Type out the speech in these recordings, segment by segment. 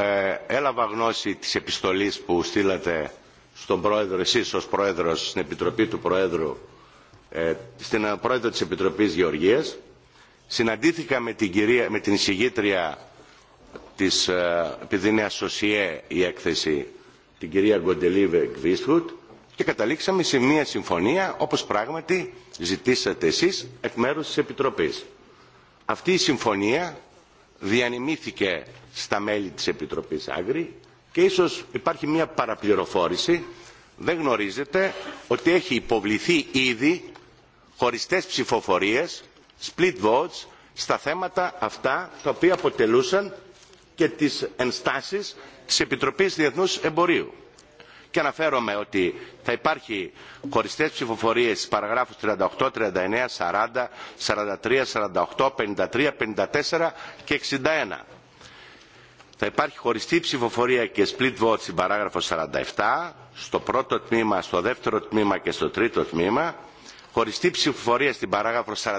Ε, έλαβα γνώση της επιστολής που στείλατε στον πρόεδρο, εσείς ως πρόεδρος στην Επιτροπή του Προέδρου, ε, στην ε, πρόεδρο της Επιτροπής Γεωργίας. Συναντήθηκα με την, κυρία, με την της, επειδή είναι ασοσιέ η έκθεση, την κυρία Γκοντελίβε Γκβίστχουτ και καταλήξαμε σε μια συμφωνία όπως πράγματι ζητήσατε εσείς εκ μέρους της Επιτροπής. Αυτή η συμφωνία Διανημήθηκε στα μέλη της Επιτροπής Άγρη και ίσως υπάρχει μια παραπληροφόρηση. Δεν γνωρίζετε ότι έχει υποβληθεί ήδη χωριστές ψηφοφορίες, split votes, στα θέματα αυτά τα οποία αποτελούσαν και τις ενστάσεις της Επιτροπής Διεθνούς Εμπορίου και αναφέρομαι ότι θα υπάρχει χωριστές ψηφοφορίες στι παραγράφους 38, 39, 40, 43, 48, 53, 54 και 61. Θα υπάρχει χωριστή ψηφοφορία και split vote στην παράγραφο 47, στο πρώτο τμήμα, στο δεύτερο τμήμα και στο τρίτο τμήμα. Χωριστή ψηφοφορία στην παράγραφο 49,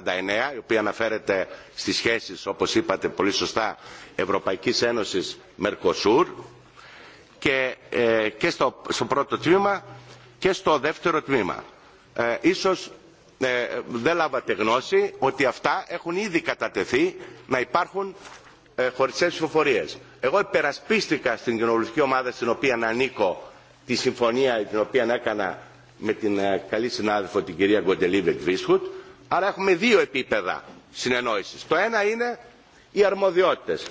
η οποία αναφέρεται στις σχέσεις, όπως είπατε πολύ σωστά, Ευρωπαϊκής Ένωσης-Μερκοσούρ και, ε, στο, πρώτο τμήμα και στο δεύτερο τμήμα. Ε, ίσως ε, δεν λάβατε γνώση ότι αυτά έχουν ήδη κατατεθεί να υπάρχουν χωριστές ψηφοφορίε. Εγώ υπερασπίστηκα στην κοινοβουλευτική ομάδα στην οποία ανήκω τη συμφωνία την οποία έκανα με την καλή συνάδελφο την κυρία Γκοντελίβετ Βίσχουτ. Άρα έχουμε δύο επίπεδα συνεννόησης. Το ένα είναι οι αρμοδιότητες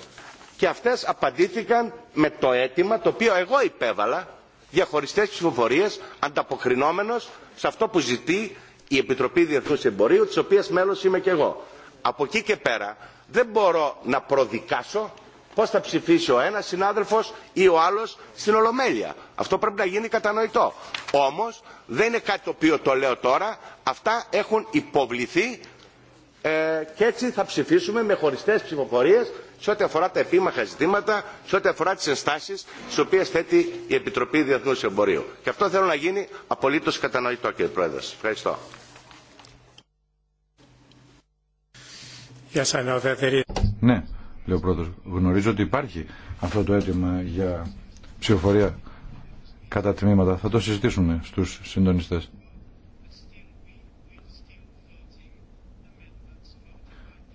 και αυτές απαντήθηκαν με το αίτημα το οποίο εγώ υπέβαλα διαχωριστές ψηφοφορίες ανταποκρινόμενος σε αυτό που ζητεί η Επιτροπή Διεθνούς Εμπορίου της οποίας μέλος είμαι και εγώ. Από εκεί και πέρα δεν μπορώ να προδικάσω πώς θα ψηφίσει ο ένας συνάδελφος ή ο άλλος στην Ολομέλεια. Αυτό πρέπει να γίνει κατανοητό. Όμως δεν είναι κάτι το οποίο το λέω τώρα. Αυτά έχουν υποβληθεί ε, και έτσι θα ψηφίσουμε με χωριστές ψηφοφορίες σε ό,τι αφορά τα επίμαχα ζητήματα, σε ό,τι αφορά τι ενστάσει τι οποίε θέτει η Επιτροπή Διεθνού Εμπορίου. Και αυτό θέλω να γίνει απολύτω κατανοητό, κύριε Πρόεδρε. Ευχαριστώ. ναι, λέω ο γνωρίζω ότι υπάρχει αυτό το αίτημα για ψηφοφορία κατά τμήματα. Θα το συζητήσουμε στους συντονιστέ.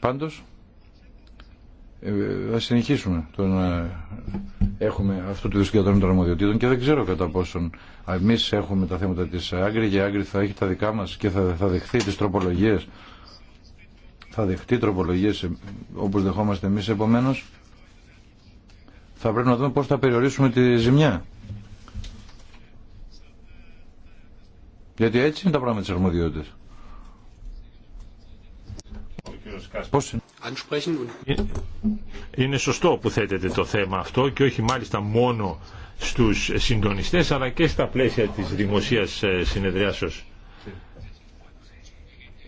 Πάντως, θα ε, συνεχίσουμε το να έχουμε αυτό το δισκεδόν των αρμοδιοτήτων και δεν ξέρω κατά πόσον εμεί έχουμε τα θέματα της Άγκρη και η Άγκρη θα έχει τα δικά μας και θα, θα δεχθεί τις τροπολογίε. θα δεχτεί τροπολογίες ε, όπως δεχόμαστε εμείς επομένως θα πρέπει να δούμε πώς θα περιορίσουμε τη ζημιά γιατί έτσι είναι τα πράγματα τη αρμοδιότητα. Ε, είναι σωστό που θέτεται το θέμα αυτό και όχι μάλιστα μόνο στους συντονιστές αλλά και στα πλαίσια της δημοσίας ε, συνεδριάσεως.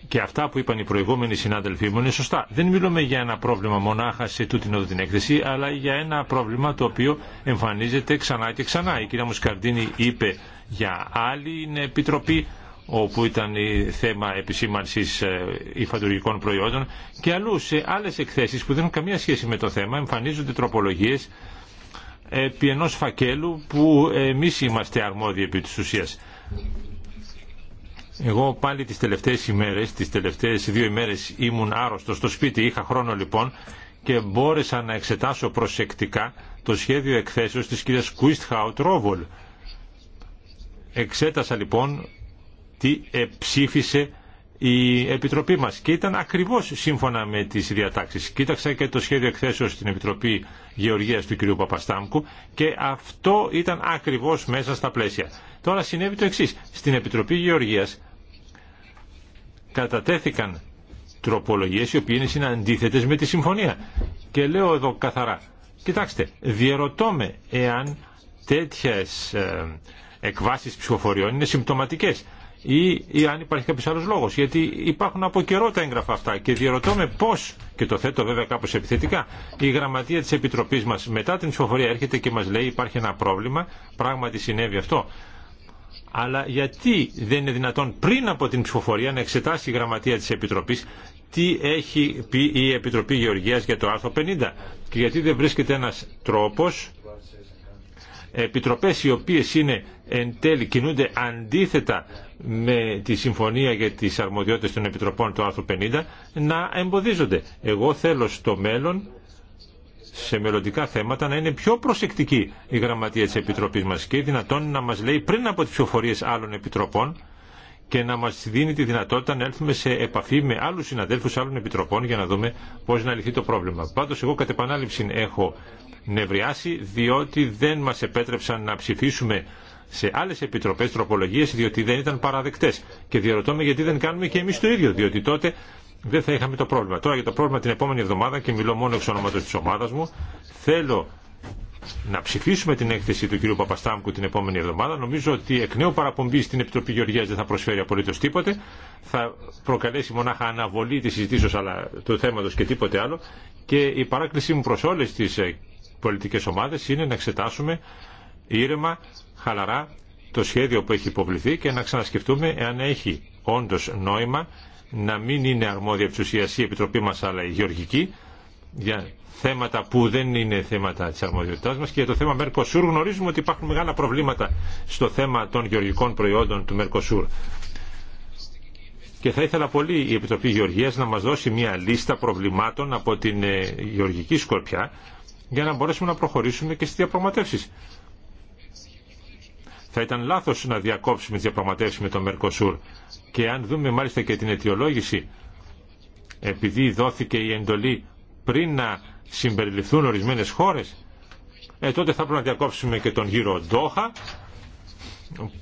Και αυτά που είπαν οι προηγούμενοι συνάδελφοί μου είναι σωστά. Δεν μιλούμε για ένα πρόβλημα μονάχα σε τούτην την έκθεση, αλλά για ένα πρόβλημα το οποίο εμφανίζεται ξανά και ξανά. Η κυρία Μουσκαρδίνη είπε για άλλη επιτροπή, όπου ήταν η θέμα επισήμανσης ε, υφαντουργικών προϊόντων και αλλού σε άλλες εκθέσεις που δεν έχουν καμία σχέση με το θέμα εμφανίζονται τροπολογίες επί ενός φακέλου που εμείς είμαστε αρμόδιοι επί της ουσίας. Εγώ πάλι τις τελευταίες ημέρες, τις τελευταίες δύο ημέρες ήμουν άρρωστο στο σπίτι, είχα χρόνο λοιπόν και μπόρεσα να εξετάσω προσεκτικά το σχέδιο εκθέσεως της κυρίας Κουίστχαουτ Ρόβολ. Εξέτασα λοιπόν τι ε, ψήφισε η Επιτροπή μας και ήταν ακριβώς σύμφωνα με τις διατάξεις. Κοίταξα και το σχέδιο εκθέσεως στην Επιτροπή Γεωργίας του κ. Παπαστάμκου και αυτό ήταν ακριβώς μέσα στα πλαίσια. Τώρα συνέβη το εξής. Στην Επιτροπή Γεωργίας κατατέθηκαν τροπολογίες οι οποίες είναι αντίθετες με τη συμφωνία. Και λέω εδώ καθαρά, κοιτάξτε, διαρωτώ εάν τέτοιες ε, εκβάσεις ψηφοφοριών είναι συμπτωματικές ή, ή αν υπάρχει κάποιο άλλο λόγο. Γιατί υπάρχουν από καιρό τα έγγραφα αυτά και διαρωτώ με πώ, και το θέτω βέβαια κάπω επιθετικά, η γραμματεία τη Επιτροπή μα μετά την ψηφοφορία έρχεται και μα λέει υπάρχει ένα πρόβλημα, πράγματι συνέβη αυτό. Αλλά γιατί δεν είναι δυνατόν πριν από την ψηφοφορία να εξετάσει η γραμματεία τη Επιτροπής τι έχει πει η Επιτροπή Γεωργίας για το άρθρο 50 και γιατί δεν βρίσκεται ένας τρόπος επιτροπές οι οποίες είναι εν κινούνται αντίθετα με τη συμφωνία για τις αρμοδιότητες των επιτροπών του άρθρου 50 να εμποδίζονται. Εγώ θέλω στο μέλλον σε μελλοντικά θέματα να είναι πιο προσεκτική η γραμματεία της Επιτροπής μας και δυνατόν να μας λέει πριν από τις ψηφοφορίες άλλων επιτροπών και να μας δίνει τη δυνατότητα να έρθουμε σε επαφή με άλλους συναδέλφους άλλων επιτροπών για να δούμε πώς να λυθεί το πρόβλημα. Πάντως εγώ κατ' επανάληψη έχω νευριάσει διότι δεν μας επέτρεψαν να ψηφίσουμε σε άλλες επιτροπές τροπολογίες διότι δεν ήταν παραδεκτές. Και διαρωτώ γιατί δεν κάνουμε και εμείς το ίδιο, διότι τότε δεν θα είχαμε το πρόβλημα. Τώρα για το πρόβλημα την επόμενη εβδομάδα και μιλώ μόνο εξ ονόματος της ομάδας μου, θέλω να ψηφίσουμε την έκθεση του κ. Παπαστάμκου την επόμενη εβδομάδα. Νομίζω ότι εκ νέου παραπομπή στην Επιτροπή Γεωργία δεν θα προσφέρει απολύτω τίποτε. Θα προκαλέσει μονάχα αναβολή τη συζητήσεω αλλά του θέματο και τίποτε άλλο. Και η παράκλησή μου προ όλε τι ε, πολιτικές ομάδες είναι να εξετάσουμε ήρεμα, χαλαρά το σχέδιο που έχει υποβληθεί και να ξανασκεφτούμε εάν έχει όντως νόημα να μην είναι αρμόδια εξουσία η Επιτροπή μας αλλά η Γεωργική για θέματα που δεν είναι θέματα της αρμοδιότητάς μας και για το θέμα Μερκοσούρ γνωρίζουμε ότι υπάρχουν μεγάλα προβλήματα στο θέμα των γεωργικών προϊόντων του Μερκοσούρ και θα ήθελα πολύ η Επιτροπή Γεωργίας να μας δώσει μια λίστα προβλημάτων από την ε, γεωργική σκορπιά για να μπορέσουμε να προχωρήσουμε και στις διαπραγματεύσεις. Θα ήταν λάθος να διακόψουμε τις διαπραγματεύσεις με το Μερκοσούρ και αν δούμε μάλιστα και την αιτιολόγηση επειδή δόθηκε η εντολή πριν να συμπεριληφθούν ορισμένες χώρες ε, τότε θα πρέπει να διακόψουμε και τον γύρο Ντόχα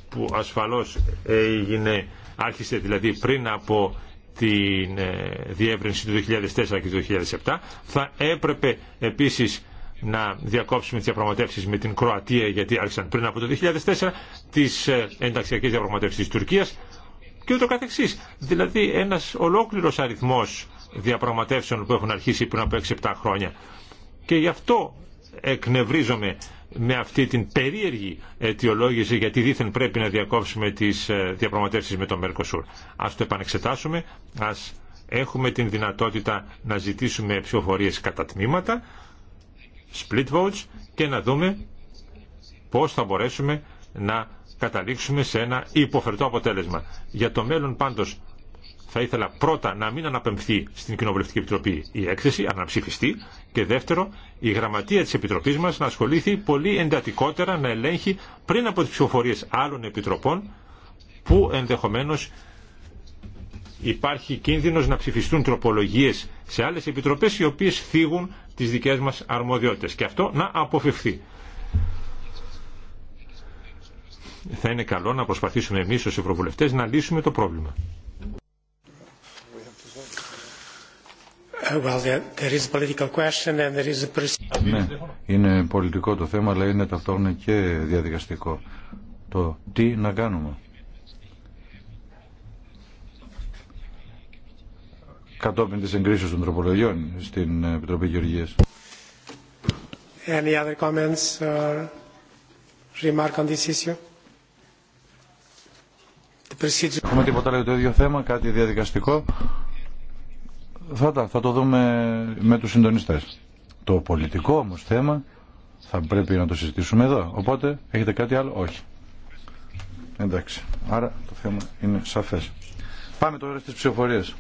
που ασφαλώς έγινε, άρχισε δηλαδή πριν από την ε, διεύρυνση του 2004 και του 2007. Θα έπρεπε επίσης να διακόψουμε τι διαπραγματεύσει με την Κροατία γιατί άρχισαν πριν από το 2004 τις ε, ενταξιακές διαπραγματεύσει τη Τουρκία και ούτω καθεξής. Δηλαδή ένας ολόκληρος αριθμός διαπραγματεύσεων που έχουν αρχίσει πριν από 6-7 χρόνια. Και γι' αυτό εκνευρίζομαι με αυτή την περίεργη αιτιολόγηση γιατί δήθεν πρέπει να διακόψουμε τις ε, διαπραγματεύσεις με το Μερκοσούρ. Ας το επανεξετάσουμε, ας έχουμε την δυνατότητα να ζητήσουμε ψηφοφορίε κατά τμήματα split votes και να δούμε πώς θα μπορέσουμε να καταλήξουμε σε ένα υποφερτό αποτέλεσμα. Για το μέλλον πάντως θα ήθελα πρώτα να μην αναπεμφθεί στην Κοινοβουλευτική Επιτροπή η έκθεση, αλλά ψηφιστεί. Και δεύτερο, η γραμματεία της Επιτροπής μας να ασχοληθεί πολύ εντατικότερα να ελέγχει πριν από τις ψηφοφορίες άλλων επιτροπών που ενδεχομένως υπάρχει κίνδυνος να ψηφιστούν τροπολογίες σε άλλες επιτροπές οι οποίε θίγουν τις δικές μας αρμοδιότητες και αυτό να αποφευθεί. Θα είναι καλό να προσπαθήσουμε εμείς ως Ευρωβουλευτές να λύσουμε το πρόβλημα. Ναι, είναι πολιτικό το θέμα, αλλά είναι ταυτόχρονα και διαδικαστικό. Το τι να κάνουμε. κατόπιν της εγκρίσεως των τροπολογιών στην Επιτροπή Γεωργίας. Any Έχουμε τίποτα άλλο το ίδιο θέμα, κάτι διαδικαστικό. Θα, τα, θα το δούμε με τους συντονιστές. Το πολιτικό όμως θέμα θα πρέπει να το συζητήσουμε εδώ. Οπότε, έχετε κάτι άλλο, όχι. Εντάξει. Άρα το θέμα είναι σαφές. Πάμε τώρα στις ψηφοφορίες.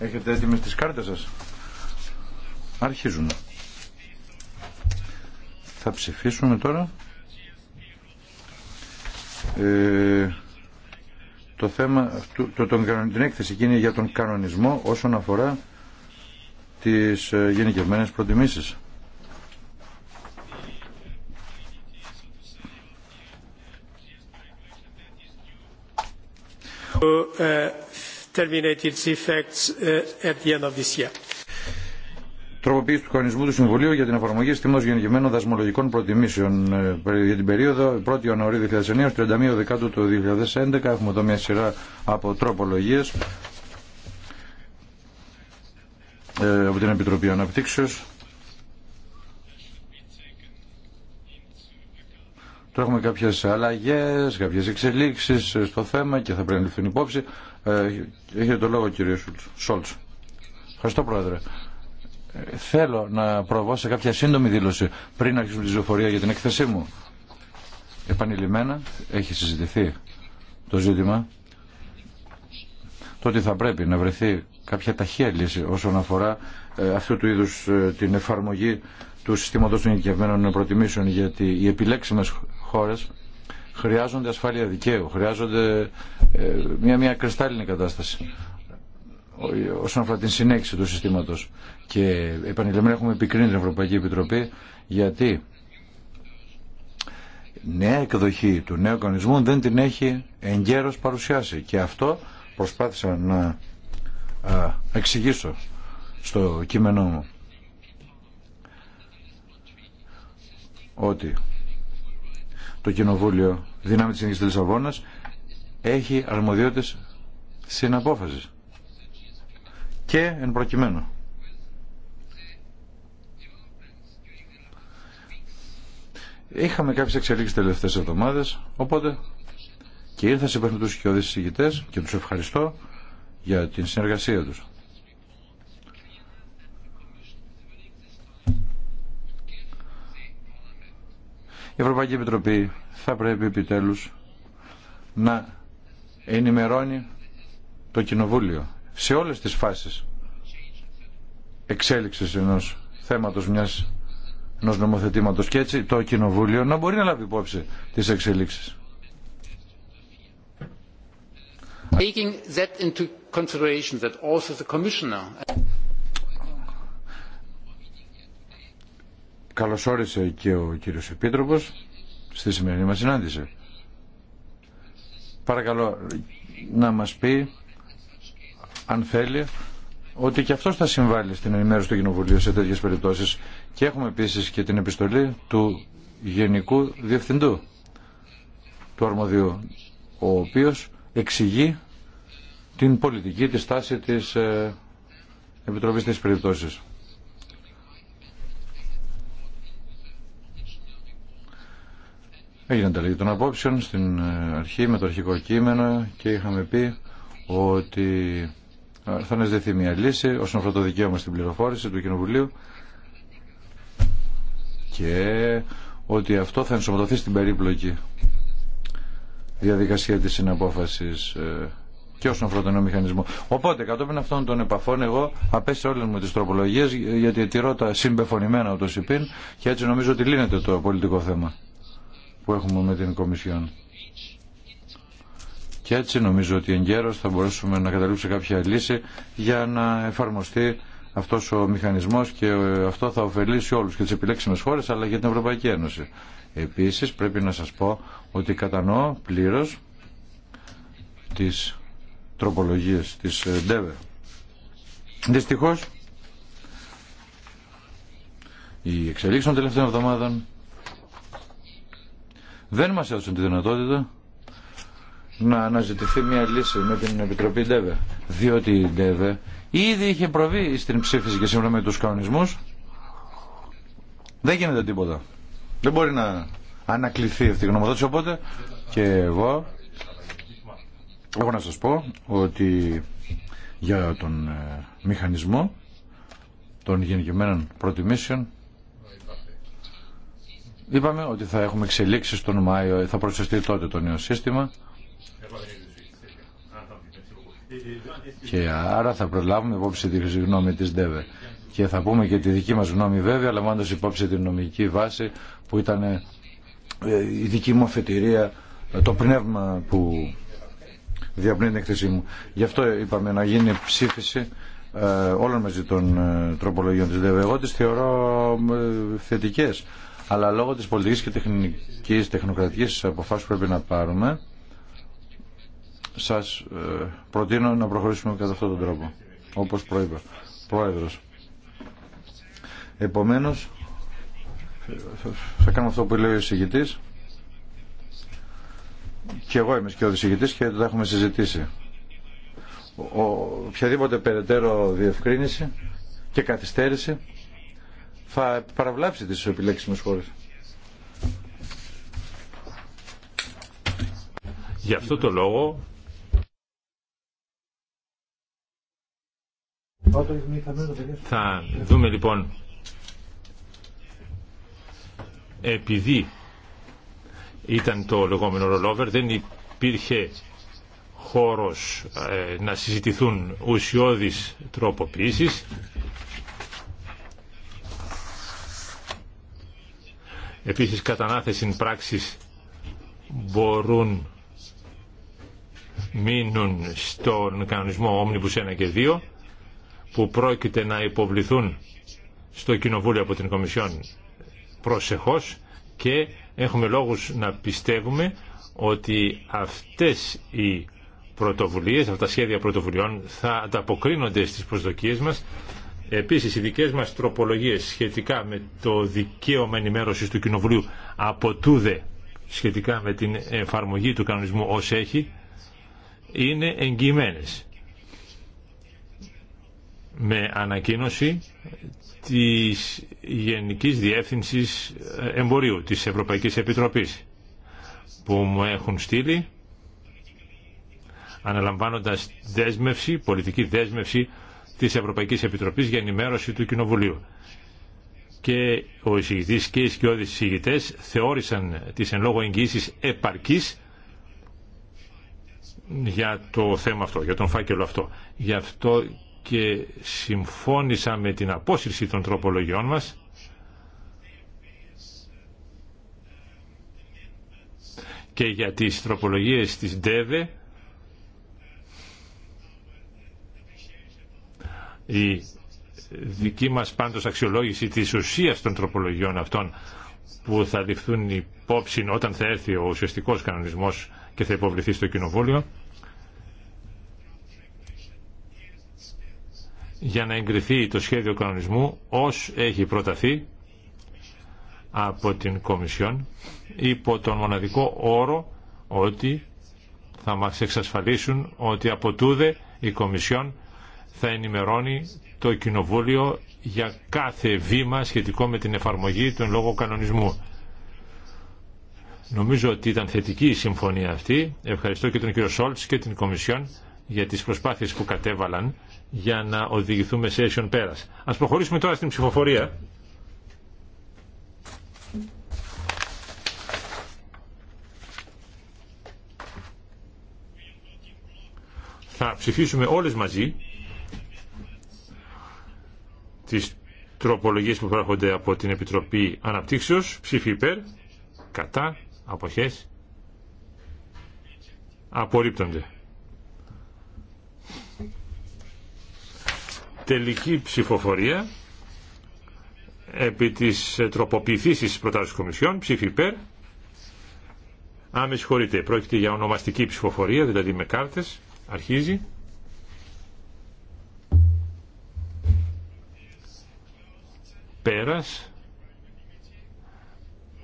Έχετε έτοιμες τις κάρτες σας. Αρχίζουμε. Θα ψηφίσουμε τώρα ε, το θέμα, το, το, την έκθεση για τον κανονισμό όσον αφορά τις ε, γενικευμένες προτιμήσεις. Uh, Τροποποίηση του κανονισμού του Συμβουλίου για την εφαρμογή συστήματο γενικημένων δασμολογικών προτιμήσεων ε, για την περίοδο 1η Ιανουαρίου 2009 31 Δεκάτου του 2011. Έχουμε εδώ μια σειρά από τροπολογίε ε, από την Επιτροπή Αναπτύξεως. Τώρα έχουμε κάποιες αλλαγές, κάποιες εξελίξεις στο θέμα και θα πρέπει να ληφθούν υπόψη. Ε, έχετε το λόγο κύριε Σόλτ. Ευχαριστώ πρόεδρε. Ε, θέλω να προβώ σε κάποια σύντομη δήλωση πριν αρχίσουμε τη ζωοφορία για την εκθεσή μου. Επανειλημμένα έχει συζητηθεί το ζήτημα το ότι θα πρέπει να βρεθεί κάποια ταχεία λύση όσον αφορά ε, αυτού του είδους την εφαρμογή του συστήματος των ειδικευμένων προτιμήσεων γιατί οι επιλέξιμες χώρες χρειάζονται ασφάλεια δικαίου, χρειάζονται ε, μια, μια κρυστάλλινη κατάσταση όσον αφορά την συνέχιση του συστήματος. Και επανειλημμένα έχουμε επικρίνει την Ευρωπαϊκή Επιτροπή γιατί νέα εκδοχή του νέου κανονισμού δεν την έχει εγκαίρως παρουσιάσει. Και αυτό προσπάθησα να εξηγήσω στο κείμενό μου. Ότι το Κοινοβούλιο Δυνάμει της τη Λισαβόνας έχει αρμοδιότητες συναπόφασης και εν προκειμένου. Είχαμε κάποιες εξελίξεις τελευταίες εβδομάδες, οπότε και ήρθα σε επαφή τους και οδείς και τους ευχαριστώ για την συνεργασία τους. Η Ευρωπαϊκή Επιτροπή θα πρέπει επιτέλους να ενημερώνει το Κοινοβούλιο σε όλες τις φάσεις εξέλιξης ενός θέματος μιας ενός νομοθετήματος και έτσι το Κοινοβούλιο να μπορεί να λάβει υπόψη τις εξελίξεις. Καλώς όρισε και ο κύριος Επίτροπος στη σημερινή μας συνάντηση. Παρακαλώ να μας πει, αν θέλει, ότι και αυτός θα συμβάλλει στην ενημέρωση του Κοινοβουλίου σε τέτοιες περιπτώσεις. Και έχουμε επίσης και την επιστολή του Γενικού Διευθυντού του Αρμοδιού, ο οποίος εξηγεί την πολιτική, τη στάση της ε, Επιτροπής της Περιπτώσεις. Έγινε ανταλλαγή των απόψεων στην ε, αρχή με το αρχικό κείμενο και είχαμε πει ότι ε, θα αναζητηθεί μια λύση όσον αφορά το δικαίωμα στην πληροφόρηση του Κοινοβουλίου και ότι αυτό θα ενσωματωθεί στην περίπλοκη διαδικασία της συναπόφασης ε, και όσον αφορά τον μηχανισμό. Οπότε, κατόπιν αυτών των επαφών, εγώ απέσυρα όλε μου τι τροπολογίε, γιατί τηρώ τα συμπεφωνημένα ούτω και έτσι νομίζω ότι λύνεται το πολιτικό θέμα που έχουμε με την Κομισιόν. Και έτσι νομίζω ότι γέρος θα μπορέσουμε να καταλήξουμε κάποια λύση για να εφαρμοστεί αυτός ο μηχανισμός και αυτό θα ωφελήσει όλους και τις επιλέξιμες χώρες αλλά και την Ευρωπαϊκή Ένωση. Επίσης πρέπει να σας πω ότι κατανοώ πλήρως τις τροπολογίες της ΔΕΒΕ. Δυστυχώς οι εξελίξεις των τελευταίων εβδομάδων δεν μας έδωσαν τη δυνατότητα να αναζητηθεί μια λύση με την Επιτροπή ΔΕΒΕ. Διότι η ΔΕΒΕ ήδη είχε προβεί στην ψήφιση και σύμφωνα με τους κανονισμούς δεν γίνεται τίποτα. Δεν μπορεί να ανακληθεί αυτή η γνωμοδότηση. Οπότε και εγώ έχω να σας πω ότι για τον ε, μηχανισμό των γενικημένων προτιμήσεων Είπαμε ότι θα έχουμε εξελίξει τον Μάιο, θα προσθεστεί τότε το νέο σύστημα. Και άρα θα προλάβουμε υπόψη τη γνώμη της ΔΕΒΕ. Και θα πούμε και τη δική μας γνώμη βέβαια, λαμβάνοντα υπόψη την νομική βάση που ήταν ε, η δική μου αφετηρία, ε, το πνεύμα που διαπνέει την εκθεσή μου. Γι' αυτό είπαμε να γίνει ψήφιση ε, όλων μαζί των τροπολογιών της ΔΕΒΕ. Εγώ τι θεωρώ θετικές αλλά λόγω της πολιτικής και τεχνικής, τεχνοκρατικής αποφάσεως που πρέπει να πάρουμε, σας ε, προτείνω να προχωρήσουμε κατά αυτόν τον τρόπο, όπως προείπα. Πρόεδρος. Επομένως, θα κάνω αυτό που λέει ο εισηγητής. Και εγώ είμαι και ο εισηγητής και το έχουμε συζητήσει. Ο, οποιαδήποτε περαιτέρω διευκρίνηση και καθυστέρηση θα παραβλάψει τις επιλέξιμες χώρες. Γι' αυτό το λόγο θα δούμε λοιπόν επειδή ήταν το λεγόμενο ρολόβερ δεν υπήρχε χώρος ε, να συζητηθούν ουσιώδεις τροποποιήσεις Επίσης κατανάθεση πράξεις μπορούν μείνουν στον κανονισμό Omnibus 1 και 2 που πρόκειται να υποβληθούν στο Κοινοβούλιο από την Κομισιόν προσεχώς και έχουμε λόγους να πιστεύουμε ότι αυτές οι πρωτοβουλίες, αυτά τα σχέδια πρωτοβουλειών θα ανταποκρίνονται στις προσδοκίες μας Επίσης, οι δικές μας τροπολογίες σχετικά με το δικαίωμα ενημέρωση του Κοινοβουλίου από τούδε σχετικά με την εφαρμογή του κανονισμού ως έχει, είναι εγγυημένες. Με ανακοίνωση της Γενικής Διεύθυνσης Εμπορίου της Ευρωπαϊκής Επιτροπής που μου έχουν στείλει αναλαμβάνοντας δέσμευση, πολιτική δέσμευση της Ευρωπαϊκής Επιτροπής για ενημέρωση του Κοινοβουλίου. Και ο εισηγητής και οι σκιώδεις εισηγητές θεώρησαν τις εν λόγω εγγυήσεις επαρκής για το θέμα αυτό, για τον φάκελο αυτό. Γι' αυτό και συμφώνησα με την απόσυρση των τροπολογιών μας και για τις τροπολογίες της ΔΕΒΕ Η δική μας πάντως αξιολόγηση της ουσίας των τροπολογιών αυτών που θα ληφθούν υπόψη όταν θα έρθει ο ουσιαστικός κανονισμός και θα υποβληθεί στο Κοινοβούλιο για να εγκριθεί το σχέδιο κανονισμού ως έχει προταθεί από την Κομισιόν υπό τον μοναδικό όρο ότι θα μας εξασφαλίσουν ότι από τούδε η Κομισιόν θα ενημερώνει το Κοινοβούλιο για κάθε βήμα σχετικό με την εφαρμογή του εν λόγω κανονισμού. Νομίζω ότι ήταν θετική η συμφωνία αυτή. Ευχαριστώ και τον κύριο Σόλτς και την Κομισιόν για τις προσπάθειες που κατέβαλαν για να οδηγηθούμε σε αίσιον πέρας. Ας προχωρήσουμε τώρα στην ψηφοφορία. Θα ψηφίσουμε όλες μαζί τις τροπολογίες που προέρχονται από την Επιτροπή Αναπτύξεως. Ψήφι υπέρ, κατά, αποχές, απορρίπτονται. Τελική ψηφοφορία επί της τροποποιηθήσης προτάσεως Κομισιόν, ψήφι υπέρ. Άμεση χωρίτε πρόκειται για ονομαστική ψηφοφορία, δηλαδή με κάρτες, αρχίζει. Πέρας,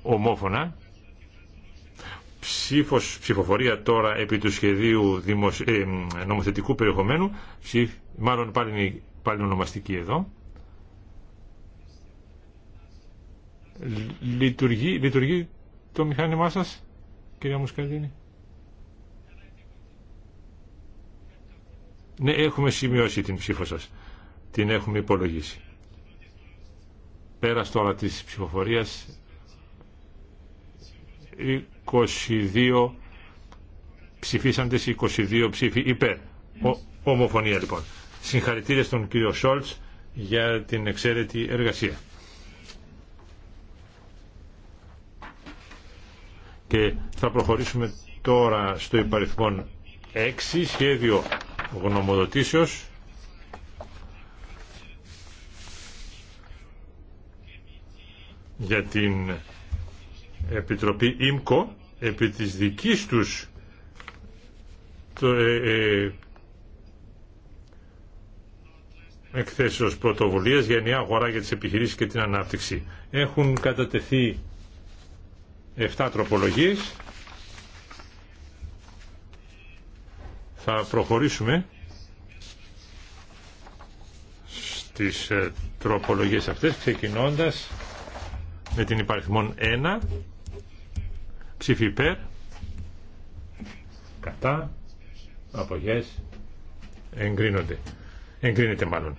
ομόφωνα, ψήφος, ψηφοφορία τώρα επί του σχεδίου ε, νομοθετικού περιεχομένου, ψήφ... μάλλον πάλι, πάλι ονομαστική εδώ, λειτουργεί, λειτουργεί το μηχάνημά σας, κυρία Μουσκαλίνη. Ναι, έχουμε σημειώσει την ψήφο σας. Την έχουμε υπολογίσει. Πέρας τώρα της ψηφοφορίας 22 ψηφίσαντες 22 ψήφοι υπέρ. ομοφωνία λοιπόν. Συγχαρητήρια στον κύριο Σόλτς για την εξαίρετη εργασία. Και θα προχωρήσουμε τώρα στο υπαριθμόν 6 σχέδιο γνωμοδοτήσεως για την Επιτροπή ΙΜΚΟ επί της δικής τους το, ε, ε εκθέσεως για νέα αγορά για τις επιχειρήσεις και την ανάπτυξη. Έχουν κατατεθεί 7 τροπολογίες. Θα προχωρήσουμε στις ε, τροπολογίες αυτές ξεκινώντας με την υπαριθμόν 1 ψήφι υπέρ κατά απογές εγκρίνονται εγκρίνεται μάλλον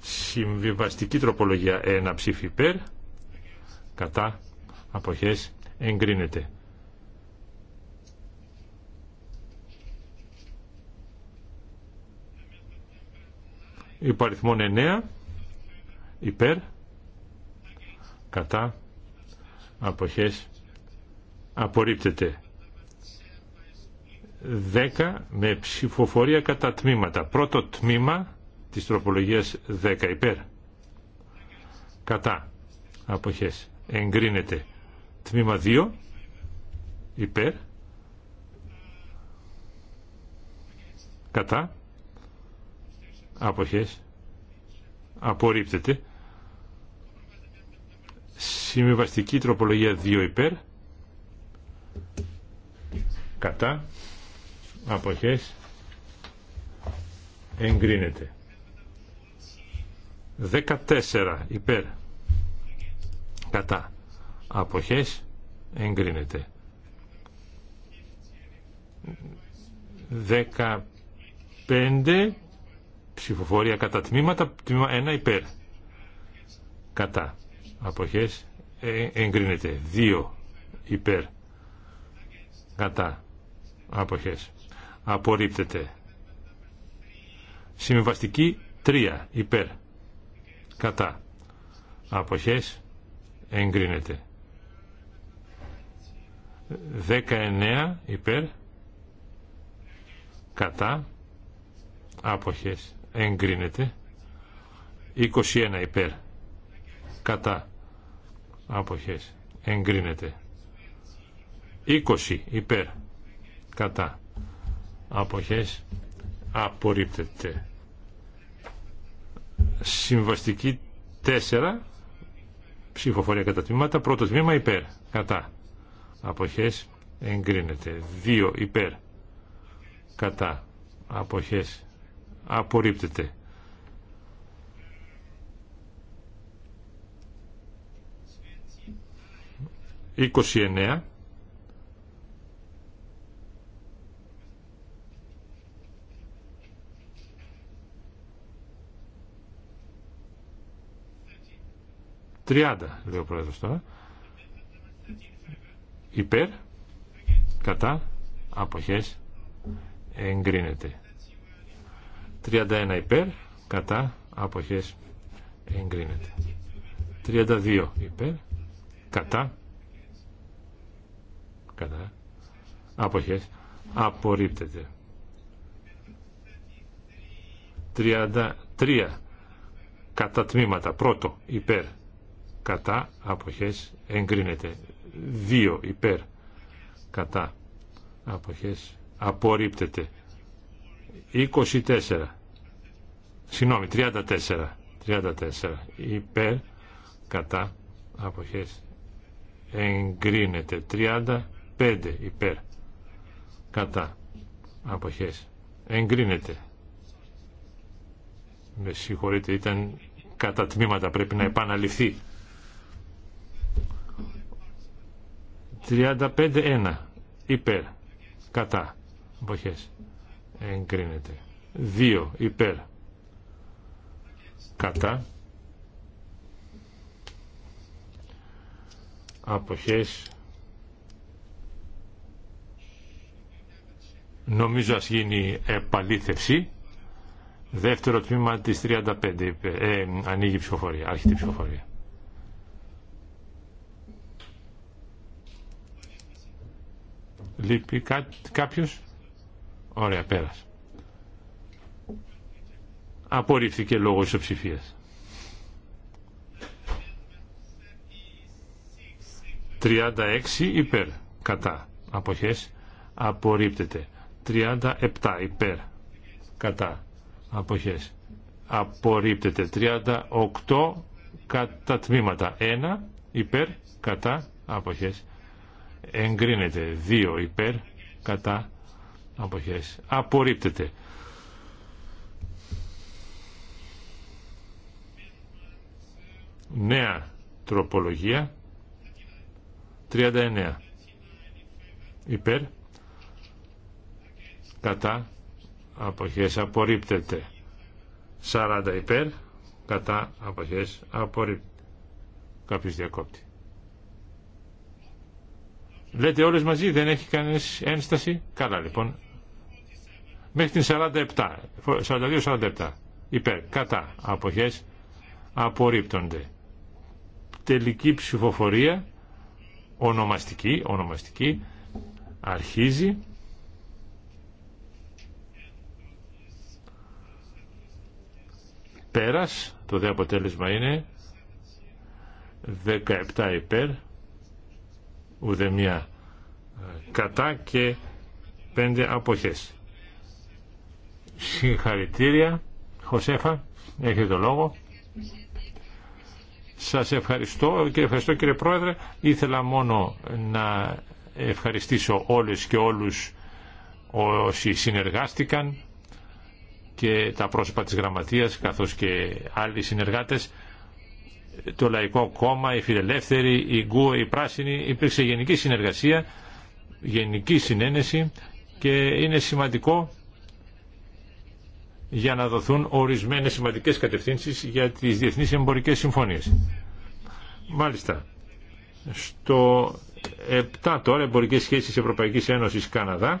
συμβιβαστική τροπολογία 1 ψήφι υπέρ κατά αποχές εγκρίνεται υπαριθμόν 9 υπέρ κατά αποχές απορρίπτεται 10 με ψηφοφορία κατά τμήματα πρώτο τμήμα της τροπολογίας 10 υπέρ κατά αποχές εγκρίνεται τμήμα 2 υπέρ κατά αποχές απορρίπτεται Συμβιβαστική τροπολογία 2 υπέρ. Κατά. Αποχές. Εγκρίνεται. 14 υπέρ. Κατά. Αποχές. Εγκρίνεται. 15 ψηφοφορία κατά τμήματα, τμήμα 1 υπέρ. Κατά αποχές ε, εγκρίνεται Δύο υπέρ κατά αποχές απορρίπτεται συμβαστική τρία υπέρ κατά αποχές εγκρίνεται 19 υπέρ κατά άποχες εγκρίνεται 21 υπέρ κατά αποχές εγκρίνεται 20 υπέρ κατά αποχές απορρίπτεται συμβαστική 4 ψηφοφορία κατά τμήματα πρώτο τμήμα υπέρ κατά αποχές εγκρίνεται 2 υπέρ κατά αποχές απορρίπτεται 29 30 λέει ο πρόεδρος τώρα υπέρ κατά αποχές εγκρίνεται 31 υπέρ κατά αποχές εγκρίνεται 32 υπέρ κατά κατά αποχές απορρίπτεται 33 κατά τμήματα πρώτο υπέρ κατά αποχές εγκρίνεται 2 υπέρ κατά αποχές απορρίπτεται 24 συγγνώμη 34 34 υπέρ κατά αποχές εγκρίνεται 30 5 υπέρ κατά αποχές εγκρίνεται με συγχωρείτε ήταν κατά τμήματα πρέπει να επαναληφθεί 35-1 υπέρ κατά αποχές εγκρίνεται 2 υπέρ κατά αποχές Νομίζω ας γίνει επαλήθευση. Δεύτερο τμήμα της 35 ε, ανοίγει η ψηφοφορία, άρχεται ψηφοφορία. Λείπει κά, κάποιος. Ωραία, πέρασε. Απορρίφθηκε λόγω ισοψηφίας. 36 υπέρ, κατά, αποχές, απορρίπτεται. 37 υπέρ κατά αποχές απορρίπτεται 38 κατά τμήματα 1 υπέρ κατά αποχές εγκρίνεται 2 υπέρ κατά αποχές απορρίπτεται νέα τροπολογία 39 υπέρ κατά αποχές απορρίπτεται 40 υπέρ κατά αποχές απορρίπτεται κάποιος διακόπτη λέτε όλες μαζί δεν έχει κανένας ένσταση καλά λοιπόν μέχρι την 47 42-47 υπέρ κατά αποχές απορρίπτονται τελική ψηφοφορία ονομαστική ονομαστική αρχίζει Πέρας, το δε αποτέλεσμα είναι 17 υπέρ, ουδεμία ε, κατά και 5 αποχές. Συγχαρητήρια, Χωσέφα, έχετε το λόγο. Σας ευχαριστώ και ευχαριστώ κύριε Πρόεδρε. Ήθελα μόνο να ευχαριστήσω όλες και όλους όσοι συνεργάστηκαν και τα πρόσωπα της Γραμματείας καθώς και άλλοι συνεργάτες το Λαϊκό Κόμμα, οι Φιλελεύθεροι, η Γκουε, η Πράσινη υπήρξε γενική συνεργασία, γενική συνένεση και είναι σημαντικό για να δοθούν ορισμένες σημαντικές κατευθύνσεις για τις διεθνείς εμπορικές συμφωνίες. Μάλιστα, στο 7 τώρα εμπορικές σχέσεις Ευρωπαϊκής Ένωσης Καναδά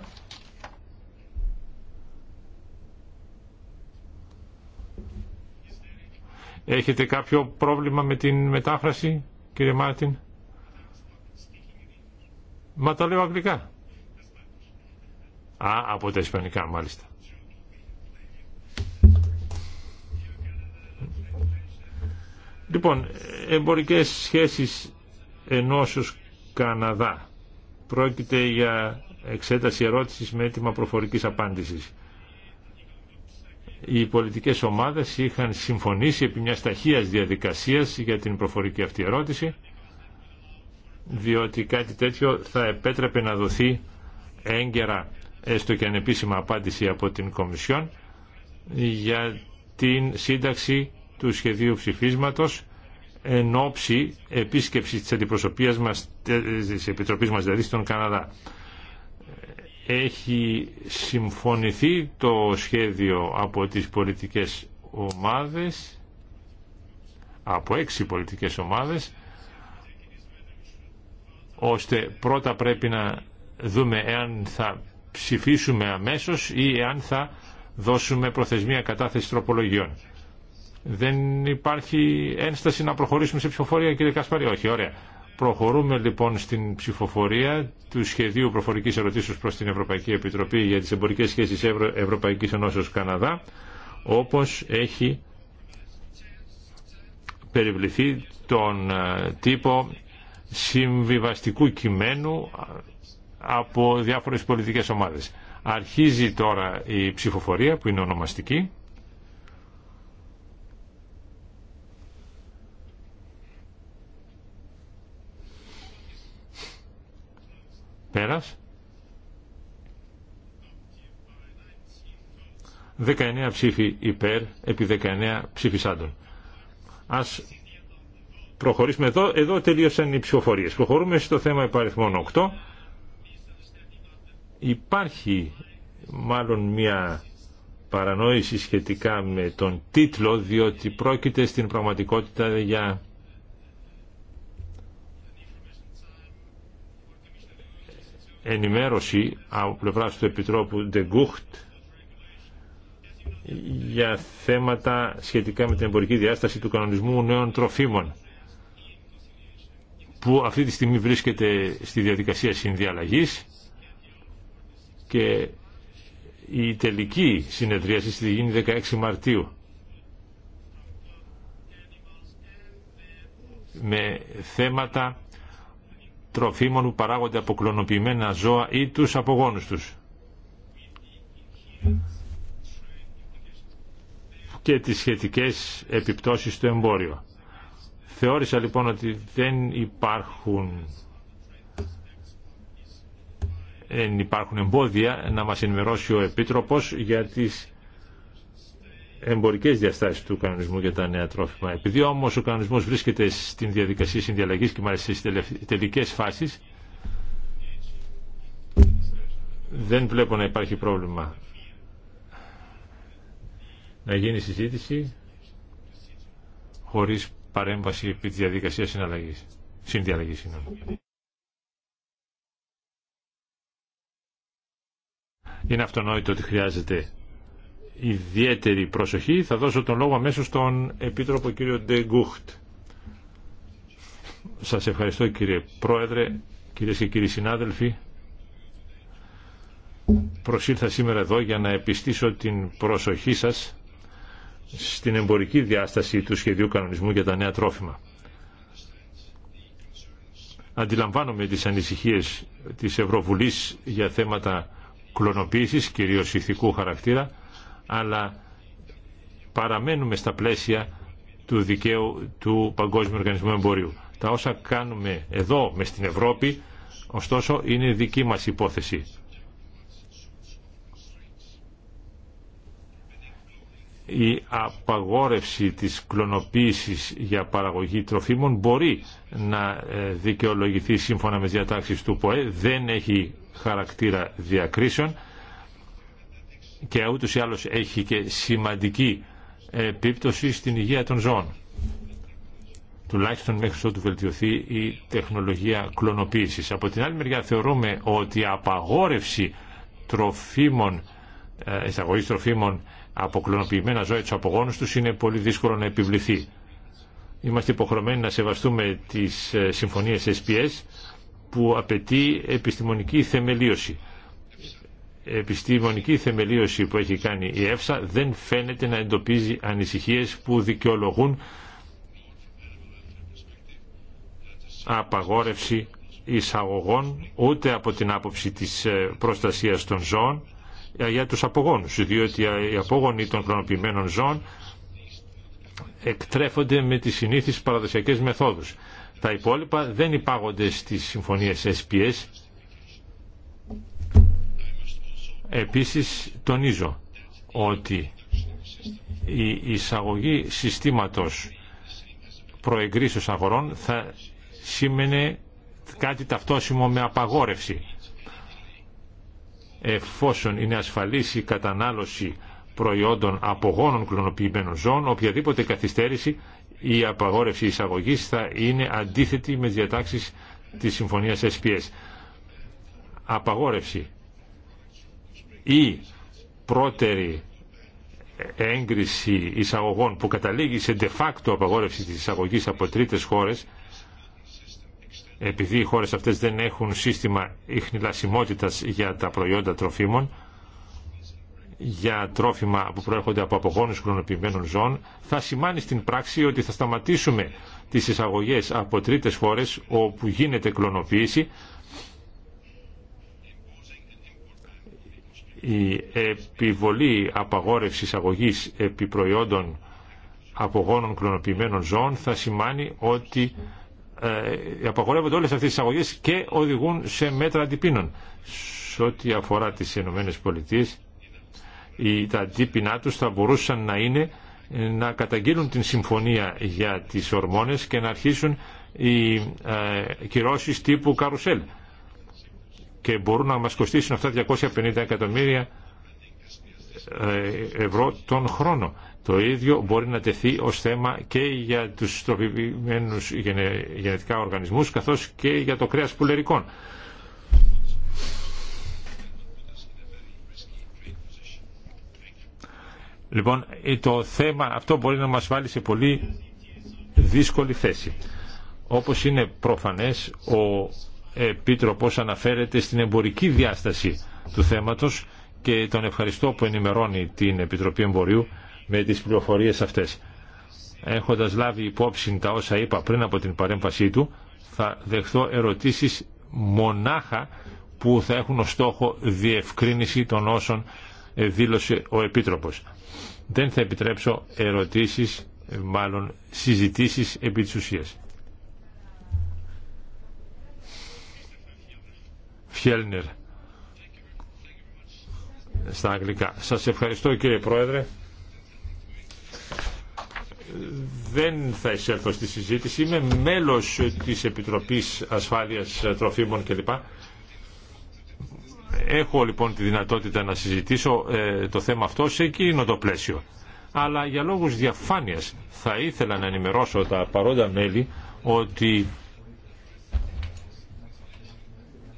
Έχετε κάποιο πρόβλημα με την μετάφραση, κύριε Μάρτιν. Μα τα λέω αγγλικά. Α, από τα ισπανικά μάλιστα. Λοιπόν, εμπορικές σχέσεις ενώσεως Καναδά. Πρόκειται για εξέταση ερώτησης με έτοιμα προφορικής απάντησης οι πολιτικές ομάδες είχαν συμφωνήσει επί μιας ταχείας διαδικασίας για την προφορική αυτή ερώτηση διότι κάτι τέτοιο θα επέτρεπε να δοθεί έγκαιρα έστω και ανεπίσημα απάντηση από την Κομισιόν για την σύνταξη του σχεδίου ψηφίσματος εν ώψη επίσκεψης της αντιπροσωπείας μας, της Επιτροπής μας δηλαδή στον Καναδά έχει συμφωνηθεί το σχέδιο από τις πολιτικές ομάδες από έξι πολιτικές ομάδες ώστε πρώτα πρέπει να δούμε εάν θα ψηφίσουμε αμέσως ή εάν θα δώσουμε προθεσμία κατάθεση τροπολογιών. Δεν υπάρχει ένσταση να προχωρήσουμε σε ψηφοφορία κύριε Κασπαρή. Όχι, ωραία. Προχωρούμε λοιπόν στην ψηφοφορία του σχεδίου προφορικής ερωτήσεως προς την Ευρωπαϊκή Επιτροπή για τις εμπορικές σχέσεις Ευρω... Ευρωπαϊκής Ενώσεως Καναδά όπως έχει περιβληθεί τον ε, τύπο συμβιβαστικού κειμένου από διάφορες πολιτικές ομάδες. Αρχίζει τώρα η ψηφοφορία που είναι ονομαστική. Πέρας. 19 ψήφοι υπέρ επί 19 ψηφισάντων. Ας προχωρήσουμε εδώ. Εδώ τελείωσαν οι ψηφοφορίες. Προχωρούμε στο θέμα υπαριθμών 8. Υπάρχει μάλλον μια παρανόηση σχετικά με τον τίτλο, διότι πρόκειται στην πραγματικότητα για ενημέρωση από πλευρά του Επιτρόπου Ντεγκούχτ για θέματα σχετικά με την εμπορική διάσταση του κανονισμού νέων τροφίμων που αυτή τη στιγμή βρίσκεται στη διαδικασία συνδιαλλαγής και η τελική συνεδρίαση θα γίνει 16 Μαρτίου με θέματα τροφίμων που παράγονται από κλωνοποιημένα ζώα ή τους απογόνους τους. και τις σχετικές επιπτώσεις στο εμπόριο. Θεώρησα λοιπόν ότι δεν υπάρχουν υπάρχουν εμπόδια να μας ενημερώσει ο Επίτροπος για τις εμπορικές διαστάσεις του κανονισμού για τα νέα τρόφιμα. Επειδή όμως ο κανονισμό βρίσκεται στην διαδικασία συνδιαλλαγής και μάλιστα στι τελικέ φάσεις, δεν βλέπω να υπάρχει πρόβλημα να γίνει συζήτηση χωρίς παρέμβαση επί τη διαδικασία συνδιαλλαγή. Είναι αυτονόητο ότι χρειάζεται ιδιαίτερη προσοχή. Θα δώσω τον λόγο αμέσως στον Επίτροπο κύριο Ντεγκούχτ. Σας ευχαριστώ κύριε Πρόεδρε, κυρίες και κύριοι συνάδελφοι. Προσήλθα σήμερα εδώ για να επιστήσω την προσοχή σας στην εμπορική διάσταση του σχεδίου κανονισμού για τα νέα τρόφιμα. Αντιλαμβάνομαι τις ανησυχίες της Ευρωβουλής για θέματα κλωνοποίησης, κυρίως ηθικού χαρακτήρα, αλλά παραμένουμε στα πλαίσια του δικαίου του Παγκόσμιου Οργανισμού Εμπορίου. Τα όσα κάνουμε εδώ, με στην Ευρώπη, ωστόσο είναι δική μας υπόθεση. η απαγόρευση της κλωνοποίησης για παραγωγή τροφίμων μπορεί να ε, δικαιολογηθεί σύμφωνα με διατάξεις του ΠΟΕ, δεν έχει χαρακτήρα διακρίσεων και ούτως ή άλλως έχει και σημαντική επίπτωση στην υγεία των ζώων. Τουλάχιστον μέχρι ότου βελτιωθεί η τεχνολογία κλωνοποίησης. Από την άλλη μεριά θεωρούμε ότι η απαγόρευση τροφίμων, ε, εισαγωγής τροφίμων από κλωνοποιημένα ζώα του απογόνους τους είναι πολύ δύσκολο να επιβληθεί. Είμαστε υποχρεωμένοι να σεβαστούμε τις ε, συμφωνίες SPS που απαιτεί επιστημονική θεμελίωση επιστημονική θεμελίωση που έχει κάνει η ΕΦΣΑ δεν φαίνεται να εντοπίζει ανησυχίες που δικαιολογούν απαγόρευση εισαγωγών ούτε από την άποψη της ε, προστασίας των ζώων ε, για τους απογόνους, διότι ε, οι απόγονοι των κλωνοποιημένων ζώων εκτρέφονται με τις συνήθεις παραδοσιακές μεθόδους. Τα υπόλοιπα δεν υπάγονται στις συμφωνίες SPS Επίσης τονίζω ότι η εισαγωγή συστήματος προεγκρίσεως αγορών θα σήμαινε κάτι ταυτόσιμο με απαγόρευση. Εφόσον είναι ασφαλής η κατανάλωση προϊόντων απογόνων κλωνοποιημένων ζώων, οποιαδήποτε καθυστέρηση η απαγόρευση εισαγωγής θα είναι αντίθετη με διατάξεις της Συμφωνίας SPS. Απαγόρευση η πρώτερη έγκριση εισαγωγών που καταλήγει σε de facto απαγόρευση της εισαγωγής από τρίτες χώρες επειδή οι χώρες αυτές δεν έχουν σύστημα ιχνηλασιμότητας για τα προϊόντα τροφίμων για τρόφιμα που προέρχονται από απογόνους χρονοποιημένων ζώων θα σημάνει στην πράξη ότι θα σταματήσουμε τις εισαγωγές από τρίτες χώρες όπου γίνεται κλωνοποίηση η επιβολή απαγόρευσης αγωγής επιπροϊόντων απογόνων κλωνοποιημένων ζώων θα σημαίνει ότι ε, απαγορεύονται όλες αυτές τις αγωγές και οδηγούν σε μέτρα αντιπίνων. Σε ό,τι αφορά τις ΗΠΑ, Πολιτείες, τα αντίπεινά τους θα μπορούσαν να είναι να καταγγείλουν την συμφωνία για τις ορμόνες και να αρχίσουν οι ε, κυρώσεις τύπου καρουσέλ και μπορούν να μας κοστίσουν αυτά 250 εκατομμύρια ε, ευρώ τον χρόνο. Το ίδιο μπορεί να τεθεί ως θέμα και για τους τροποποιημένους γενετικά οργανισμούς καθώς και για το κρέας πουλερικών. Λοιπόν, ε, το θέμα αυτό μπορεί να μας βάλει σε πολύ δύσκολη θέση. Όπως είναι προφανές, ο Επίτροπος αναφέρεται στην εμπορική διάσταση του θέματος και τον ευχαριστώ που ενημερώνει την Επιτροπή Εμπορίου με τις πληροφορίες αυτές. Έχοντας λάβει υπόψη τα όσα είπα πριν από την παρέμβασή του, θα δεχθώ ερωτήσεις μονάχα που θα έχουν ως στόχο διευκρίνηση των όσων δήλωσε ο Επίτροπος. Δεν θα επιτρέψω ερωτήσεις, μάλλον συζητήσεις επί της ουσίας. Φιέλνερ στα αγγλικά. Σας ευχαριστώ κύριε Πρόεδρε. Δεν θα εισέλθω στη συζήτηση. Είμαι μέλος της Επιτροπής Ασφάλειας Τροφίμων κλπ. Έχω λοιπόν τη δυνατότητα να συζητήσω ε, το θέμα αυτό σε εκείνο το πλαίσιο. Αλλά για λόγους διαφάνειας θα ήθελα να ενημερώσω τα παρόντα μέλη ότι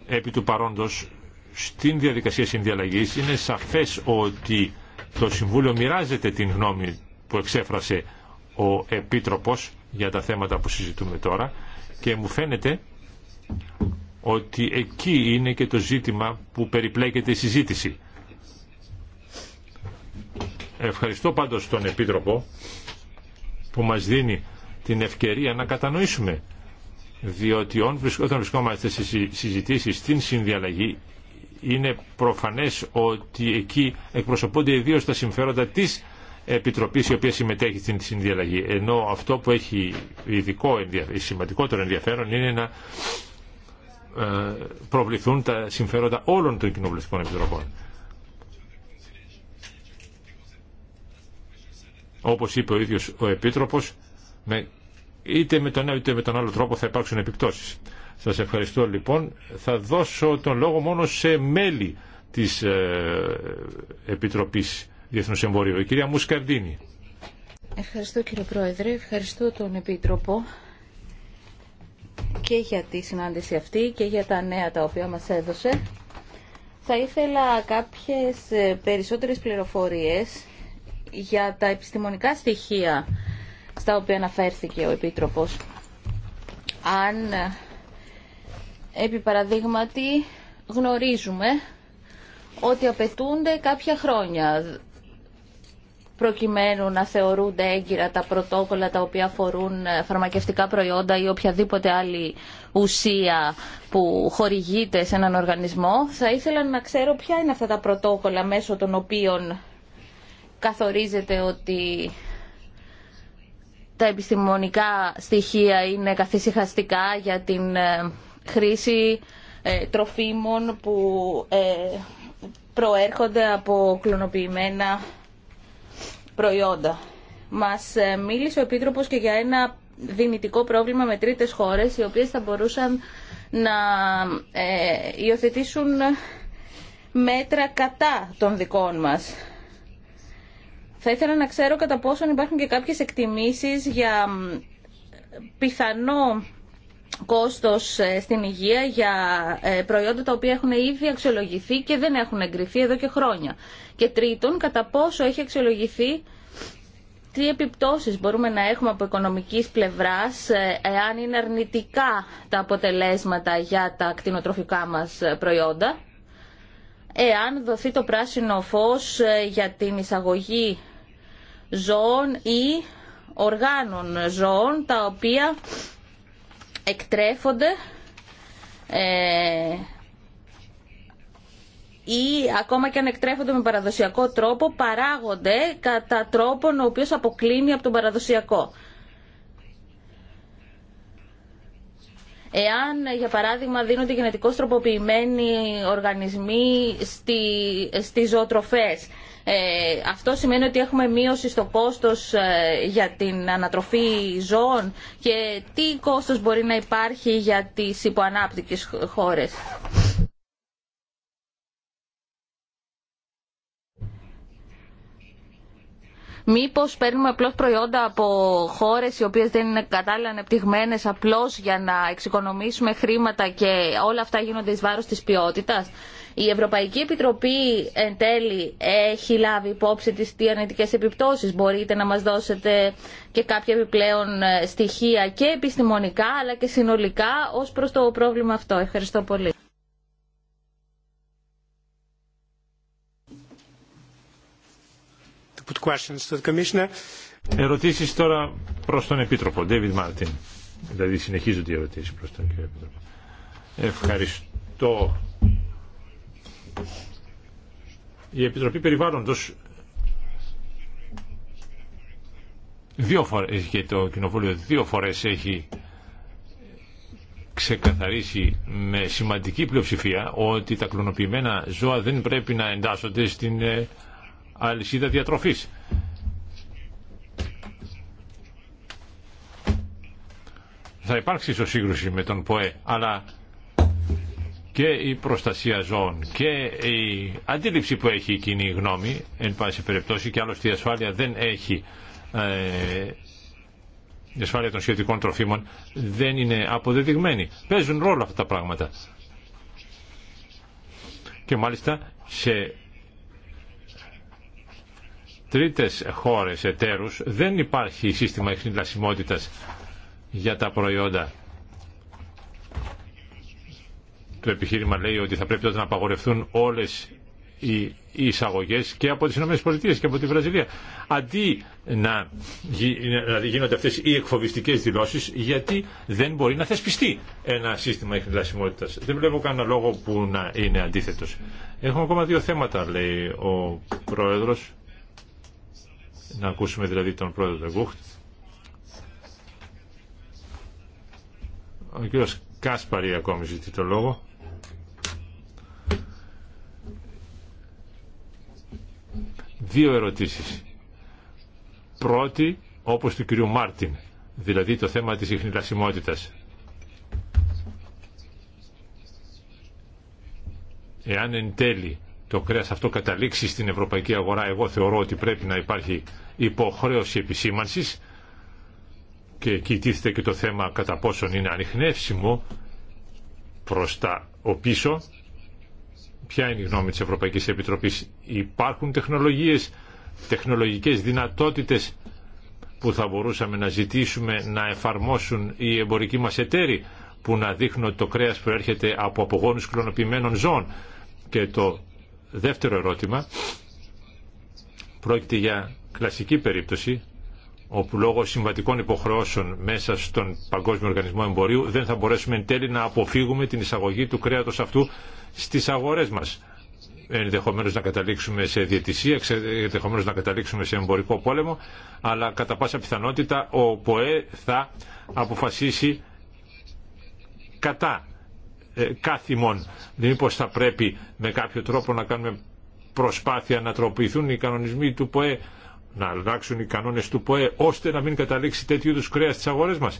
επί του παρόντος στην διαδικασία συνδιαλλαγής είναι σαφές ότι το Συμβούλιο μοιράζεται την γνώμη που εξέφρασε ο Επίτροπος για τα θέματα που συζητούμε τώρα και μου φαίνεται ότι εκεί είναι και το ζήτημα που περιπλέκεται η συζήτηση. Ευχαριστώ πάντως τον Επίτροπο που μας δίνει την ευκαιρία να κατανοήσουμε διότι όταν βρισκόμαστε σε συζητήσεις στην συνδιαλλαγή είναι προφανές ότι εκεί εκπροσωπούνται ιδίω τα συμφέροντα της Επιτροπής η οποία συμμετέχει στην συνδιαλλαγή ενώ αυτό που έχει ειδικό σημαντικότερο ενδιαφέρον είναι να ε, προβληθούν τα συμφέροντα όλων των κοινοβουλευτικών επιτροπών. Όπως είπε ο ίδιος ο Επίτροπος, με είτε με τον ένα είτε με τον άλλο τρόπο θα υπάρξουν επιπτώσεις. Σας ευχαριστώ λοιπόν. Θα δώσω τον λόγο μόνο σε μέλη της ε, Επιτροπής Διεθνούς Εμπορίου. Η κυρία Μουσκαρδίνη. Ευχαριστώ κύριε Πρόεδρε, ευχαριστώ τον Επίτροπο και για τη συνάντηση αυτή και για τα νέα τα οποία μας έδωσε. Θα ήθελα κάποιες ε, περισσότερες πληροφορίες για τα επιστημονικά στοιχεία στα οποία αναφέρθηκε ο Επίτροπος. Αν ε, επί παραδείγματι γνωρίζουμε ότι απαιτούνται κάποια χρόνια προκειμένου να θεωρούνται έγκυρα τα πρωτόκολλα τα οποία φορούν ε, φαρμακευτικά προϊόντα ή οποιαδήποτε άλλη ουσία που χορηγείται σε έναν οργανισμό. Θα ήθελα να ξέρω ποια είναι αυτά τα πρωτόκολλα μέσω των οποίων καθορίζεται ότι τα επιστημονικά στοιχεία είναι καθησυχαστικά για την ε, χρήση ε, τροφίμων που ε, προέρχονται από κλωνοποιημένα προϊόντα. Μας μίλησε ο Επίτροπος και για ένα δυνητικό πρόβλημα με τρίτες χώρες οι οποίες θα μπορούσαν να υιοθετήσουν μέτρα κατά των δικών μας. Θα ήθελα να ξέρω κατά πόσον υπάρχουν και κάποιες εκτιμήσεις για πιθανό κόστος ε, στην υγεία για ε, προϊόντα τα οποία έχουν ήδη αξιολογηθεί και δεν έχουν εγκριθεί εδώ και χρόνια. Και τρίτον, κατά πόσο έχει αξιολογηθεί τι επιπτώσεις μπορούμε να έχουμε από οικονομικής πλευράς ε, εάν είναι αρνητικά τα αποτελέσματα για τα κτηνοτροφικά μας προϊόντα εάν δοθεί το πράσινο φως για την εισαγωγή ζώων ή οργάνων ζώων τα οποία εκτρέφονται ε, ή ακόμα και αν εκτρέφονται με παραδοσιακό τρόπο παράγονται κατά τρόπον ο οποίος αποκλίνει από τον παραδοσιακό. Εάν, για παράδειγμα, δίνονται γενετικώς τροποποιημένοι οργανισμοί στι στις ζωοτροφές ε, αυτό σημαίνει ότι έχουμε μείωση στο κόστος ε, για την ανατροφή ζώων και τι κόστος μπορεί να υπάρχει για τις υποανάπτυκες χώρες. Μήπως παίρνουμε απλώς προϊόντα από χώρες οι οποίες δεν είναι κατάλληλα ανεπτυγμένες απλώς για να εξοικονομήσουμε χρήματα και όλα αυτά γίνονται εις βάρος της ποιότητας. Η Ευρωπαϊκή Επιτροπή εν τέλει έχει λάβει υπόψη τις τι αρνητικές επιπτώσεις. Μπορείτε να μας δώσετε και κάποια επιπλέον ε, στοιχεία και επιστημονικά αλλά και συνολικά ως προς το πρόβλημα αυτό. Ευχαριστώ πολύ. Ερωτήσεις τώρα προς τον Επίτροπο, David Martin. Δηλαδή συνεχίζονται οι ερωτήσεις προς τον κύριο Επίτροπο. Ευχαριστώ η Επιτροπή Περιβάλλοντος δύο φορές και το Κοινοβούλιο δύο φορές έχει ξεκαθαρίσει με σημαντική πλειοψηφία ότι τα κλωνοποιημένα ζώα δεν πρέπει να εντάσσονται στην ε, αλυσίδα διατροφής. Θα υπάρξει ισοσύγκρουση με τον ΠΟΕ, αλλά και η προστασία ζώων και η αντίληψη που έχει η κοινή γνώμη, εν πάση περιπτώσει, και άλλωστε η ασφάλεια δεν έχει ε, η ασφάλεια των σχετικών τροφίμων δεν είναι αποδεδειγμένη. Παίζουν ρόλο αυτά τα πράγματα. Και μάλιστα σε τρίτες χώρες εταίρους δεν υπάρχει σύστημα εχνηλασιμότητας για τα προϊόντα το επιχείρημα λέει ότι θα πρέπει τότε να απαγορευτούν όλε οι εισαγωγέ και από τις ΗΠΑ και από τη Βραζιλία. Αντί να γίνονται αυτέ οι εκφόβιστικέ δηλώσει, γιατί δεν μπορεί να θεσπιστεί ένα σύστημα εκδηλασιμότητας. Δεν βλέπω κανένα λόγο που να είναι αντίθετο. Έχουμε ακόμα δύο θέματα, λέει ο πρόεδρο, Να ακούσουμε δηλαδή τον Πρόεδρο Γκούχτ. Ο κύριος Κάσπαρη ακόμη ζητεί το λόγο. δύο ερωτήσεις. Πρώτη, όπως του κυρίου Μάρτιν, δηλαδή το θέμα της ιχνηλασιμότητας. Εάν εν τέλει το κρέας αυτό καταλήξει στην ευρωπαϊκή αγορά, εγώ θεωρώ ότι πρέπει να υπάρχει υποχρέωση επισήμανσης και εκεί τίθεται και το θέμα κατά πόσον είναι ανιχνεύσιμο προς τα οπίσω Ποια είναι η γνώμη της Ευρωπαϊκής Επιτροπής. Υπάρχουν τεχνολογίες, τεχνολογικές δυνατότητες που θα μπορούσαμε να ζητήσουμε να εφαρμόσουν οι εμπορικοί μας εταίροι που να δείχνουν ότι το κρέας προέρχεται από απογόνους κλωνοποιημένων ζώων. Και το δεύτερο ερώτημα πρόκειται για κλασική περίπτωση όπου λόγω συμβατικών υποχρεώσεων μέσα στον Παγκόσμιο Οργανισμό Εμπορίου δεν θα μπορέσουμε εν τέλει να αποφύγουμε την εισαγωγή του κρέατος αυτού στις αγορές μας. Ενδεχομένω να καταλήξουμε σε διαιτησία, ενδεχομένω να καταλήξουμε σε εμπορικό πόλεμο, αλλά κατά πάσα πιθανότητα ο ΠΟΕ θα αποφασίσει κατά ε, κάθιμον. Μήπω θα πρέπει με κάποιο τρόπο να κάνουμε προσπάθεια να τροποποιηθούν οι κανονισμοί του ΠΟΕ να αλλάξουν οι κανόνε του ΠΟΕ ώστε να μην καταλήξει τέτοιου είδου κρέα στι αγορέ μα,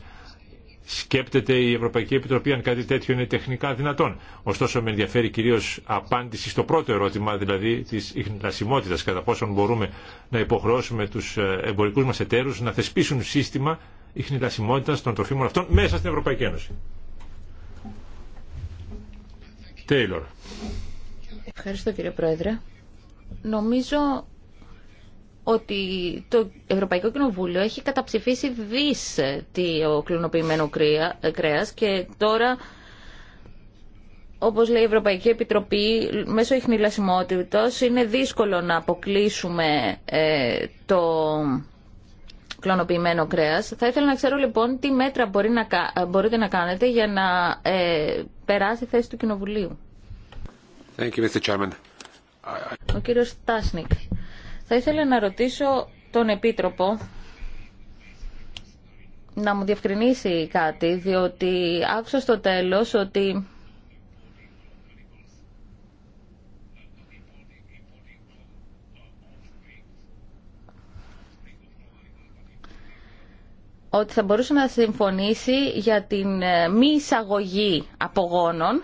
Σκέπτεται η Ευρωπαϊκή Επιτροπή αν κάτι τέτοιο είναι τεχνικά δυνατόν. Ωστόσο με ενδιαφέρει κυρίω απάντηση στο πρώτο ερώτημα, δηλαδή τη ιχνηλασιμότητα κατά πόσον μπορούμε να υποχρεώσουμε του ε, εμπορικού μα εταίρους να θεσπίσουν σύστημα ιχνηλασιμότητας των τροφίμων αυτών μέσα στην Ευρωπαϊκή Ένωση. Τέιλορ. Ευχαριστώ κύριε Πρόεδρε. Νομίζω ότι το Ευρωπαϊκό Κοινοβούλιο έχει καταψηφίσει δις το κλωνοποιημένο κρέας και τώρα όπως λέει η Ευρωπαϊκή Επιτροπή, μέσω ειχνηλασιμότητας είναι δύσκολο να αποκλείσουμε ε, το κλωνοποιημένο κρέας. Θα ήθελα να ξέρω λοιπόν τι μέτρα μπορεί να, μπορείτε να κάνετε για να ε, περάσει η θέση του Κοινοβουλίου. Thank you, Ο κύριος θα ήθελα να ρωτήσω τον Επίτροπο να μου διευκρινίσει κάτι, διότι άκουσα στο τέλος ότι ότι θα μπορούσε να συμφωνήσει για την ε, μη εισαγωγή απογόνων,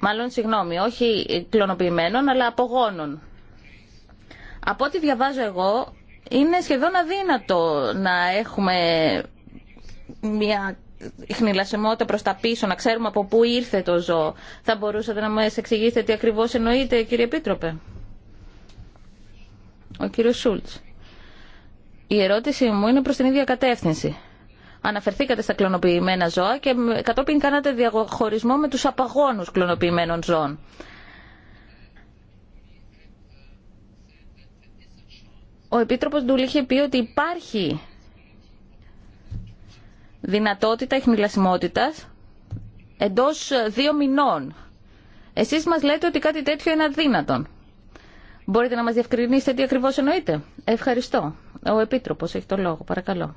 μάλλον συγγνώμη, όχι κλωνοποιημένων, αλλά απογόνων. Από ό,τι διαβάζω εγώ, είναι σχεδόν αδύνατο να έχουμε μια χνηλασιμότητα προς τα πίσω, να ξέρουμε από πού ήρθε το ζώο. Θα μπορούσατε να μας εξηγήσετε τι ακριβώς εννοείτε, κύριε Επίτροπε. Ο κύριος Σούλτς. Η ερώτηση μου είναι προς την ίδια κατεύθυνση. Αναφερθήκατε στα κλωνοποιημένα ζώα και κατόπιν κάνατε διαχωρισμό με τους απαγόνους κλωνοποιημένων ζώων. ο Επίτροπος Ντούλη είχε πει ότι υπάρχει δυνατότητα ειχνηλασιμότητας εντός δύο μηνών. Εσείς μας λέτε ότι κάτι τέτοιο είναι αδύνατον. Μπορείτε να μας διευκρινίσετε τι ακριβώς εννοείτε. Ευχαριστώ. Ο Επίτροπος έχει το λόγο. Παρακαλώ.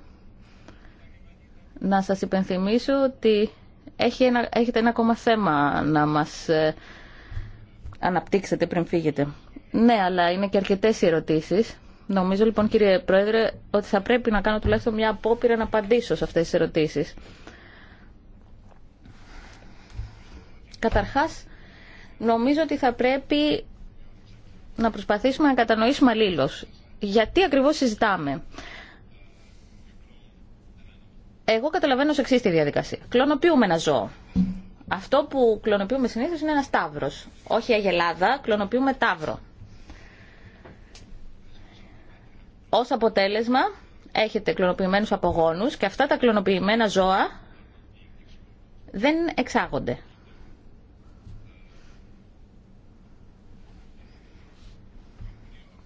Να σας υπενθυμίσω ότι έχει ένα, έχετε ένα ακόμα θέμα να μας ε, αναπτύξετε πριν φύγετε. Ναι, αλλά είναι και αρκετές οι ερωτήσεις. Νομίζω λοιπόν κύριε Πρόεδρε ότι θα πρέπει να κάνω τουλάχιστον μια απόπειρα να απαντήσω σε αυτές τις ερωτήσεις. Καταρχάς, νομίζω ότι θα πρέπει να προσπαθήσουμε να κατανοήσουμε αλλήλως. Γιατί ακριβώς συζητάμε. Εγώ καταλαβαίνω σε εξή τη διαδικασία. Κλωνοποιούμε ένα ζώο. Αυτό που κλωνοποιούμε συνήθως είναι ένα τάβρος. Όχι αγελάδα, κλωνοποιούμε τάβρο. Ως αποτέλεσμα έχετε κλωνοποιημένους απογόνους και αυτά τα κλωνοποιημένα ζώα δεν εξάγονται.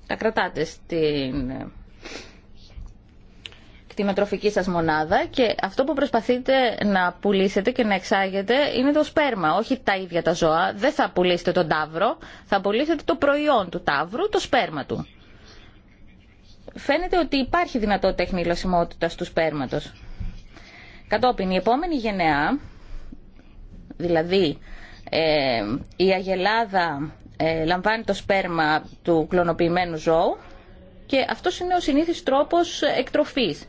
Τα κρατάτε στην κτηνοτροφική ε, σας μονάδα και αυτό που προσπαθείτε να πουλήσετε και να εξάγετε είναι το σπέρμα, όχι τα ίδια τα ζώα. Δεν θα πουλήσετε τον τάβρο, θα πουλήσετε το προϊόν του τάβρου, το σπέρμα του φαίνεται ότι υπάρχει δυνατότητα εχνηλωσιμότητας του σπέρματος. Κατόπιν, η επόμενη γενεά, δηλαδή ε, η αγελάδα ε, λαμβάνει το σπέρμα του κλωνοποιημένου ζώου και αυτό είναι ο συνήθις τρόπος εκτροφής.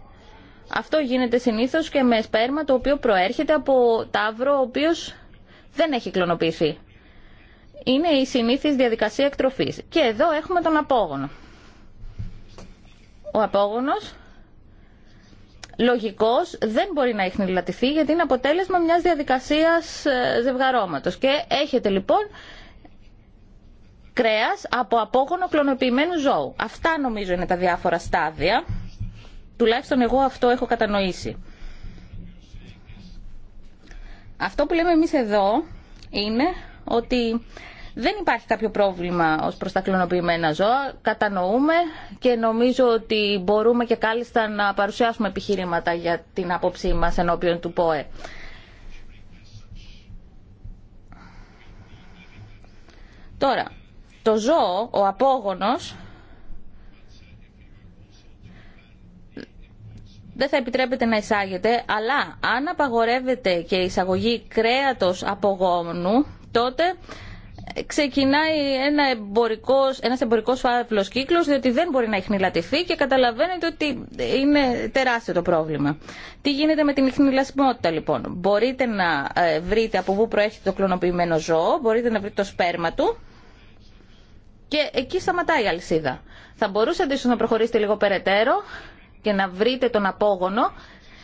Αυτό γίνεται συνήθως και με σπέρμα το οποίο προέρχεται από ταύρο ο οποίος δεν έχει κλωνοποιηθεί. Είναι η συνήθις διαδικασία εκτροφής. Και εδώ έχουμε τον απόγονο ο απόγονος λογικός δεν μπορεί να ειχνηλατηθεί γιατί είναι αποτέλεσμα μιας διαδικασίας ε, ζευγαρώματος. Και έχετε λοιπόν κρέας από απόγονο κλωνοποιημένου ζώου. Αυτά νομίζω είναι τα διάφορα στάδια. Τουλάχιστον εγώ αυτό έχω κατανοήσει. Αυτό που λέμε εμείς εδώ είναι ότι δεν υπάρχει κάποιο πρόβλημα ως προ τα κλωνοποιημένα ζώα, κατανοούμε και νομίζω ότι μπορούμε και κάλλιστα να παρουσιάσουμε επιχειρήματα για την άποψή μα ενώπιον του ΠΟΕ. Τώρα, το ζώο, ο απόγονος, δεν θα επιτρέπεται να εισάγεται, αλλά αν απαγορεύεται και η εισαγωγή κρέατος απογόνου, τότε ξεκινάει ένα εμπορικός, ένας εμπορικός φαύλος κύκλος διότι δεν μπορεί να ειχνηλατηθεί και καταλαβαίνετε ότι είναι τεράστιο το πρόβλημα. Τι γίνεται με την ειχνηλασιμότητα λοιπόν. Μπορείτε να ε, βρείτε από πού προέρχεται το κλωνοποιημένο ζώο, μπορείτε να βρείτε το σπέρμα του και εκεί σταματάει η αλυσίδα. Θα μπορούσατε ίσως να προχωρήσετε λίγο περαιτέρω και να βρείτε τον απόγονο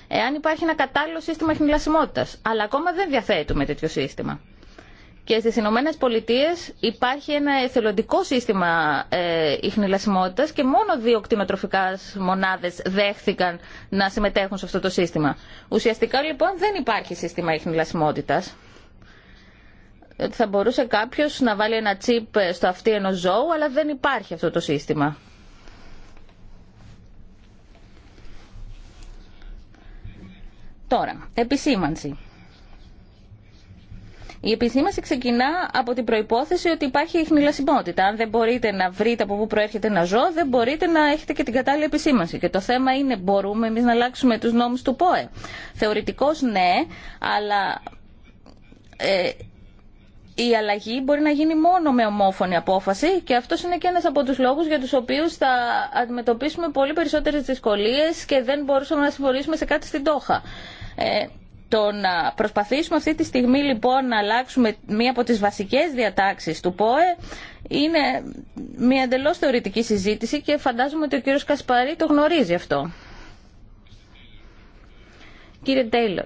εάν υπάρχει ένα κατάλληλο σύστημα ειχνηλασιμότητας. Αλλά ακόμα δεν διαθέτουμε τέτοιο σύστημα. Και στις Ηνωμένε Πολιτείε υπάρχει ένα εθελοντικό σύστημα ε, και μόνο δύο κτηνοτροφικά μονάδες δέχθηκαν να συμμετέχουν σε αυτό το σύστημα. Ουσιαστικά λοιπόν δεν υπάρχει σύστημα ιχνηλασιμότητας. Ε, θα μπορούσε κάποιο να βάλει ένα τσίπ στο αυτί ενό ζώου, αλλά δεν υπάρχει αυτό το σύστημα. Τώρα, επισήμανση. Η επισήμανση ξεκινά από την προπόθεση ότι υπάρχει ειχνηλασιμότητα. Αν δεν μπορείτε να βρείτε από πού προέρχεται ένα ζώο, δεν μπορείτε να έχετε και την κατάλληλη επισήμανση. Και το θέμα είναι, μπορούμε εμεί να αλλάξουμε του νόμου του ΠΟΕ. Θεωρητικώ ναι, αλλά. Ε, η αλλαγή μπορεί να γίνει μόνο με ομόφωνη απόφαση και αυτό είναι και ένα από του λόγου για του οποίου θα αντιμετωπίσουμε πολύ περισσότερε δυσκολίε και δεν μπορούσαμε να συμφωνήσουμε σε κάτι στην Τόχα. Ε, το να προσπαθήσουμε αυτή τη στιγμή λοιπόν να αλλάξουμε μία από τις βασικές διατάξεις του ΠΟΕ είναι μία εντελώ θεωρητική συζήτηση και φαντάζομαι ότι ο κύριος Κασπαρή το γνωρίζει αυτό. Κύριε Τέιλορ,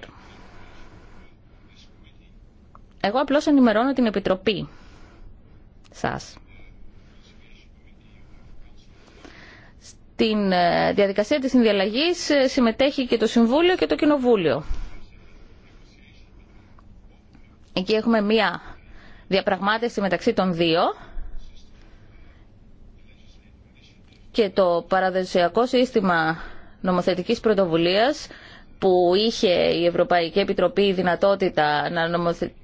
εγώ απλώς ενημερώνω την Επιτροπή σας. Στην ε, διαδικασία της συνδιαλλαγής ε, συμμετέχει και το Συμβούλιο και το Κοινοβούλιο. Εκεί έχουμε μία διαπραγμάτευση μεταξύ των δύο και το παραδοσιακό σύστημα νομοθετικής πρωτοβουλίας που είχε η Ευρωπαϊκή Επιτροπή η δυνατότητα να,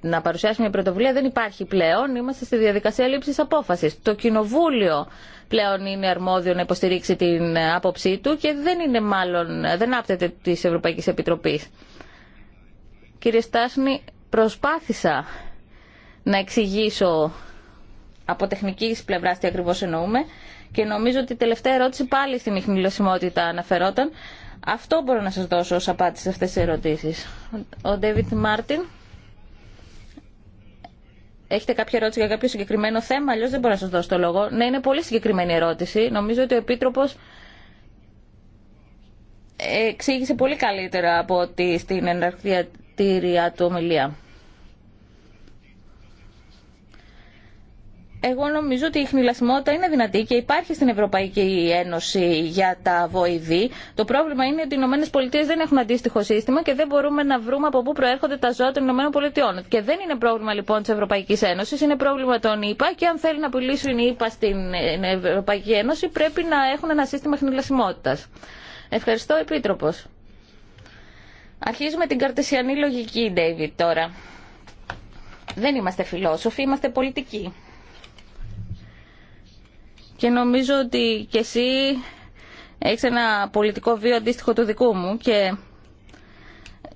να παρουσιάσει μια πρωτοβουλία δεν υπάρχει πλέον. Είμαστε στη διαδικασία λήψη απόφαση. Το Κοινοβούλιο πλέον είναι αρμόδιο να υποστηρίξει την άποψή του και δεν είναι μάλλον, δεν άπτεται τη Ευρωπαϊκή Επιτροπή. Κύριε Στάσνη, Προσπάθησα να εξηγήσω από τεχνική πλευρά τι ακριβώ εννοούμε και νομίζω ότι η τελευταία ερώτηση πάλι στην ηχνηλωσιμότητα αναφερόταν. Αυτό μπορώ να σας δώσω ως απάντηση σε αυτές τις ερωτήσεις. Ο Ντέβιτ Μάρτιν. Έχετε κάποια ερώτηση για κάποιο συγκεκριμένο θέμα, αλλιώ δεν μπορώ να σα δώσω το λόγο. Ναι, είναι πολύ συγκεκριμένη ερώτηση. Νομίζω ότι ο Επίτροπο εξήγησε πολύ καλύτερα από ότι στην εναρκτήρια του ομιλία. Εγώ νομίζω ότι η χνηλασιμότητα είναι δυνατή και υπάρχει στην Ευρωπαϊκή Ένωση για τα βοηθή. Το πρόβλημα είναι ότι οι Ηνωμένε Πολιτείε δεν έχουν αντίστοιχο σύστημα και δεν μπορούμε να βρούμε από πού προέρχονται τα ζώα των Ηνωμένων Πολιτειών. Και δεν είναι πρόβλημα λοιπόν τη Ευρωπαϊκή Ένωση, είναι πρόβλημα των ΗΠΑ και αν θέλει να πουλήσουν οι ΗΠΑ στην ε, ε, Ευρωπαϊκή Ένωση πρέπει να έχουν ένα σύστημα χνηλασιμότητα. Ευχαριστώ, Επίτροπο. Αρχίζουμε την καρτεσιανή λογική, David, τώρα. Δεν είμαστε φιλόσοφοι, είμαστε πολιτικοί και νομίζω ότι κι εσύ έχεις ένα πολιτικό βίο αντίστοιχο του δικού μου και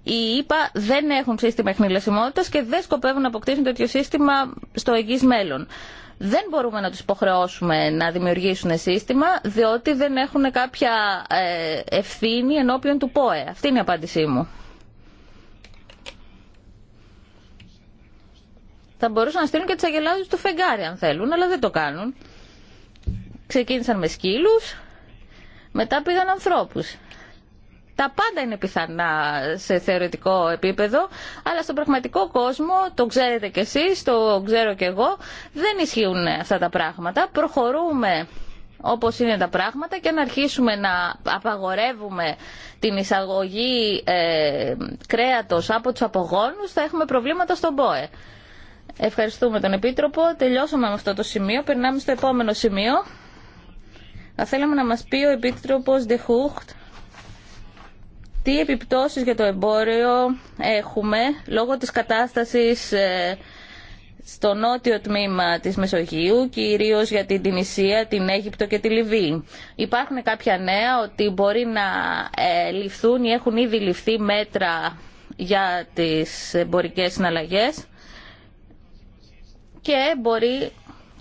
οι ΙΠΑ δεν έχουν σύστημα εχνηλασιμότητας και δεν σκοπεύουν να αποκτήσουν τέτοιο σύστημα στο εγγύς μέλλον. Δεν μπορούμε να τους υποχρεώσουμε να δημιουργήσουν σύστημα διότι δεν έχουν κάποια ε, ευθύνη ενώπιον του ΠΟΕ. Αυτή είναι η απάντησή μου. Θα μπορούσαν να στείλουν και τις αγελάδες του φεγγάρι αν θέλουν, αλλά δεν το κάνουν ξεκίνησαν με σκύλους, μετά πήγαν ανθρώπους. Τα πάντα είναι πιθανά σε θεωρητικό επίπεδο, αλλά στον πραγματικό κόσμο, το ξέρετε κι εσείς, το ξέρω κι εγώ, δεν ισχύουν αυτά τα πράγματα. Προχωρούμε όπως είναι τα πράγματα και αν αρχίσουμε να απαγορεύουμε την εισαγωγή ε, κρέατος από τους απογόνους θα έχουμε προβλήματα στον ΠΟΕ. Ευχαριστούμε τον Επίτροπο. Τελειώσαμε με αυτό το σημείο. Περνάμε στο επόμενο σημείο. Θα θέλαμε να μας πει ο Επίτροπος Δεχούχτ τι επιπτώσεις για το εμπόριο έχουμε λόγω της κατάστασης ε, στο νότιο τμήμα της Μεσογείου, κυρίως για την Τινησία, την Αίγυπτο και τη Λιβύη. Υπάρχουν κάποια νέα ότι μπορεί να ε, ληφθούν ή έχουν ήδη ληφθεί μέτρα για τις εμπορικές συναλλαγές και μπορεί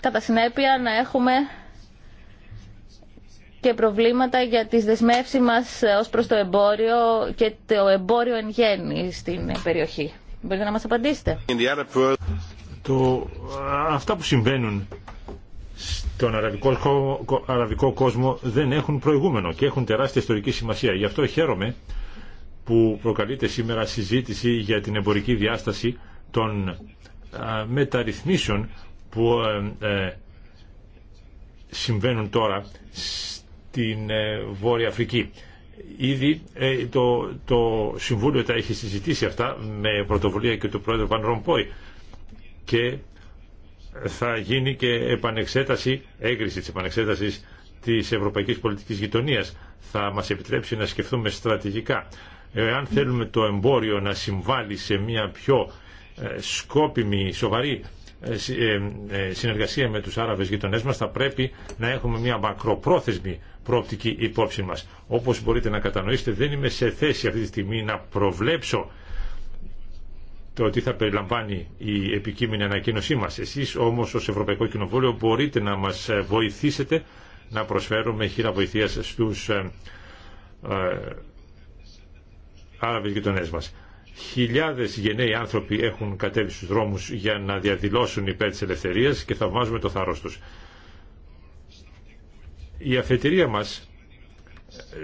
κατά συνέπεια να έχουμε και προβλήματα για τις δεσμεύσεις μας ως προς το εμπόριο και το εμπόριο εν γέννη στην περιοχή. Μπορείτε να μας απαντήσετε. Το, αυτά που συμβαίνουν στον αραβικό, αραβικό κόσμο δεν έχουν προηγούμενο και έχουν τεράστια ιστορική σημασία. Γι' αυτό χαίρομαι που προκαλείται σήμερα συζήτηση για την εμπορική διάσταση των μεταρρυθμίσεων που ε, ε, συμβαίνουν τώρα την ε, Βόρεια Αφρική. Ήδη ε, το, το Συμβούλιο τα έχει συζητήσει αυτά με πρωτοβουλία και του Πρόεδρου Βαν Ρομπόη και θα γίνει και επανεξέταση, έγκριση της επανεξέτασης της Ευρωπαϊκής Πολιτικής Γειτονίας. Θα μας επιτρέψει να σκεφτούμε στρατηγικά. Εάν θέλουμε το εμπόριο να συμβάλλει σε μια πιο ε, σκόπιμη, σοβαρή συνεργασία με τους Άραβες γειτονές μας θα πρέπει να έχουμε μια μακροπρόθεσμη προοπτική υπόψη μας. Όπως μπορείτε να κατανοήσετε δεν είμαι σε θέση αυτή τη στιγμή να προβλέψω το ότι θα περιλαμβάνει η επικείμενη ανακοίνωσή μας. Εσείς όμως ως Ευρωπαϊκό Κοινοβούλιο μπορείτε να μας βοηθήσετε να προσφέρουμε χείρα βοηθείας στους ε, ε, Άραβες γειτονές μας. Χιλιάδες γενναίοι άνθρωποι έχουν κατέβει στους δρόμους για να διαδηλώσουν υπέρ της ελευθερίας και θαυμάζουμε το θάρρος τους. Η αφετηρία μας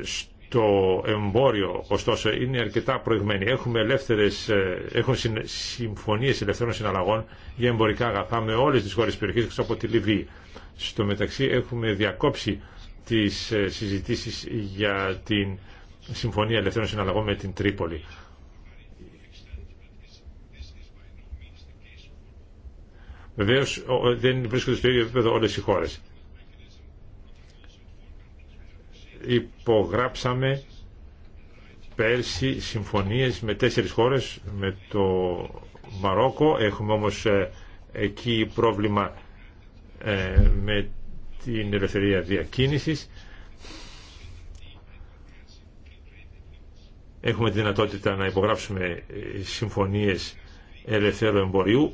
στο εμπόριο, ωστόσο, είναι αρκετά προηγμένη. Έχουμε ελεύθερες, ε, έχουν συμφωνίες ελευθερών συναλλαγών για εμπορικά αγαθά με όλες τις χώρες περιοχής, όπως από τη Λιβύη. Στο μεταξύ έχουμε διακόψει τις ε, συζητήσεις για την Συμφωνία Ελευθερών Συναλλαγών με την Τρίπολη. Βεβαίω δεν βρίσκονται στο ίδιο επίπεδο όλε οι χώρε. υπογράψαμε πέρσι συμφωνίες με τέσσερις χώρες, με το Μαρόκο. Έχουμε όμως ε, εκεί πρόβλημα ε, με την ελευθερία διακίνησης. Έχουμε τη δυνατότητα να υπογράψουμε ε, συμφωνίες ελευθέρου εμπορίου.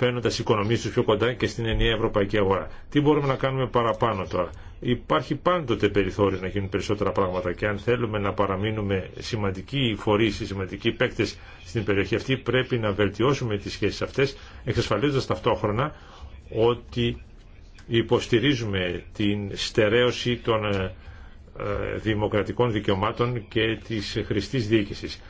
φέρνοντα οικονομίε του πιο κοντά και στην ενιαία ευρωπαϊκή αγορά. Τι μπορούμε να κάνουμε παραπάνω τώρα. Υπάρχει πάντοτε περιθώριο να γίνουν περισσότερα πράγματα και αν θέλουμε να παραμείνουμε σημαντικοί φορεί, σημαντικοί παίκτε στην περιοχή αυτή, πρέπει να βελτιώσουμε τι σχέσει αυτέ, εξασφαλίζοντα ταυτόχρονα ότι υποστηρίζουμε την στερέωση των ε, ε, δημοκρατικών δικαιωμάτων και της χρηστής διοίκησης.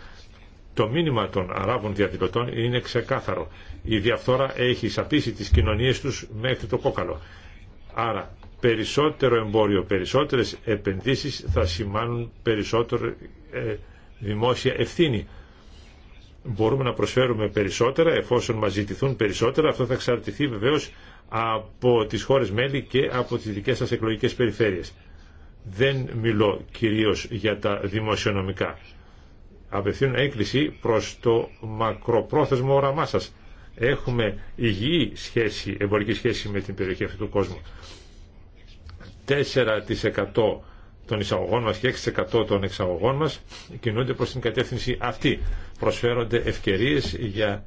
Το μήνυμα των Αράβων διαδηλωτών είναι ξεκάθαρο. Η διαφθόρα έχει σαπίσει τις κοινωνίες τους μέχρι το κόκαλο. Άρα περισσότερο εμπόριο, περισσότερες επενδύσεις θα σημάνουν περισσότερο ε, δημόσια ευθύνη. Μπορούμε να προσφέρουμε περισσότερα εφόσον μας ζητηθούν περισσότερα. Αυτό θα εξαρτηθεί βεβαίως από τις χώρες μέλη και από τις δικές σας εκλογικές περιφέρειες. Δεν μιλώ κυρίως για τα δημοσιονομικά απευθύνουν έκκληση προς το μακροπρόθεσμο όραμά σας. Έχουμε υγιή σχέση, εμπορική σχέση με την περιοχή αυτού του κόσμου. 4% των εισαγωγών μας και 6% των εξαγωγών μας κινούνται προς την κατεύθυνση αυτή. Προσφέρονται ευκαιρίες για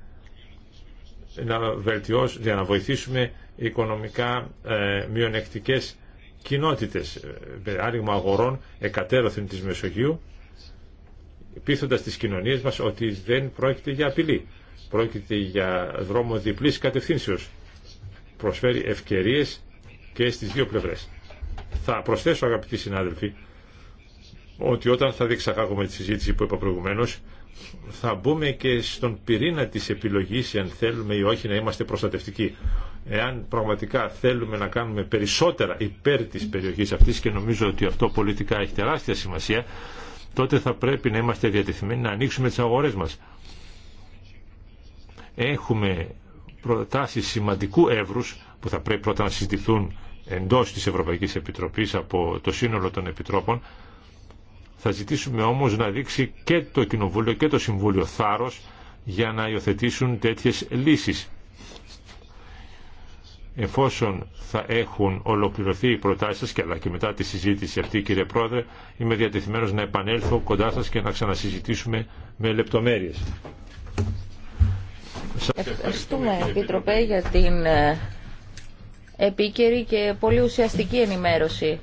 να, βελτιώσουμε, βοηθήσουμε οικονομικά ε, μειονεκτικές κοινότητες. Ε, Άνοιγμα αγορών εκατέρωθεν της Μεσογείου πείθοντας τις κοινωνίες μας ότι δεν πρόκειται για απειλή. Πρόκειται για δρόμο διπλής κατευθύνσεως. Προσφέρει ευκαιρίες και στις δύο πλευρές. Θα προσθέσω αγαπητοί συνάδελφοι ότι όταν θα διεξαγάγουμε τη συζήτηση που είπα προηγουμένω, θα μπούμε και στον πυρήνα της επιλογής αν θέλουμε ή όχι να είμαστε προστατευτικοί. Εάν πραγματικά θέλουμε να κάνουμε περισσότερα υπέρ της περιοχής αυτής και νομίζω ότι αυτό πολιτικά έχει τεράστια σημασία, τότε θα πρέπει να είμαστε διατεθειμένοι να ανοίξουμε τις αγορές μας. Έχουμε προτάσεις σημαντικού εύρους που θα πρέπει πρώτα να συζητηθούν εντός της Ευρωπαϊκής Επιτροπής από το σύνολο των Επιτρόπων. Θα ζητήσουμε όμως να δείξει και το Κοινοβούλιο και το Συμβούλιο θάρρος για να υιοθετήσουν τέτοιες λύσεις εφόσον θα έχουν ολοκληρωθεί οι προτάσεις σας και αλλά και μετά τη συζήτηση αυτή κύριε Πρόεδρε είμαι διατεθειμένος να επανέλθω κοντά σας και να ξανασυζητήσουμε με λεπτομέρειες. Ευχαριστούμε Επίτροπε για την ε, επίκαιρη και πολύ ουσιαστική ενημέρωση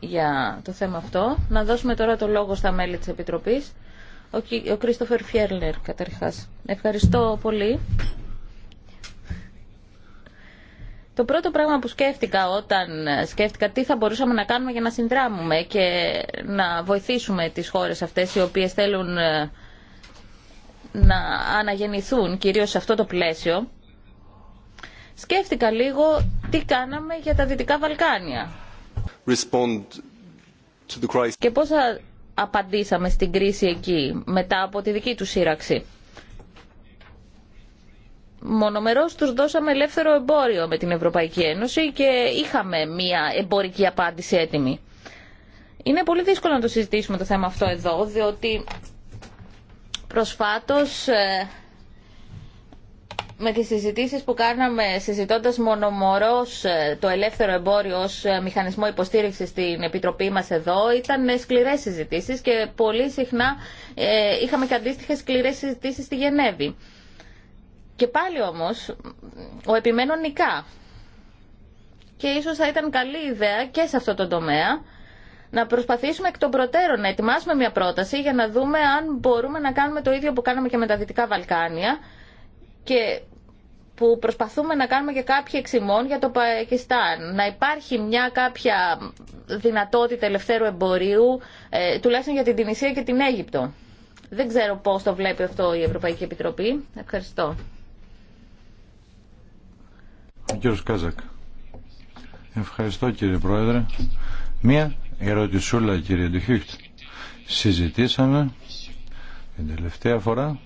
για το θέμα αυτό. Να δώσουμε τώρα το λόγο στα μέλη της Επιτροπής. Ο Κρίστοφερ Φιέρλερ, καταρχάς. Ευχαριστώ πολύ. Το πρώτο πράγμα που σκέφτηκα όταν ε, σκέφτηκα τι θα μπορούσαμε να κάνουμε για να συνδράμουμε και να βοηθήσουμε τις χώρες αυτές οι οποίες θέλουν ε, να αναγεννηθούν κυρίως σε αυτό το πλαίσιο, σκέφτηκα λίγο τι κάναμε για τα Δυτικά Βαλκάνια και πώς θα απαντήσαμε στην κρίση εκεί μετά από τη δική του σύραξη. Μονομερός τους δώσαμε ελεύθερο εμπόριο με την Ευρωπαϊκή Ένωση και είχαμε μία εμπορική απάντηση έτοιμη. Είναι πολύ δύσκολο να το συζητήσουμε το θέμα αυτό εδώ, διότι προσφάτως ε, με τις συζητήσεις που κάναμε συζητώντας μονομορός ε, το ελεύθερο εμπόριο ως ε, μηχανισμό υποστήριξης στην Επιτροπή μας εδώ ήταν ε, σκληρές συζητήσεις και πολύ συχνά είχαμε και αντίστοιχες σκληρές συζητήσεις στη Γενέβη. Και πάλι όμως ο επιμένων νικά και ίσως θα ήταν καλή ιδέα και σε αυτό το τομέα να προσπαθήσουμε εκ των προτέρων να ετοιμάσουμε μια πρόταση για να δούμε αν μπορούμε να κάνουμε το ίδιο που κάναμε και με τα Δυτικά Βαλκάνια και που προσπαθούμε να κάνουμε και κάποια εξημών για το Πακιστάν. Να υπάρχει μια κάποια δυνατότητα ελευθέρου εμπορίου, ε, τουλάχιστον για την Τινησία και την Αίγυπτο. Δεν ξέρω πώς το βλέπει αυτό η Ευρωπαϊκή Επιτροπή. Ευχαριστώ. κύριος Κάζακ. Ευχαριστώ κύριε Πρόεδρε. Μία ερωτησούλα κύριε Ντουχίχτ. Συζητήσαμε την τελευταία φορά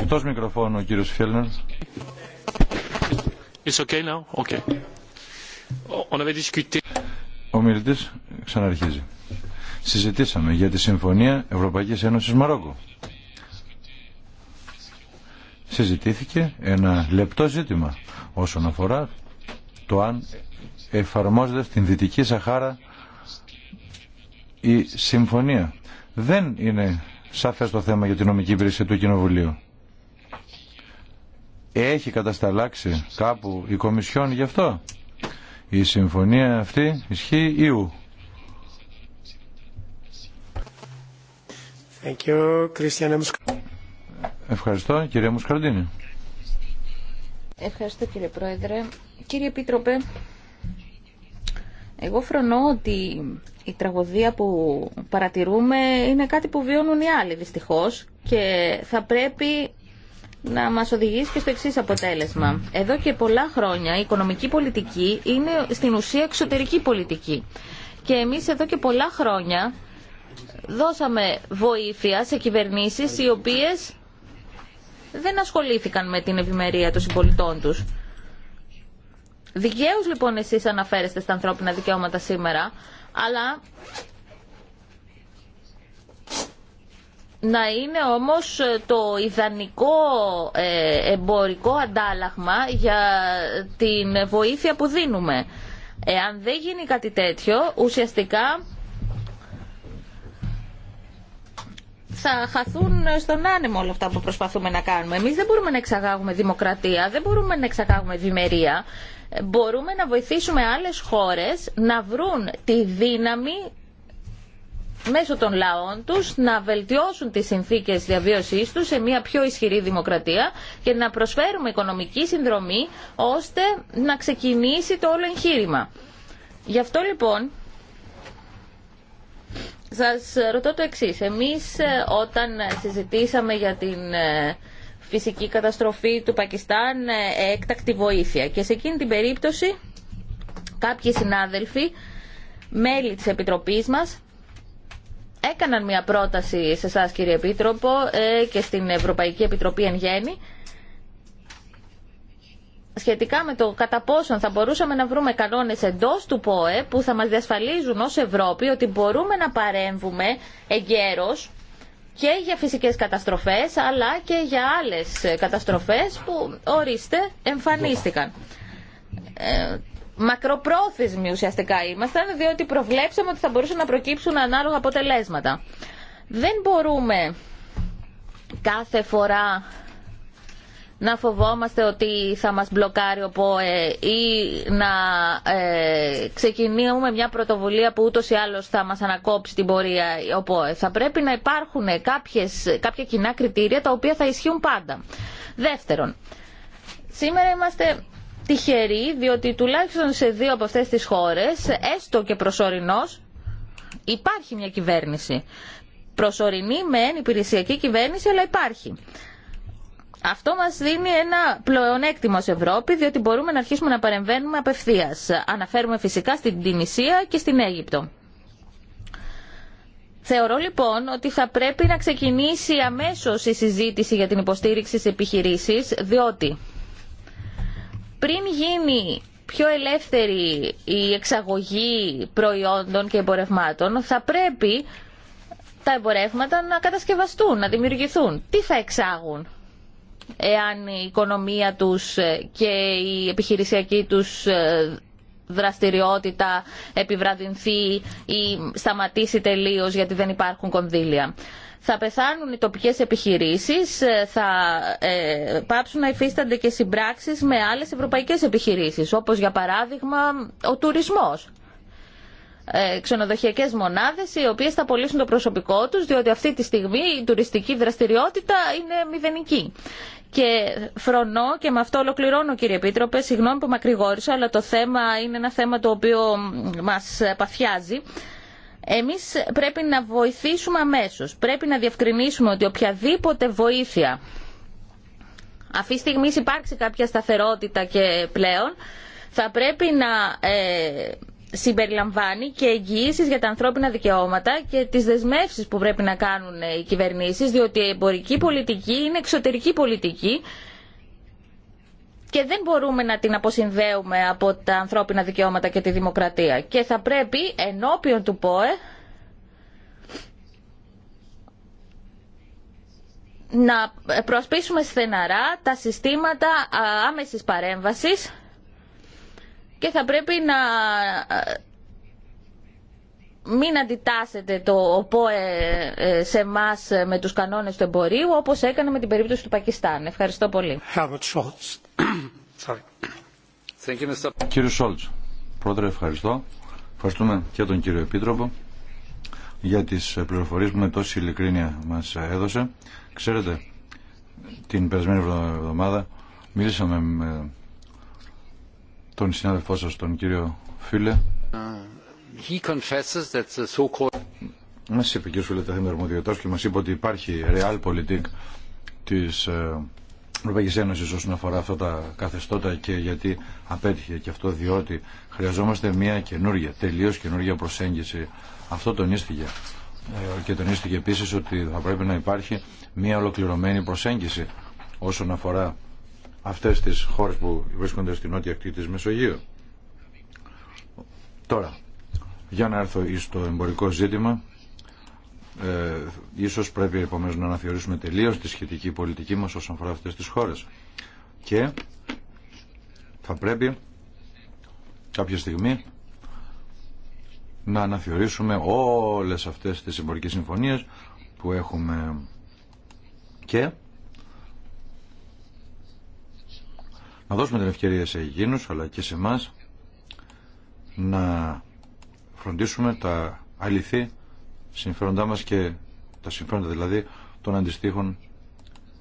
Εκτός μικροφώνου ο κύριος Φιέλνερ. okay now? Okay. On avait Ο ξαναρχίζει. Συζητήσαμε για τη Συμφωνία Ευρωπαϊκής Ένωσης Μαρόκου. Συζητήθηκε ένα λεπτό ζήτημα όσον αφορά το αν εφαρμόζεται στην Δυτική Σαχάρα η Συμφωνία. Δεν είναι σαφές το θέμα για την νομική υπηρεσία του Κοινοβουλίου. Έχει κατασταλάξει κάπου η Κομισιόν γι' αυτό. Η συμφωνία αυτή ισχύει Ιού. Ευχαριστώ, κύριε Μουσκαρντίνη. Ευχαριστώ, κύριε Πρόεδρε. Κύριε Επίτροπε, εγώ φρονώ ότι η τραγωδία που παρατηρούμε είναι κάτι που βιώνουν οι άλλοι δυστυχώς και θα πρέπει να μας οδηγήσει και στο εξής αποτέλεσμα. Εδώ και πολλά χρόνια η οικονομική πολιτική είναι στην ουσία εξωτερική πολιτική. Και εμείς εδώ και πολλά χρόνια δώσαμε βοήθεια σε κυβερνήσεις οι οποίες δεν ασχολήθηκαν με την ευημερία των συμπολιτών τους. Δικαίως λοιπόν εσείς αναφέρεστε στα ανθρώπινα δικαιώματα σήμερα, αλλά να είναι όμως ε, το ιδανικό ε, εμπορικό αντάλλαγμα για την βοήθεια που δίνουμε. Εάν δεν γίνει κάτι τέτοιο, ουσιαστικά θα χαθούν στον άνεμο όλα αυτά που προσπαθούμε να κάνουμε. Εμείς δεν μπορούμε να εξαγάγουμε δημοκρατία, δεν μπορούμε να εξαγάγουμε ευημερία. Μπορούμε να βοηθήσουμε άλλες χώρες να βρουν τη δύναμη μέσω των λαών τους να βελτιώσουν τις συνθήκες διαβίωσής τους σε μια πιο ισχυρή δημοκρατία και να προσφέρουμε οικονομική συνδρομή ώστε να ξεκινήσει το όλο εγχείρημα. Γι' αυτό λοιπόν σας ρωτώ το εξής. Εμείς ε, όταν συζητήσαμε για την ε, φυσική καταστροφή του Πακιστάν ε, έκτακτη βοήθεια και σε εκείνη την περίπτωση κάποιοι συνάδελφοι μέλη της Επιτροπής μας έκαναν μια πρόταση σε εσά κύριε Επίτροπο ε, και στην Ευρωπαϊκή Επιτροπή εν γέννη σχετικά με το κατά πόσον θα μπορούσαμε να βρούμε κανόνε εντό του ΠΟΕ που θα μας διασφαλίζουν ω Ευρώπη ότι μπορούμε να παρέμβουμε εγκαίρω και για φυσικές καταστροφές αλλά και για άλλες καταστροφές που ορίστε εμφανίστηκαν. Ε, μακροπρόθεσμοι ουσιαστικά ήμασταν, διότι προβλέψαμε ότι θα μπορούσαν να προκύψουν ανάλογα αποτελέσματα. Δεν μπορούμε κάθε φορά να φοβόμαστε ότι θα μας μπλοκάρει ο ΠΟΕ ή να ε, ξεκινήσουμε μια πρωτοβουλία που ούτως ή άλλως θα μας ανακόψει την πορεία ο ΠΟΕ. Θα πρέπει να υπάρχουν κάποιες, κάποια κοινά κριτήρια τα οποία θα ισχύουν πάντα. Δεύτερον, σήμερα είμαστε τυχεροί διότι τουλάχιστον σε δύο από αυτές τις χώρες, έστω και προσωρινός, υπάρχει μια κυβέρνηση. Προσωρινή μεν υπηρεσιακή κυβέρνηση, αλλά υπάρχει. Αυτό μας δίνει ένα πλεονέκτημα ως Ευρώπη, διότι μπορούμε να αρχίσουμε να παρεμβαίνουμε απευθείας. Αναφέρουμε φυσικά στην Τινησία και στην Αίγυπτο. Θεωρώ λοιπόν ότι θα πρέπει να ξεκινήσει αμέσως η συζήτηση για την υποστήριξη σε επιχειρήσεις, διότι πριν γίνει πιο ελεύθερη η εξαγωγή προϊόντων και εμπορευμάτων, θα πρέπει τα εμπορεύματα να κατασκευαστούν, να δημιουργηθούν. Τι θα εξάγουν εάν η οικονομία τους ε, και η επιχειρησιακή τους ε, δραστηριότητα επιβραδυνθεί ή σταματήσει τελείως γιατί δεν υπάρχουν κονδύλια θα πεθάνουν οι τοπικές επιχειρήσεις, ε, θα ε, πάψουν να υφίστανται και συμπράξεις με άλλες ευρωπαϊκές επιχειρήσεις, όπως για παράδειγμα ο τουρισμός ε, ξενοδοχειακές μονάδες οι οποίες θα πωλήσουν το προσωπικό τους διότι αυτή τη στιγμή η τουριστική δραστηριότητα είναι μηδενική. Και φρονώ και με αυτό ολοκληρώνω κύριε Επίτροπε, συγγνώμη που μακρηγόρησα αλλά το θέμα είναι ένα θέμα το οποίο μας παθιάζει εμείς πρέπει να βοηθήσουμε αμέσως. Πρέπει να διευκρινίσουμε ότι οποιαδήποτε βοήθεια αυτή τη στιγμή υπάρξει κάποια σταθερότητα και πλέον θα πρέπει να ε, συμπεριλαμβάνει και εγγυήσει για τα ανθρώπινα δικαιώματα και τις δεσμεύσεις που πρέπει να κάνουν οι κυβερνήσεις διότι η εμπορική πολιτική είναι εξωτερική πολιτική και δεν μπορούμε να την αποσυνδέουμε από τα ανθρώπινα δικαιώματα και τη δημοκρατία. Και θα πρέπει ενώπιον του ΠΟΕ να προσπίσουμε στεναρά τα συστήματα άμεσης παρέμβασης και θα πρέπει να μην αντιτάσσετε το «ΟΠΟΕ» ε, σε εμά ε, με τους κανόνες του εμπορίου, όπως έκανε με την περίπτωση του Πακιστάν. Ευχαριστώ πολύ. Κύριε Σόλτς, πρώτα ευχαριστώ. Ευχαριστούμε και τον κύριο Επίτροπο για τις πληροφορίες που με τόση ειλικρίνεια μας έδωσε. Ξέρετε, την περασμένη εβδομάδα μίλησαμε με τον συνάδελφό σας, τον κύριο Φίλε, he confesses that the so-called... Μας είπε και σου και μας είπε ότι υπάρχει realpolitik της ε, Ευρωπαϊκής Ένωσης όσον αφορά αυτά τα καθεστώτα και γιατί απέτυχε και αυτό διότι χρειαζόμαστε μια καινούργια, τελείως καινούργια προσέγγιση. Αυτό τονίστηκε ε, και τονίστηκε επίσης ότι θα πρέπει να υπάρχει μια ολοκληρωμένη προσέγγιση όσον αφορά αυτές τις χώρες που βρίσκονται στην νότια ακτή της Μεσογείου. Τώρα, για να έρθω στο εμπορικό ζήτημα, ε, ίσως πρέπει επομένω να αναθεωρήσουμε τελείως τη σχετική πολιτική μας όσον αφορά αυτές τις χώρες. Και θα πρέπει κάποια στιγμή να αναθεωρήσουμε όλες αυτές τις εμπορικές συμφωνίες που έχουμε και να δώσουμε την ευκαιρία σε εκείνους αλλά και σε εμάς να φροντίσουμε τα αληθή συμφέροντά μας και τα συμφέροντα δηλαδή των αντιστοίχων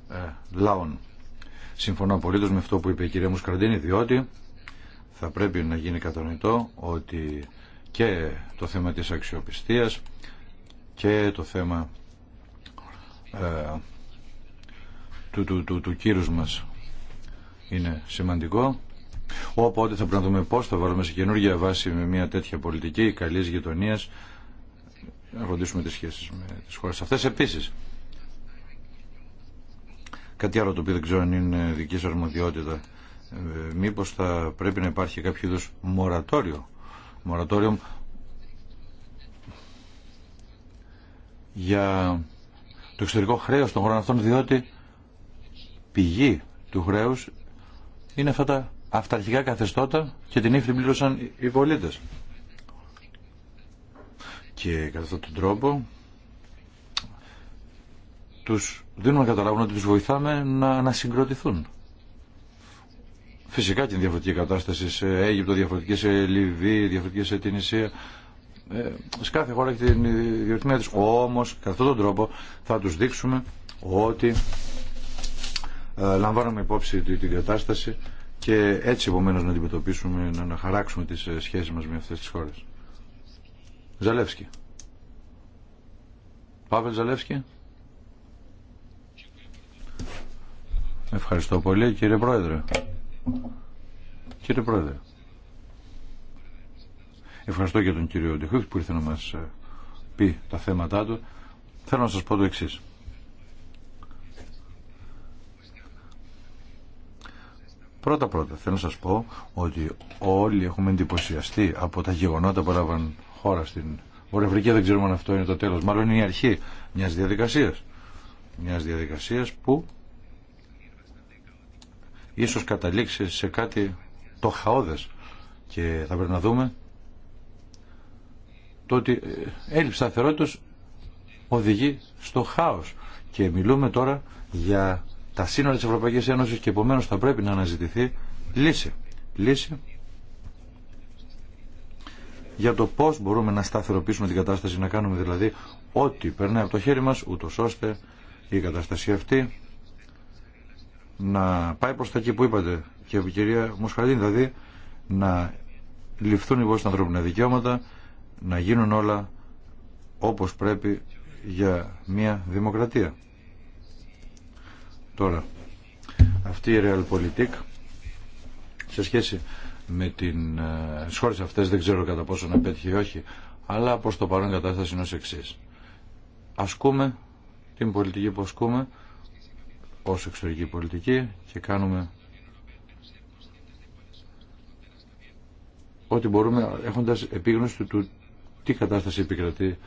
ε, λαών. Συμφωνώ απολύτως με αυτό που είπε η κυρία Μουσκραντίνη διότι θα πρέπει να γίνει κατανοητό ότι και το θέμα της αξιοπιστίας και το θέμα ε, του, του, του, του κύρους μας είναι σημαντικό Οπότε θα πρέπει να δούμε πώ θα βάλουμε σε καινούργια βάση με μια τέτοια πολιτική καλή γειτονία να φροντίσουμε τι σχέσει με τι χώρε αυτέ. Επίση, κάτι άλλο το οποίο δεν ξέρω αν είναι δική σα αρμοδιότητα, ε, μήπω θα πρέπει να υπάρχει κάποιο είδου μορατόριο. Μορατόριο για το εξωτερικό χρέος των χωρών αυτών διότι πηγή του χρέους είναι αυτά τα αυταρχικά καθεστώτα και την ύφη πλήρωσαν οι πολίτες. Και κατά αυτόν τον τρόπο τους δίνουμε να καταλάβουν ότι τους βοηθάμε να ανασυγκροτηθούν. Φυσικά και είναι διαφορετική κατάσταση σε Αίγυπτο, διαφορετική σε Λιβύη, διαφορετική σε Τινησία. Ε, σε κάθε χώρα έχει την ιδιορυθμία της. Όμως, κατά αυτόν τον τρόπο θα τους δείξουμε ότι ε, λαμβάνουμε υπόψη την κατάσταση και έτσι επομένως να αντιμετωπίσουμε, να αναχαράξουμε τις ε, σχέσεις μας με αυτές τις χώρες. Ζαλεύσκη. Πάβελ Ζαλεύσκη. Ευχαριστώ πολύ κύριε Πρόεδρε. Κύριε Πρόεδρε. Ευχαριστώ και τον κύριο Ντεχούχ που ήρθε να μας ε, πει τα θέματά του. Θέλω να σας πω το εξής. Πρώτα πρώτα θέλω να σας πω ότι όλοι έχουμε εντυπωσιαστεί από τα γεγονότα που έλαβαν χώρα στην Βορειοαφρική. Δεν ξέρουμε αν αυτό είναι το τέλος. Μάλλον είναι η αρχή μιας διαδικασίας. Μιας διαδικασίας που ίσως καταλήξει σε κάτι το χαόδες. Και θα πρέπει να δούμε το ότι ε, έλλειψη σταθερότητα οδηγεί στο χάος. Και μιλούμε τώρα για τα σύνορα της Ευρωπαϊκής Ένωσης και επομένως θα πρέπει να αναζητηθεί λύση. Λύση για το πώς μπορούμε να σταθεροποιήσουμε την κατάσταση, να κάνουμε δηλαδή ό,τι περνάει από το χέρι μας, ούτως ώστε η κατάσταση αυτή να πάει προς τα εκεί που είπατε και η κυρία Μοσχαλίνη, δηλαδή να ληφθούν οι τα ανθρώπινα δικαιώματα, να γίνουν όλα όπως πρέπει για μια δημοκρατία. Τώρα, αυτή η Realpolitik σε σχέση με την, ε, τις χώρες αυτές δεν ξέρω κατά πόσο να πέτυχε ή όχι, αλλά προς το παρόν κατάσταση είναι ως εξής. Ασκούμε την πολιτική που ασκούμε ως εξωτερική πολιτική και κάνουμε ό,τι μπορούμε έχοντας επίγνωση του τι κατάσταση επικρατεί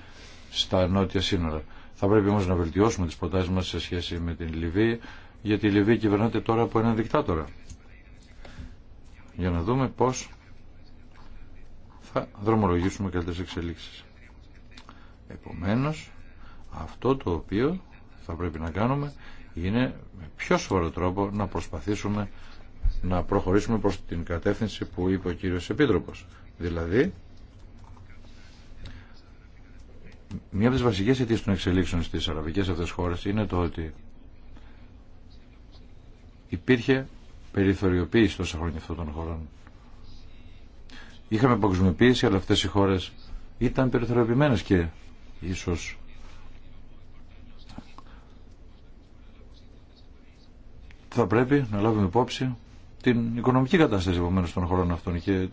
στα νότια σύνορα. Θα πρέπει όμως να βελτιώσουμε τις προτάσεις μας σε σχέση με την Λιβύη, γιατί η Λιβύη κυβερνάται τώρα από έναν δικτάτορα. Για να δούμε πώς θα δρομολογήσουμε καλύτερε εξελίξεις. Επομένως, αυτό το οποίο θα πρέπει να κάνουμε είναι με πιο σοβαρό τρόπο να προσπαθήσουμε να προχωρήσουμε προς την κατεύθυνση που είπε ο κύριος Επίτροπος. Δηλαδή, Μία από τις βασικές αιτίε των εξελίξεων στις αραβικές αυτές χώρες είναι το ότι υπήρχε περιθωριοποίηση τόσα χρόνια αυτών των χωρών. Είχαμε παγκοσμιοποίηση, αλλά αυτές οι χώρες ήταν περιθωριοποιημένες και ίσως θα πρέπει να λάβουμε υπόψη την οικονομική κατάσταση επομένω των χωρών αυτών και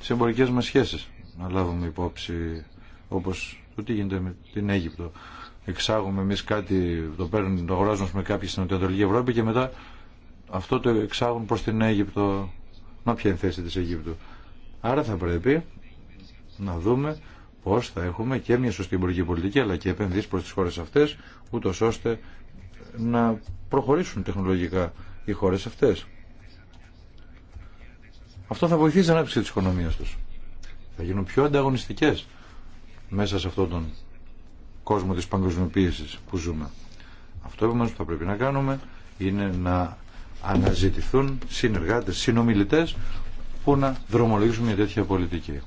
τι εμπορικέ μα σχέσει να λάβουμε υπόψη όπως το τι γίνεται με την Αίγυπτο. Εξάγουμε εμεί κάτι, το παίρνουν, το αγοράζουν με κάποιοι στην Ευρώπη και μετά αυτό το εξάγουν προς την Αίγυπτο. Να ποια είναι η θέση της Αιγύπτου. Άρα θα πρέπει να δούμε πώς θα έχουμε και μια σωστή εμπορική πολιτική αλλά και επενδύσεις προς τις χώρες αυτές ούτω ώστε να προχωρήσουν τεχνολογικά οι χώρες αυτές. Αυτό θα βοηθήσει την ανάπτυξη της οικονομίας τους. Θα γίνουν πιο ανταγωνιστικές μέσα σε αυτόν τον κόσμο της παγκοσμιοποίησης που ζούμε. Αυτό που θα πρέπει να κάνουμε είναι να αναζητηθούν συνεργάτες, συνομιλητές που να δρομολογήσουν μια τέτοια πολιτική.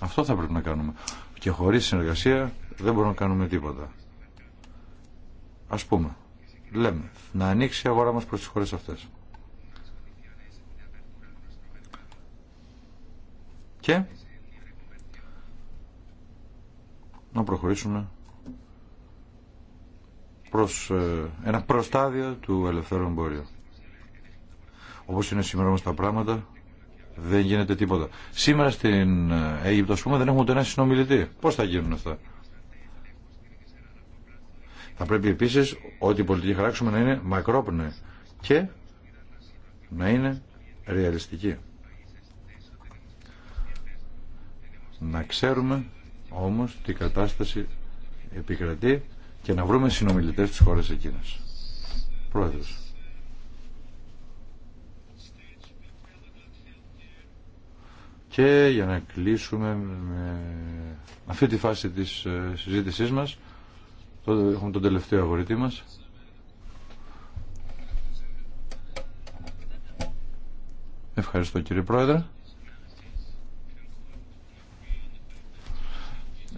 Αυτό θα πρέπει να κάνουμε. Και χωρίς συνεργασία δεν μπορούμε να κάνουμε τίποτα. Ας πούμε, λέμε, να ανοίξει η αγορά μας προς τις χώρες αυτές. Και να προχωρήσουμε προς ε, ένα προστάδιο του ελευθερών εμπορίου. Όπως είναι σήμερα όμως τα πράγματα, δεν γίνεται τίποτα. Σήμερα στην ε, Αίγυπτο, ας πούμε, δεν έχουμε ούτε ένα συνομιλητή. Πώς θα γίνουν αυτά. Θα πρέπει επίσης ότι η πολιτική χαράξουμε να είναι μακρόπνε και να είναι ρεαλιστική. Να ξέρουμε όμως τι κατάσταση επικρατεί και να βρούμε συνομιλητές της χώρας εκείνας. Πρόεδρος. Και για να κλείσουμε με αυτή τη φάση της ε, συζήτησής μας, τότε έχουμε τον τελευταίο αγορητή μας. Ευχαριστώ κύριε Πρόεδρε.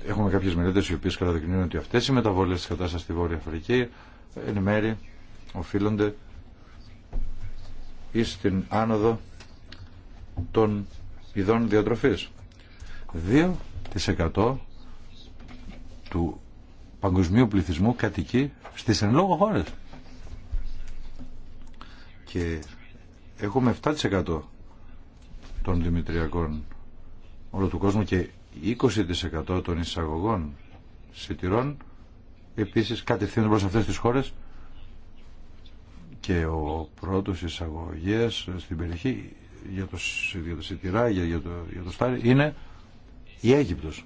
έχουμε κάποιες μελέτες οι οποίες καταδεικνύουν ότι αυτές οι μεταβολές τη κατάσταση στη Βόρεια Αφρική εν μέρη οφείλονται ή στην άνοδο των ειδών διατροφή. 2% του παγκοσμίου πληθυσμού κατοικεί στι εν λόγω χώρες. Και έχουμε 7% των δημητριακών όλο του κόσμου και 20% των εισαγωγών σιτηρών επίσης κατευθύνουν προς αυτές τις χώρες και ο πρώτος εισαγωγές στην περιοχή για το, για σιτηρά, για, για, το, στάρι είναι η Αίγυπτος.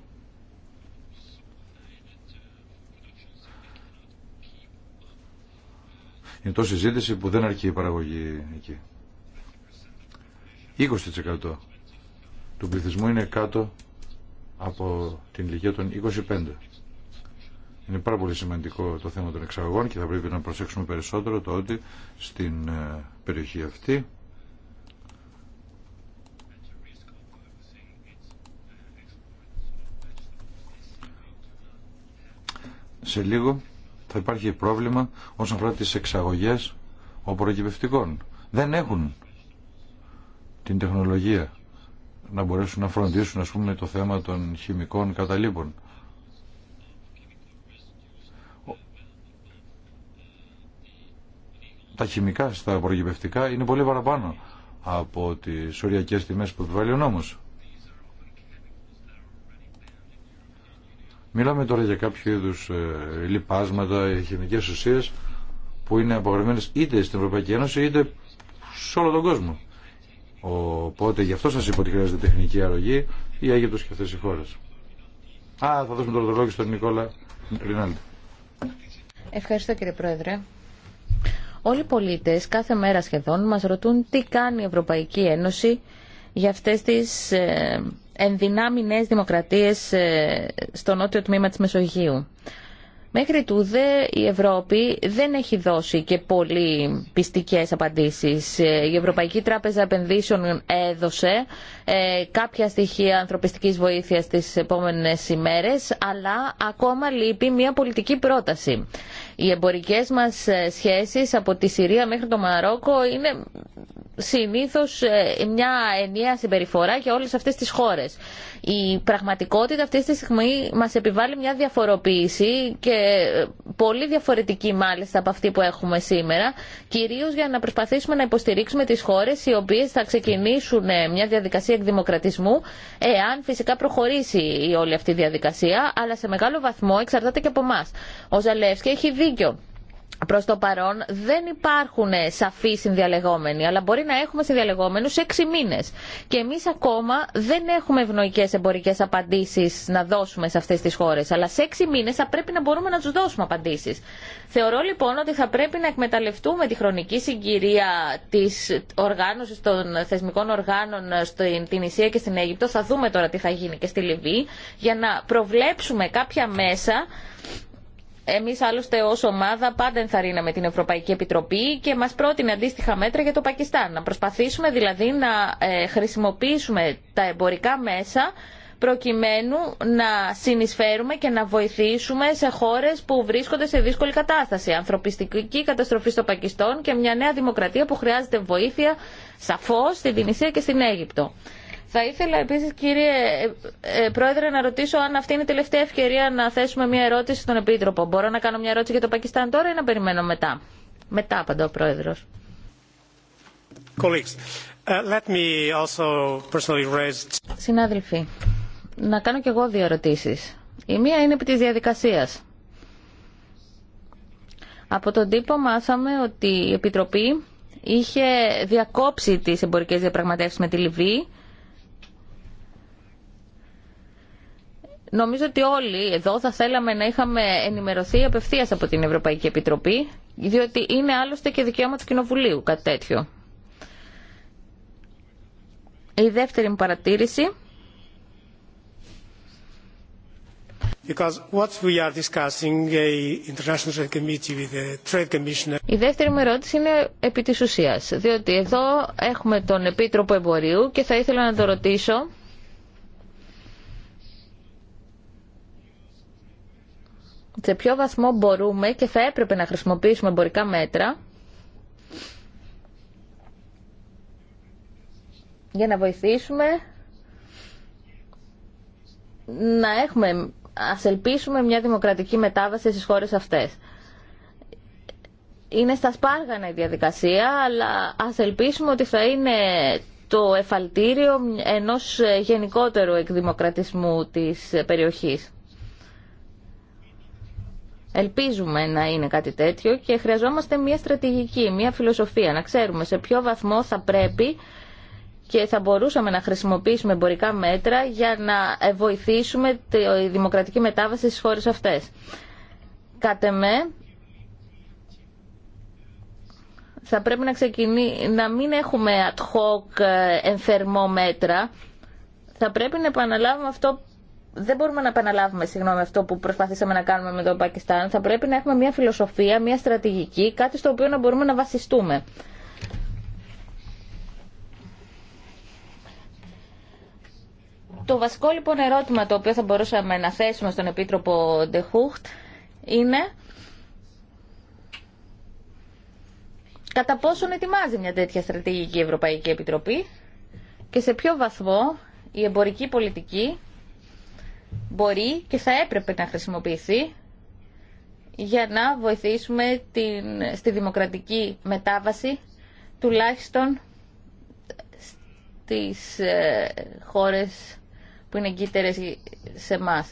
Είναι τόση ζήτηση που δεν αρκεί η παραγωγή εκεί. 20% του πληθυσμού είναι κάτω από την ηλικία των 25. Είναι πάρα πολύ σημαντικό το θέμα των εξαγωγών και θα πρέπει να προσέξουμε περισσότερο το ότι στην ε, περιοχή αυτή σε λίγο θα υπάρχει πρόβλημα όσον αφορά τις εξαγωγές οπροκυπευτικών. Δεν έχουν την τεχνολογία να μπορέσουν να φροντίσουν ας πούμε το θέμα των χημικών καταλήπων. Τα χημικά στα προγυπευτικά είναι πολύ παραπάνω από τις οριακές τιμές που επιβάλλει ο νόμος. Μιλάμε τώρα για κάποιο είδου ε, λιπάσματα, ε, χημικές ουσίες που είναι απογραμμένες είτε στην Ευρωπαϊκή Ένωση είτε σε όλο τον κόσμο. Οπότε γι' αυτό σα είπα ότι χρειάζεται τεχνική αρρωγή η Αίγυπτος και αυτέ οι χώρες. Α, θα δώσουμε τώρα το λόγο στον Νικόλα Ρινάλντι. Ευχαριστώ κύριε Πρόεδρε. Όλοι οι πολίτες κάθε μέρα σχεδόν μας ρωτούν τι κάνει η Ευρωπαϊκή Ένωση για αυτές τις ε, ενδυνάμει δημοκρατίες ε, στο νότιο τμήμα τη Μεσογείου. Μέχρι τούδε η Ευρώπη δεν έχει δώσει και πολύ πιστικές απαντήσεις. Ε, η Ευρωπαϊκή Τράπεζα Επενδύσεων έδωσε ε, κάποια στοιχεία ανθρωπιστικής βοήθειας τις επόμενες ημέρες, αλλά ακόμα λείπει μια πολιτική πρόταση. Οι εμπορικές μας ε, σχέσεις από τη Συρία μέχρι το Μαρόκο είναι Συνήθω ε, μια ενιαία συμπεριφορά για όλε αυτέ τι χώρε. Η πραγματικότητα αυτή τη στιγμή μα επιβάλλει μια διαφοροποίηση και ε, πολύ διαφορετική μάλιστα από αυτή που έχουμε σήμερα, κυρίως για να προσπαθήσουμε να υποστηρίξουμε τι χώρε οι οποίε θα ξεκινήσουν ε, μια διαδικασία εκδημοκρατισμού, εάν φυσικά προχωρήσει η όλη αυτή η διαδικασία, αλλά σε μεγάλο βαθμό εξαρτάται και από εμά. Ο Ζαλεύσκη έχει δίκιο προς το παρόν δεν υπάρχουν σαφείς συνδιαλεγόμενοι, αλλά μπορεί να έχουμε συνδιαλεγόμενους έξι μήνες. Και εμείς ακόμα δεν έχουμε ευνοϊκές εμπορικές απαντήσεις να δώσουμε σε αυτές τις χώρες, αλλά σε έξι μήνες θα πρέπει να μπορούμε να τους δώσουμε απαντήσεις. Θεωρώ λοιπόν ότι θα πρέπει να εκμεταλλευτούμε τη χρονική συγκυρία της οργάνωσης των θεσμικών οργάνων στην Ισία και στην Αίγυπτο, θα δούμε τώρα τι θα γίνει και στη Λιβύη, για να προβλέψουμε κάποια μέσα εμείς άλλωστε ως ομάδα πάντα ενθαρρύναμε την Ευρωπαϊκή Επιτροπή και μας πρότεινε αντίστοιχα μέτρα για το Πακιστάν. Να προσπαθήσουμε δηλαδή να ε, χρησιμοποιήσουμε τα εμπορικά μέσα προκειμένου να συνεισφέρουμε και να βοηθήσουμε σε χώρες που βρίσκονται σε δύσκολη κατάσταση. Ανθρωπιστική καταστροφή στο Πακιστάν και μια νέα δημοκρατία που χρειάζεται βοήθεια σαφώς στην Τινησία και στην Αίγυπτο. Θα ήθελα επίσης κύριε ε, ε, Πρόεδρε να ρωτήσω αν αυτή είναι η τελευταία ευκαιρία να θέσουμε μια ερώτηση στον Επίτροπο. Μπορώ να κάνω μια ερώτηση για το Πακιστάν τώρα ή να περιμένω μετά. Μετά απαντω ο Πρόεδρος. Uh, let me also personally raise... Συνάδελφοι, να κάνω κι εγώ δύο ερωτήσεις. Η μία είναι επί της διαδικασίας. Από τον τύπο μάθαμε ότι η Επιτροπή είχε διακόψει τις εμπορικές διαπραγματεύσεις με τη Λιβύη Νομίζω ότι όλοι εδώ θα θέλαμε να είχαμε ενημερωθεί απευθεία από την Ευρωπαϊκή Επιτροπή, διότι είναι άλλωστε και δικαίωμα του Κοινοβουλίου κάτι τέτοιο. Η δεύτερη μου παρατήρηση. Η δεύτερη μου ερώτηση είναι επί της ουσίας, διότι εδώ έχουμε τον Επίτροπο Εμπορίου και θα ήθελα να το ρωτήσω σε ποιο βαθμό μπορούμε και θα έπρεπε να χρησιμοποιήσουμε εμπορικά μέτρα για να βοηθήσουμε να έχουμε, ας ελπίσουμε μια δημοκρατική μετάβαση στις χώρες αυτές. Είναι στα σπάργανα η διαδικασία, αλλά ας ελπίσουμε ότι θα είναι το εφαλτήριο ενός γενικότερου εκδημοκρατισμού της περιοχής. Ελπίζουμε να είναι κάτι τέτοιο και χρειαζόμαστε μια στρατηγική, μια φιλοσοφία, να ξέρουμε σε ποιο βαθμό θα πρέπει και θα μπορούσαμε να χρησιμοποιήσουμε εμπορικά μέτρα για να βοηθήσουμε τη δημοκρατική μετάβαση στις χώρες αυτές. Κατεμέ με, θα πρέπει να, να μην έχουμε ad hoc ε, ενθερμό μέτρα, θα πρέπει να επαναλάβουμε αυτό δεν μπορούμε να επαναλάβουμε συγγνώμη αυτό που προσπαθήσαμε να κάνουμε με το Πακιστάν. Θα πρέπει να έχουμε μια φιλοσοφία, μια στρατηγική, κάτι στο οποίο να μπορούμε να βασιστούμε. Το βασικό λοιπόν ερώτημα το οποίο θα μπορούσαμε να θέσουμε στον Επίτροπο Ντεχούχτ είναι κατά πόσον ετοιμάζει μια τέτοια στρατηγική Ευρωπαϊκή Επιτροπή και σε ποιο βαθμό η εμπορική πολιτική μπορεί και θα έπρεπε να χρησιμοποιηθεί για να βοηθήσουμε την, στη δημοκρατική μετάβαση τουλάχιστον στις ε, χώρες που είναι εγκύτερες σε εμά.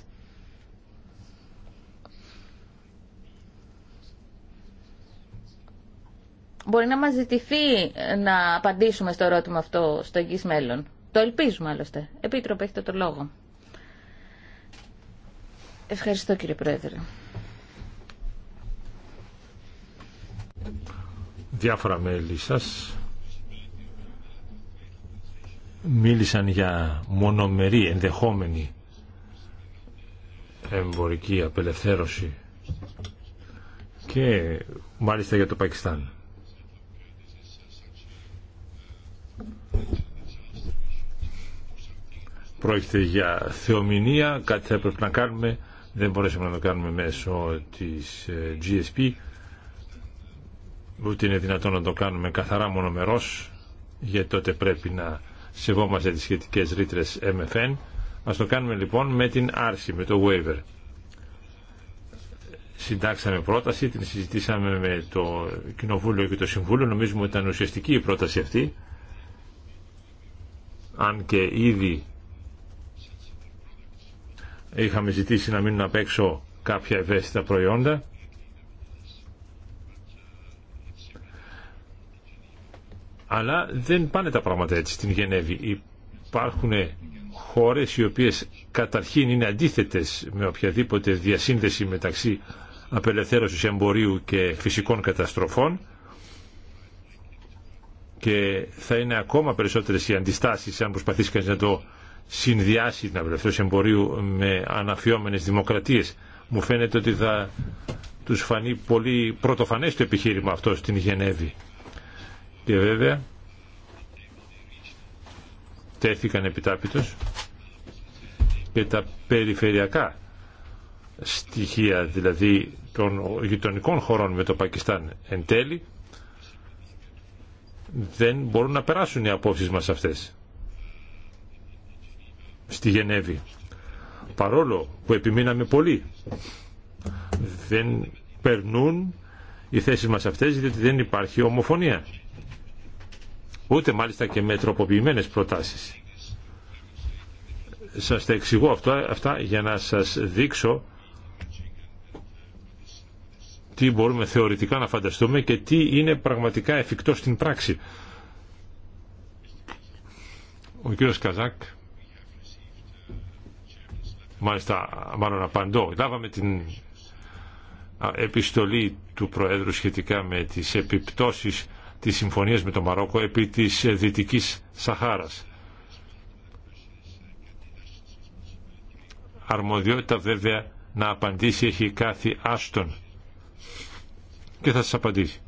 Μπορεί να μας ζητηθεί να απαντήσουμε στο ερώτημα αυτό στο εγγύς μέλλον. Το ελπίζουμε άλλωστε. Επίτροπε, έχετε το λόγο. Ευχαριστώ κύριε Πρόεδρε. Διάφορα μέλη σας μίλησαν για μονομερή ενδεχόμενη εμπορική απελευθέρωση και μάλιστα για το Πακιστάν. Πρόκειται για θεομηνία, κάτι θα έπρεπε να κάνουμε δεν μπορέσαμε να το κάνουμε μέσω της ε, GSP ούτε είναι δυνατόν να το κάνουμε καθαρά μονομερός γιατί τότε πρέπει να σεβόμαστε τις σχετικές ρήτρε MFN ας το κάνουμε λοιπόν με την άρση, με το waiver συντάξαμε πρόταση, την συζητήσαμε με το Κοινοβούλιο και το Συμβούλιο νομίζουμε ότι ήταν ουσιαστική η πρόταση αυτή αν και ήδη Είχαμε ζητήσει να μείνουν απ' έξω κάποια ευαίσθητα προϊόντα. Αλλά δεν πάνε τα πράγματα έτσι στην Γενέβη. Υπάρχουν χώρες οι οποίες καταρχήν είναι αντίθετες με οποιαδήποτε διασύνδεση μεταξύ απελευθέρωσης εμπορίου και φυσικών καταστροφών και θα είναι ακόμα περισσότερες οι αντιστάσεις αν προσπαθήσει κανείς να το συνδυάσει την απελευθέρωση εμπορίου με αναφιόμενες δημοκρατίες. Μου φαίνεται ότι θα τους φανεί πολύ πρωτοφανές το επιχείρημα αυτό στην Γενέβη. Και βέβαια τέθηκαν επιτάπητος και τα περιφερειακά στοιχεία δηλαδή των γειτονικών χωρών με το Πακιστάν εν τέλει δεν μπορούν να περάσουν οι απόψεις μας αυτές στη Γενέβη. Παρόλο που επιμείναμε πολύ, δεν περνούν οι θέσεις μας αυτές διότι δεν υπάρχει ομοφωνία. Ούτε μάλιστα και με τροποποιημένες προτάσεις. Σας τα εξηγώ αυτά, αυτά για να σας δείξω τι μπορούμε θεωρητικά να φανταστούμε και τι είναι πραγματικά εφικτό στην πράξη. Ο κύριος Καζάκ Μάλιστα, μάλλον απαντώ. Λάβαμε την επιστολή του Προέδρου σχετικά με τις επιπτώσεις της συμφωνίας με το Μαρόκο επί της ε, Δυτικής Σαχάρας. Αρμοδιότητα βέβαια να απαντήσει έχει κάθε άστον και θα σας απαντήσει.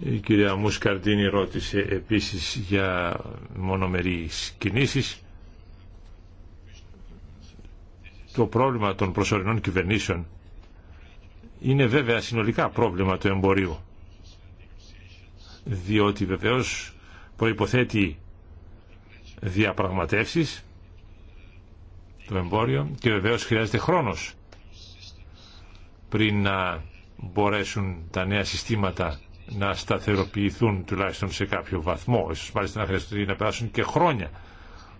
Η κυρία Μουσκαρντίνη ρώτησε επίσης για μονομερείς κινήσεις. Το πρόβλημα των προσωρινών κυβερνήσεων είναι βέβαια συνολικά πρόβλημα του εμπορίου. Διότι βεβαίως προϋποθέτει διαπραγματεύσεις το εμπόριο και βεβαίως χρειάζεται χρόνος πριν να μπορέσουν τα νέα συστήματα να σταθεροποιηθούν τουλάχιστον σε κάποιο βαθμό. Ίσως μάλιστα να χρειαστεί να περάσουν και χρόνια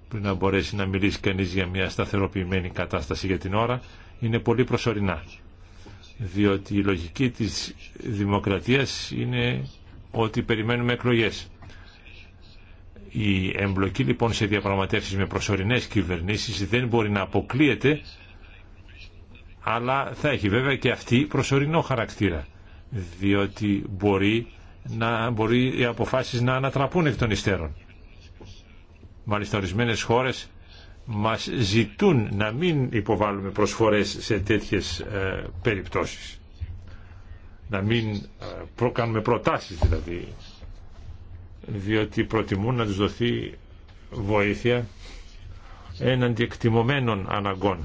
πριν να μπορέσει να μιλήσει κανείς για μια σταθεροποιημένη κατάσταση για την ώρα. Είναι πολύ προσωρινά. Διότι η λογική της δημοκρατίας είναι ότι περιμένουμε εκλογές. Η εμπλοκή λοιπόν σε διαπραγματεύσεις με προσωρινές κυβερνήσεις δεν μπορεί να αποκλείεται αλλά θα έχει βέβαια και αυτή προσωρινό χαρακτήρα διότι μπορεί, να, μπορεί οι αποφάσεις να ανατραπούν εκ των υστέρων. Μάλιστα ορισμένε χώρες μας ζητούν να μην υποβάλουμε προσφορές σε τέτοιες ε, περιπτώσεις. Να μην ε, κάνουμε προτάσεις δηλαδή, διότι προτιμούν να τους δοθεί βοήθεια έναντι εκτιμωμένων αναγκών.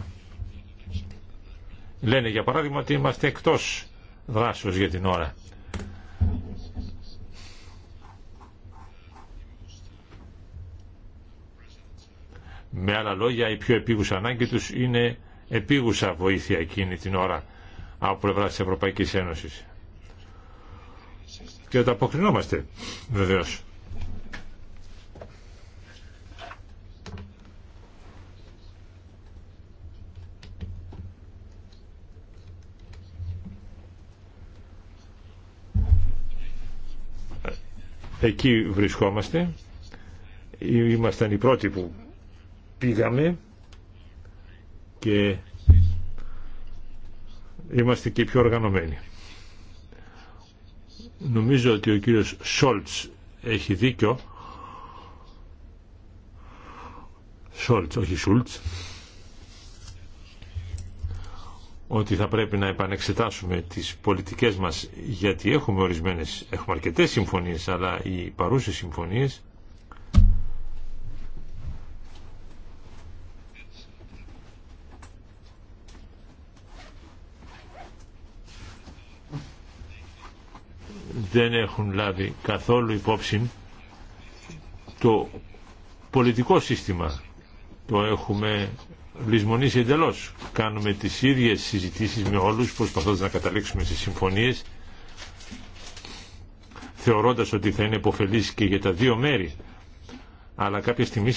Λένε για παράδειγμα ότι είμαστε εκτός δράσεως για την ώρα. Με άλλα λόγια, η πιο επίγουσα ανάγκη τους είναι επίγουσα βοήθεια εκείνη την ώρα από πλευρά της Ευρωπαϊκής Ένωσης. Και αποκρινόμαστε, βεβαίως. Εκεί βρισκόμαστε. Ήμασταν οι πρώτοι που πήγαμε και είμαστε και πιο οργανωμένοι. Νομίζω ότι ο κύριος Σόλτς έχει δίκιο. Σόλτς, όχι Σούλτς ότι θα πρέπει να επανεξετάσουμε τις πολιτικές μας γιατί έχουμε ορισμένες, έχουμε αρκετές συμφωνίες αλλά οι παρούσες συμφωνίες δεν έχουν λάβει καθόλου υπόψη το πολιτικό σύστημα. Το έχουμε λησμονήσει εντελώ Κάνουμε τις ίδιες συζητήσεις με όλους, προσπαθώντα να καταλήξουμε σε συμφωνίες, θεωρώντας ότι θα είναι υποφελή και για τα δύο μέρη. Αλλά κάποια στιγμή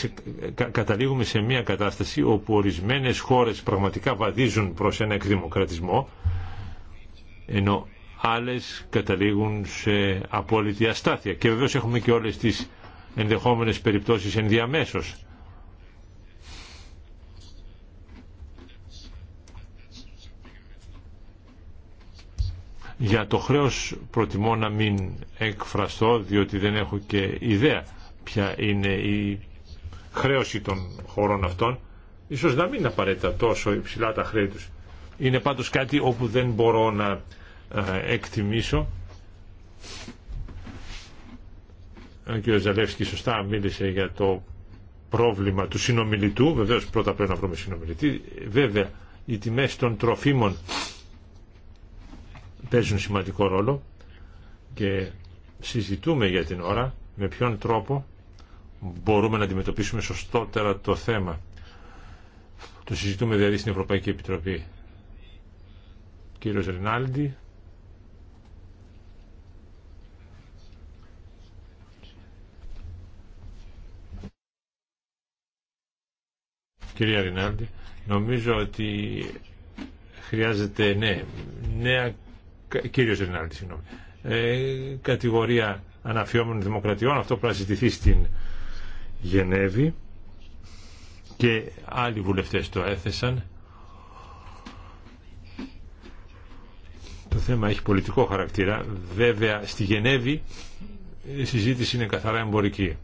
καταλήγουμε σε μια κατάσταση όπου ορισμένε χώρε πραγματικά βαδίζουν προς ένα εκδημοκρατισμό, ενώ άλλε καταλήγουν σε απόλυτη αστάθεια. Και βεβαίω έχουμε και όλε τι ενδεχόμενες περιπτώσεις ενδιαμέσως Για το χρέος προτιμώ να μην εκφραστώ διότι δεν έχω και ιδέα ποια είναι η χρέωση των χωρών αυτών. Ίσως να μην απαραίτητα τόσο υψηλά τα χρέη τους. Είναι πάντως κάτι όπου δεν μπορώ να ε, εκτιμήσω. Ο κ. Ζαλεύσκη σωστά μίλησε για το πρόβλημα του συνομιλητού. Βεβαίως πρώτα πρέπει να βρούμε συνομιλητή. Βέβαια οι τιμές των τροφίμων παίζουν σημαντικό ρόλο και συζητούμε για την ώρα με ποιον τρόπο μπορούμε να αντιμετωπίσουμε σωστότερα το θέμα. Το συζητούμε δηλαδή στην Ευρωπαϊκή Επιτροπή. Κύριος Ρινάλντι. Κυρία Ρινάλντι, νομίζω ότι χρειάζεται ναι, νέα κύριος Ρινάλτη, συγγνώμη, ε, κατηγορία αναφιόμενων δημοκρατιών, αυτό πρέπει να ζητηθεί στην Γενέβη και άλλοι βουλευτές το έθεσαν. Το θέμα έχει πολιτικό χαρακτήρα. Βέβαια, στη Γενέβη η συζήτηση είναι καθαρά εμπορική.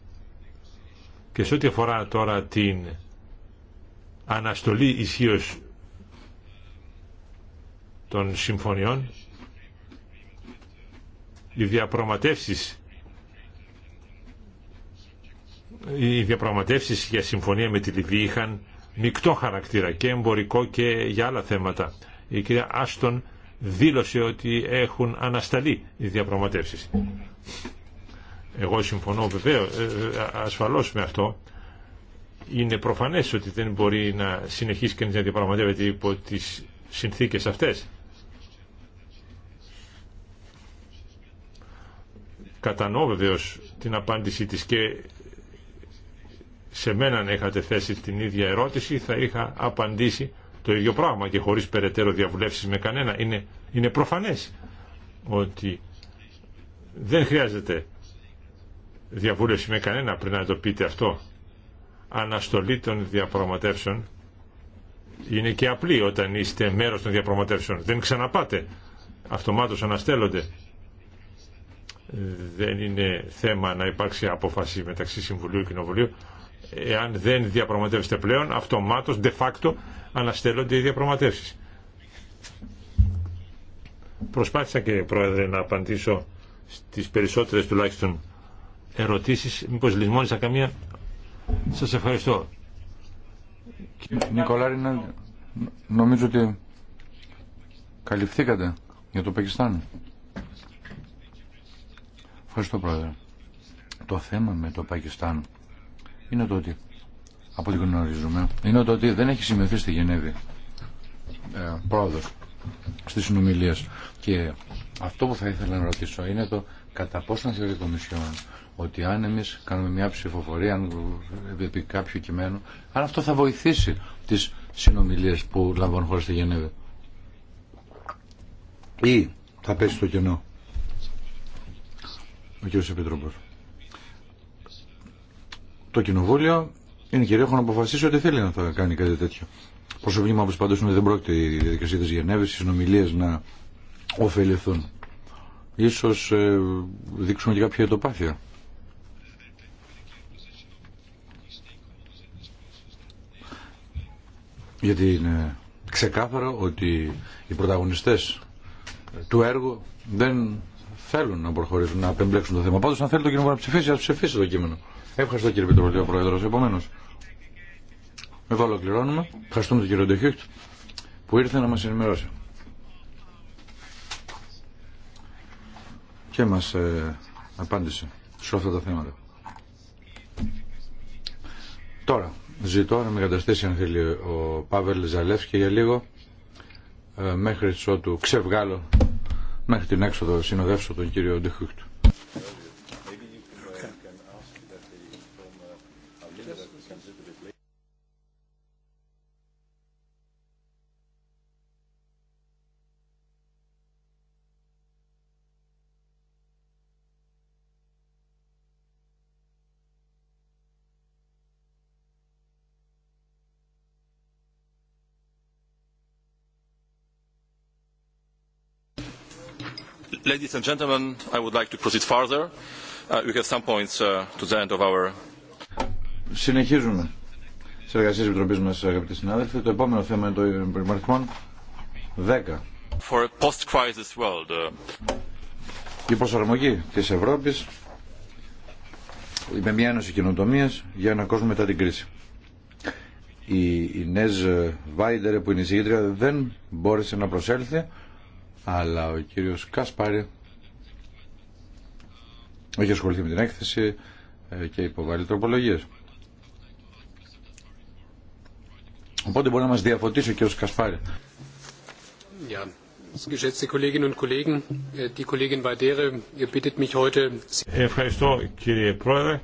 Και σε ό,τι αφορά τώρα την αναστολή ισχύω των συμφωνιών, οι διαπραγματεύσεις οι για συμφωνία με τη Λιβύη είχαν μεικτό χαρακτήρα και εμπορικό και για άλλα θέματα. Η κυρία Άστον δήλωσε ότι έχουν ανασταλεί οι διαπραγματεύσεις. Εγώ συμφωνώ βεβαίω, ε, ε, ασφαλώς με αυτό. Είναι προφανές ότι δεν μπορεί να συνεχίσει και να διαπραγματεύεται υπό τις συνθήκες αυτές. Κατανοώ βεβαίω την απάντησή της και σε μένα να είχατε θέσει την ίδια ερώτηση θα είχα απαντήσει το ίδιο πράγμα και χωρίς περαιτέρω διαβουλεύσεις με κανένα. Είναι, είναι προφανές ότι δεν χρειάζεται διαβούλευση με κανένα πριν να το πείτε αυτό. Αναστολή των διαπραγματεύσεων είναι και απλή όταν είστε μέρος των διαπραγματεύσεων. Δεν ξαναπάτε. Αυτομάτως αναστέλλονται δεν είναι θέμα να υπάρξει απόφαση μεταξύ Συμβουλίου και Κοινοβουλίου. Εάν δεν διαπραγματεύεστε πλέον, αυτομάτως, de facto, αναστέλλονται οι διαπραγματεύσεις. Προσπάθησα, κύριε Πρόεδρε, να απαντήσω στις περισσότερες τουλάχιστον ερωτήσεις. Μήπως λησμόνησα καμία. Σας ευχαριστώ. Νικολάρη, νομίζω ότι καλυφθήκατε για το Πακιστάν. Ευχαριστώ Πρόεδρε. Το θέμα με το Πακιστάν είναι το ότι, από ό,τι γνωρίζουμε, είναι το ότι δεν έχει σημειωθεί στη Γενέβη ε, πρόοδος στις συνομιλίες. Και αυτό που θα ήθελα να ρωτήσω είναι το κατά πόσο θεωρεί η Κομισιόν ότι αν εμεί κάνουμε μια ψηφοφορία αν, επί κάποιο κειμένου, αν αυτό θα βοηθήσει τις συνομιλίες που λαμβάνουν χώρα στη Γενέβη. Ή θα πέσει το κενό ο κ. Επιτρόπος. Το Κοινοβούλιο είναι κυρίαρχο να αποφασίσει ότι θέλει να θα κάνει κάτι τέτοιο. Προσωπική μου άποψη πάντω είναι ότι δεν πρόκειται η διαδικασία τη Γενέβη, οι συνομιλίε να ωφεληθούν. Ίσως ε, δείξουμε και κάποια ετοπάθεια. Γιατί είναι ξεκάθαρο ότι οι πρωταγωνιστές του έργου δεν θέλουν να προχωρήσουν, να απεμπλέξουν το θέμα. Πάντω, αν θέλει το κοινοβούλιο να ψηφίσει, α ψηφίσει το κείμενο. Ευχαριστώ κύριε Πιτροπολίτη, Πρόεδρο. Επομένω, το ολοκληρώνουμε. Ευχαριστούμε τον κύριο Ντεχιούχτ που ήρθε να μα ενημερώσει. Και μα ε, απάντησε σε αυτά τα θέματα. Τώρα, ζητώ να με καταστήσει αν θέλει ο Παύλ Ζαλεύσκη για λίγο ε, μέχρι ότου ξεβγάλω μέχρι την έξοδο συνοδεύσω τον κύριο Ντεχούχτου. Ladies and gentlemen, I would like to proceed further. Uh, we have some points uh, to the end of our... Συνεχίζουμε Σε εργασίες επιτροπής μας, αγαπητοί συνάδελφοι. Το επόμενο θέμα είναι το υπερμαριθμό 10. For a post-crisis world. Uh. Η προσαρμογή της Ευρώπης με μια ένωση καινοτομία για ένα κόσμο μετά την κρίση. Η Νέζ Βάιντερ που είναι η συγγήτρια δεν μπόρεσε να προσέλθει αλλά ο κύριος Κάσπαρη έχει ασχοληθεί με την έκθεση ε, και υποβάλλει τροπολογίες. Οπότε μπορεί να μας διαφωτίσει ο κύριος Κασπάρη. Äh, Ευχαριστώ κύριε Πρόεδρε.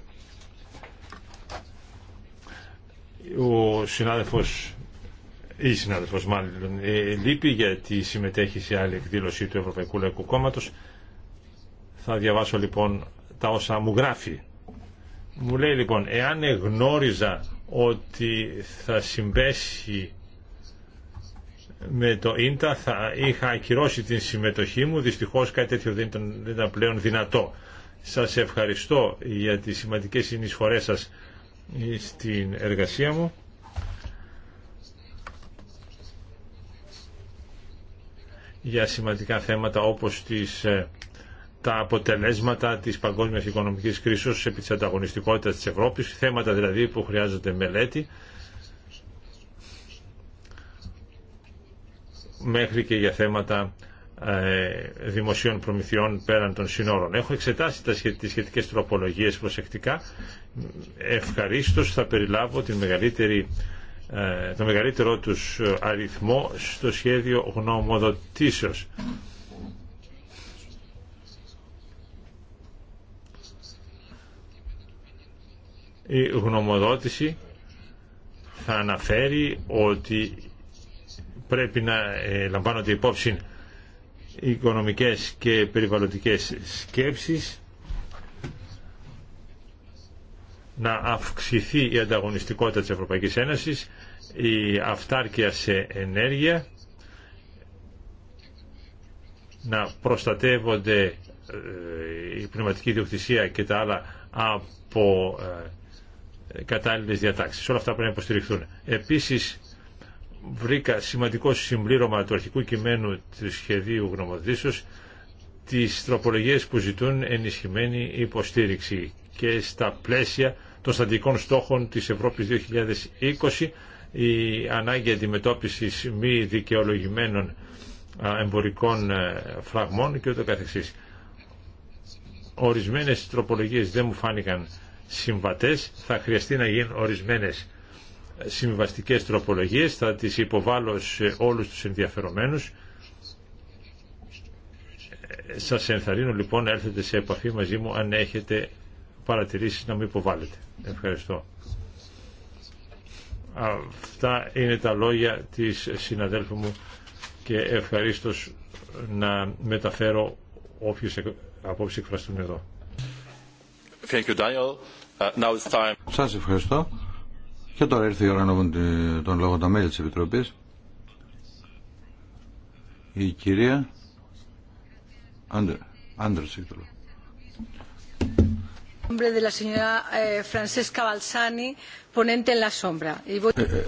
Ο συνάδελφος η συνάδελφος μάλλον ε, λείπει γιατί συμμετέχει σε άλλη εκδήλωση του Ευρωπαϊκού Λαϊκού Κόμματος. Θα διαβάσω λοιπόν τα όσα μου γράφει. Μου λέει λοιπόν, εάν εγνώριζα ότι θα συμπέσει με το ίντα θα είχα ακυρώσει την συμμετοχή μου. Δυστυχώς κάτι τέτοιο δεν ήταν, δεν ήταν πλέον δυνατό. Σας ευχαριστώ για τις σημαντικές συνεισφορές σας στην εργασία μου. για σημαντικά θέματα όπως τις, ε, τα αποτελέσματα της παγκόσμιας οικονομικής κρίσης επί της ανταγωνιστικότητας της Ευρώπης, θέματα δηλαδή που χρειάζονται μελέτη, μέχρι και για θέματα ε, δημοσίων προμηθειών πέραν των συνόρων. Έχω εξετάσει τα τις σχετικές τροπολογίες προσεκτικά. Ευχαρίστως θα περιλάβω την μεγαλύτερη ε, το μεγαλύτερό τους αριθμό στο σχέδιο γνωμοδοτήσεως. Η γνωμοδότηση θα αναφέρει ότι πρέπει να ε, λαμβάνονται υπόψη οι οικονομικές και περιβαλλοντικές σκέψεις να αυξηθεί η ανταγωνιστικότητα της Ευρωπαϊκής Ένωσης, η αυτάρκεια σε ενέργεια, να προστατεύονται ε, η πνευματική διοκτησία και τα άλλα από ε, κατάλληλες διατάξεις. Όλα αυτά πρέπει να υποστηριχθούν. Επίσης, βρήκα σημαντικό συμπλήρωμα του αρχικού κειμένου του σχεδίου γνωμοδίσεως τις τροπολογίες που ζητούν ενισχυμένη υποστήριξη και στα πλαίσια των στατικών στόχων της Ευρώπης 2020, η ανάγκη αντιμετώπισης μη δικαιολογημένων εμπορικών ε, φραγμών και ούτω καθεξής. Ορισμένες τροπολογίες δεν μου φάνηκαν συμβατές, θα χρειαστεί να γίνουν ορισμένες συμβαστικές τροπολογίες, θα τις υποβάλω σε όλους τους ενδιαφερομένους. Σας ενθαρρύνω λοιπόν να έρθετε σε επαφή μαζί μου αν έχετε παρατηρήσεις να μου υποβάλλετε. Ευχαριστώ. Αυτά είναι τα λόγια της συναδέλφου μου και ευχαρίστω να μεταφέρω όποιους απόψεις εκφραστούν εδώ. Thank uh, Now it's time. Σας ευχαριστώ. Και τώρα ήρθε η ώρα να βγουν τον λόγο τα μέλη της Επιτροπής. Η κυρία Άντερ, Άντερ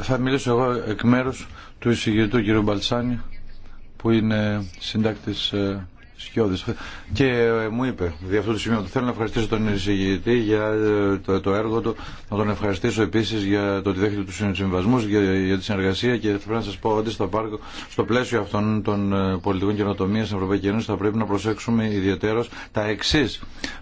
θα μιλήσω εγώ εκ μέρους του εισηγητού κ. Μπαλσάνι, που είναι συντάκτης ε, και ε, μου είπε, δι' αυτό το σημείο, θέλω να ευχαριστήσω τον εισηγητή για ε, το, το έργο του, να τον ευχαριστήσω επίση για το ότι δέχεται του συμβασμού, για, για τη συνεργασία και θα πρέπει να σα πω ότι στο, πάρκο, στο πλαίσιο αυτών των ε, πολιτικών καινοτομία στην Ευρωπαϊκή Ένωση θα πρέπει να προσέξουμε ιδιαίτερω τα εξή.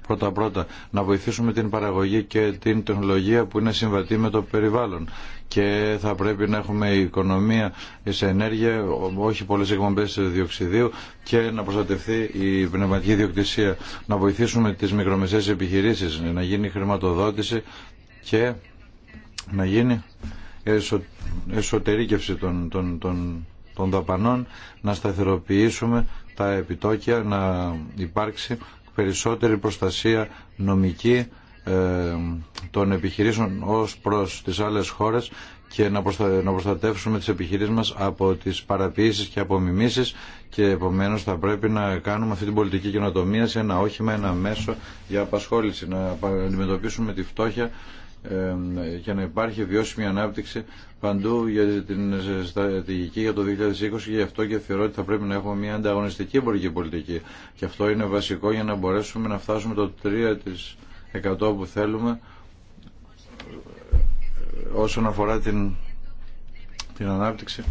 Πρώτα-πρώτα, να βοηθήσουμε την παραγωγή και την τεχνολογία που είναι συμβατή με το περιβάλλον και θα πρέπει να έχουμε οικονομία σε ενέργεια, όχι πολλές εκπομπές διοξιδίου και να προστατευτεί η πνευματική διοκτησία. Να βοηθήσουμε τις μικρομεσαίες επιχειρήσεις, να γίνει χρηματοδότηση και να γίνει εσωτερήκευση των, των δαπανών, να σταθεροποιήσουμε τα επιτόκια, να υπάρξει περισσότερη προστασία νομική ε, των επιχειρήσεων ως προς τις άλλες χώρες και να, προστατεύσουμε τις επιχειρήσεις μας από τις παραποιήσεις και απομιμήσεις και επομένως θα πρέπει να κάνουμε αυτή την πολιτική καινοτομία σε ένα όχημα, ένα μέσο για απασχόληση, να αντιμετωπίσουμε τη φτώχεια και να υπάρχει βιώσιμη ανάπτυξη παντού για την στρατηγική για το 2020 και γι' αυτό και θεωρώ ότι θα πρέπει να έχουμε μια ανταγωνιστική εμπορική πολιτική και αυτό είναι βασικό για να μπορέσουμε να φτάσουμε το 3% της 100 που θέλουμε όσον αφορά την, την ανάπτυξη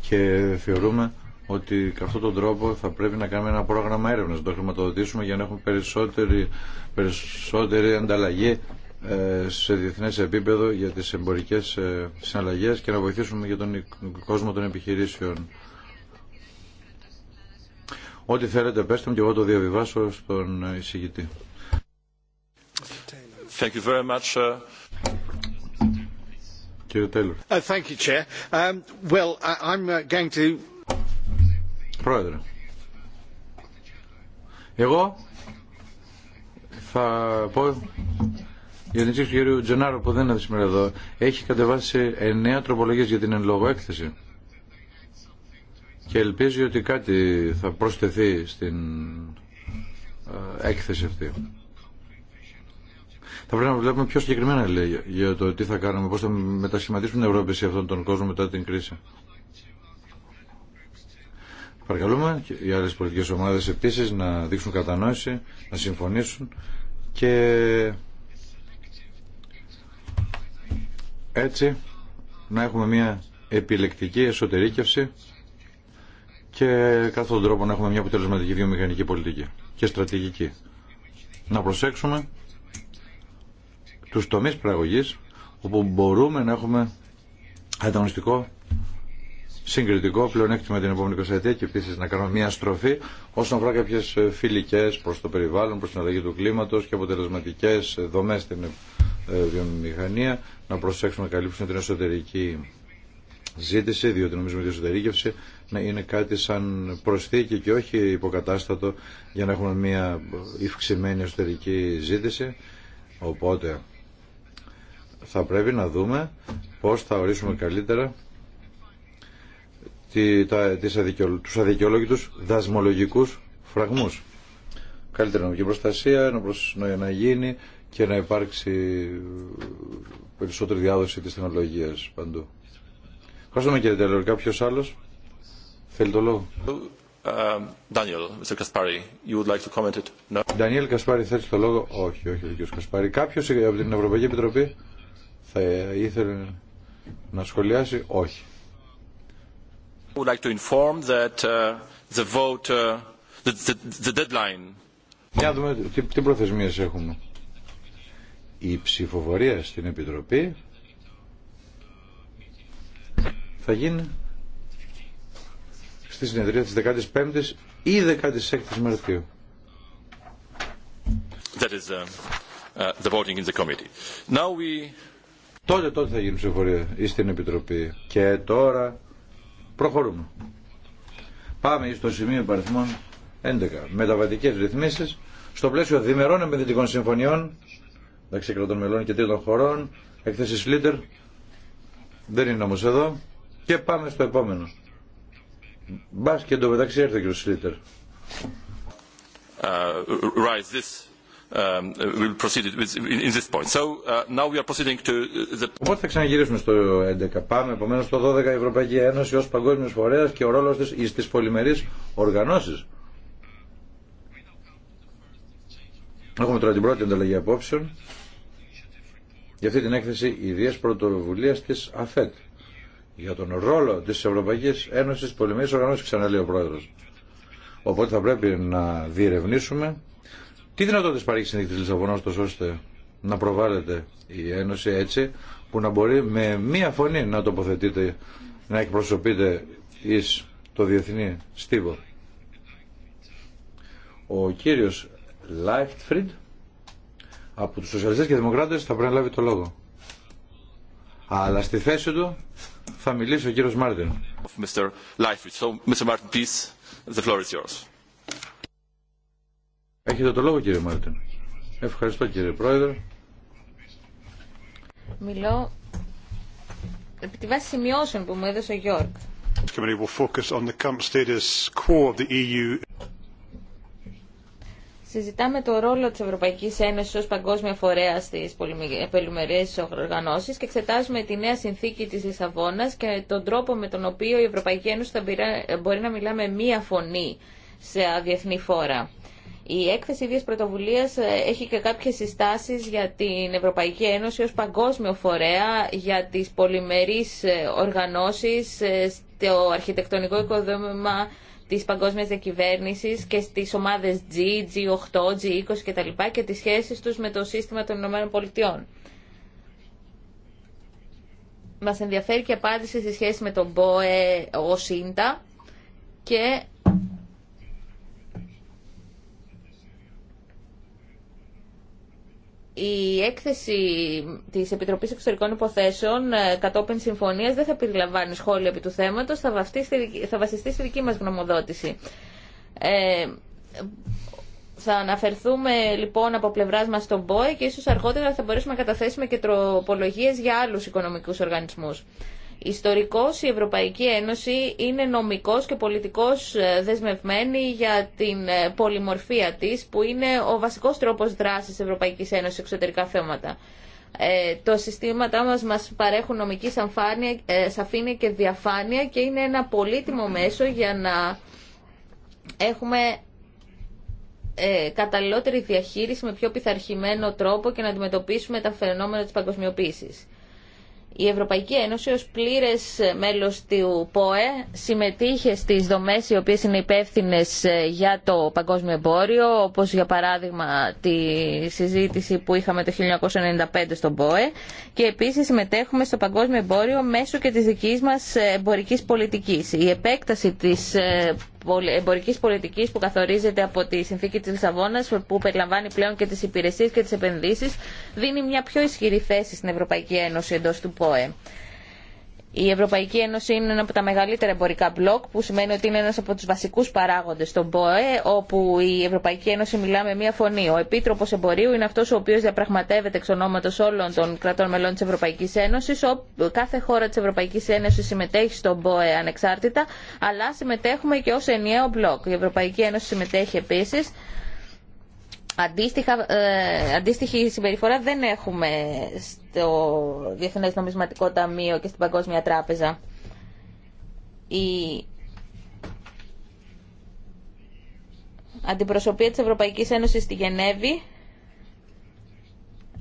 και θεωρούμε ότι κατά αυτόν τον τρόπο θα πρέπει να κάνουμε ένα πρόγραμμα έρευνα, να το χρηματοδοτήσουμε για να έχουμε περισσότερη, περισσότερη ανταλλαγή ε, σε διεθνές επίπεδο για τις εμπορικές ε, συναλλαγές και να βοηθήσουμε για τον κόσμο των επιχειρήσεων. Ό,τι θέλετε πέστε μου και εγώ το διαβιβάσω στον εισηγητή. Πρόεδρε. Εγώ θα πω για την εξήγηση του κύριου Τζενάρο που δεν είναι σήμερα εδώ. Έχει κατεβάσει εννέα τροπολογίε για την εν λόγω έκθεση. Και ελπίζει ότι κάτι θα προσθεθεί στην ε, έκθεση αυτή. Θα πρέπει να βλέπουμε πιο συγκεκριμένα λέει, για το τι θα κάνουμε, πώς θα μετασχηματίσουμε την Ευρώπη σε αυτόν τον κόσμο μετά την κρίση. Παρακαλούμε και οι άλλες πολιτικές ομάδες επίσης να δείξουν κατανόηση, να συμφωνήσουν και έτσι να έχουμε μια επιλεκτική εσωτερήκευση και κάθε τον τρόπο να έχουμε μια αποτελεσματική βιομηχανική πολιτική και στρατηγική. Να προσέξουμε τους τομείς πραγωγής όπου μπορούμε να έχουμε ανταγωνιστικό συγκριτικό πλεονέκτημα την επόμενη 20 και επίση να κάνουμε μια στροφή όσον αφορά κάποιε φιλικέ προ το περιβάλλον, προ την αλλαγή του κλίματο και αποτελεσματικέ ε, δομέ στην ε, βιομηχανία, να προσέξουμε να καλύψουμε την εσωτερική ζήτηση, διότι νομίζουμε ότι η εσωτερήκευση να είναι κάτι σαν προσθήκη και όχι υποκατάστατο για να έχουμε μια υυξημένη εσωτερική ζήτηση. Οπότε θα πρέπει να δούμε πώς θα ορίσουμε καλύτερα τους αδικαιολόγητους δασμολογικούς φραγμούς. Καλύτερη νομική προστασία να γίνει και να υπάρξει περισσότερη διάδοση της τεχνολογίας παντού. Ευχαριστούμε κύριε Τελεόρ. Κάποιος άλλος θέλει το λόγο. Um, Daniel, Mr. Kaspari, you would like to comment το λόγο. Όχι, όχι, ο κ. Κασπάρη. Κάποιος από την Ευρωπαϊκή Επιτροπή θα ήθελε να σχολιάσει. Όχι. I Για να δούμε τι, τι προθεσμίες έχουμε. Η ψηφοφορία στην Επιτροπή θα γίνει στη συνεδρία της 15ης ή 16ης Μαρτίου. That is uh, uh, the voting in the committee. Now we Τότε, τότε θα γίνει ψηφοφορία ή στην Επιτροπή. Και τώρα προχωρούμε. Πάμε στο σημείο παριθμών 11. Μεταβατικές ρυθμίσεις στο πλαίσιο διμερών επενδυτικών συμφωνιών μεταξύ κρατών μελών και τρίτων χωρών. Έκθεση Σλίτερ Δεν είναι όμω εδώ. Και πάμε στο επόμενο. Μπα και εντωμεταξύ έρθει ο κ. Σλίτερ. Uh, this Οπότε θα ξαναγυρίσουμε στο 11. Πάμε επομένω στο 12 η Ευρωπαϊκή Ένωση ω παγκόσμιο φορέα και ο ρόλο τη στι πολυμερεί οργανώσει. Έχουμε τώρα την πρώτη ανταλλαγή απόψεων για αυτή την έκθεση ιδίας πρωτοβουλία τη ΑΦΕΤ για τον ρόλο τη Ευρωπαϊκή Ένωση Ένωσης πολυμερεί οργανώσει. ξαναλέει ο πρόεδρο. Οπότε θα πρέπει να διερευνήσουμε τι δυνατότητε παρέχει η συνθήκη τη Λισαβόνα, ώστε να προβάλλεται η Ένωση έτσι που να μπορεί με μία φωνή να τοποθετείτε, να εκπροσωπείτε εις το διεθνή στίβο. Ο κύριος Λάιχτφριντ από τους σοσιαλιστές και Δημοκράτε θα πρέπει να λάβει το λόγο. Αλλά στη θέση του θα μιλήσει ο κύριος Μάρτιν. Mr. So, Mr. Martin, please, the floor is yours. Έχετε το λόγο κύριε Μάρτιν. Ευχαριστώ κύριε Πρόεδρε. Μιλώ επί τη βάση σημειώσεων που μου έδωσε ο Γιώργ. E Συζητάμε το ρόλο της Ευρωπαϊκής Ένωσης ως παγκόσμια φορέα στις πολυμερές οργανώσεις και εξετάζουμε τη νέα συνθήκη της Λισαβόνας και τον τρόπο με τον οποίο η Ευρωπαϊκή Ένωση θα μπορεί να μιλά με μία φωνή σε διεθνή φόρα. Η έκθεση ίδιας πρωτοβουλίας ε, έχει και κάποιες συστάσεις για την Ευρωπαϊκή Ένωση ως παγκόσμιο φορέα για τις πολυμερείς ε, οργανώσεις ε, στο αρχιτεκτονικό οικοδόμημα της παγκόσμιας διακυβέρνηση και στις ομάδες G, G8, G20 κτλ. και τις σχέσεις τους με το σύστημα των Ηνωμένων Πολιτειών. Μας ενδιαφέρει και απάντηση στη σχέση με τον ΠΟΕ ο ΣΥΝΤΑ και η έκθεση της Επιτροπής Εξωτερικών Υποθέσεων ε, κατόπιν συμφωνίας δεν θα περιλαμβάνει σχόλια επί του θέματος, θα, θα βασιστεί στη δική μας γνωμοδότηση. Ε, θα αναφερθούμε λοιπόν από πλευρά μα στον ΠΟΕ και ίσω αργότερα θα μπορέσουμε να καταθέσουμε και τροπολογίε για άλλου οικονομικού οργανισμού. Ιστορικός η Ευρωπαϊκή Ένωση είναι νομικός και πολιτικός ε, δεσμευμένη για την ε, πολυμορφία της που είναι ο βασικός τρόπος δράσης της Ευρωπαϊκής Ένωσης σε εξωτερικά θέματα. Ε, το συστήματά μας μας παρέχουν νομική σαφάνεια, ε, σαφήνεια και διαφάνεια και είναι ένα πολύτιμο μέσο για να έχουμε ε, καταλληλότερη διαχείριση με πιο πειθαρχημένο τρόπο και να αντιμετωπίσουμε τα φαινόμενα της παγκοσμιοποίησης. Η Ευρωπαϊκή Ένωση ως πλήρες μέλος του ΠΟΕ συμμετείχε στις δομές οι οποίες είναι υπεύθυνε ε, για το παγκόσμιο εμπόριο, όπως για παράδειγμα τη συζήτηση που είχαμε το 1995 στον ΠΟΕ και επίσης συμμετέχουμε στο παγκόσμιο εμπόριο μέσω και της δικής μας ε, εμπορικής πολιτικής. Η επέκταση της ε, Εμπορική πολιτικής που καθορίζεται από τη συνθήκη της Λισαβόνα, που περιλαμβάνει πλέον και τις υπηρεσίες και τις επενδύσεις δίνει μια πιο ισχυρή θέση στην Ευρωπαϊκή Ένωση εντό του ΠΟΕ. Η Ευρωπαϊκή Ένωση είναι ένα από τα μεγαλύτερα εμπορικά μπλοκ, που σημαίνει ότι είναι ένα από του βασικού παράγοντε στον ΠΟΕ, όπου η Ευρωπαϊκή Ένωση μιλά με μία φωνή. Ο Επίτροπος Εμπορίου είναι αυτό ο οποίο διαπραγματεύεται εξ ονόματο όλων των κρατών μελών της Ευρωπαϊκής Ένωσης. Κάθε χώρα τη Ευρωπαϊκή Ένωση συμμετέχει στον ΠΟΕ ανεξάρτητα, αλλά συμμετέχουμε και ω ενιαίο μπλοκ. Η Ευρωπαϊκή Ένωση συμμετέχει επίση. Αντίστοιχα, ε, αντίστοιχη συμπεριφορά δεν έχουμε στο Διεθνές Νομισματικό Ταμείο και στην Παγκόσμια Τράπεζα. Η αντιπροσωπεία της Ευρωπαϊκής Ένωσης στη Γενέβη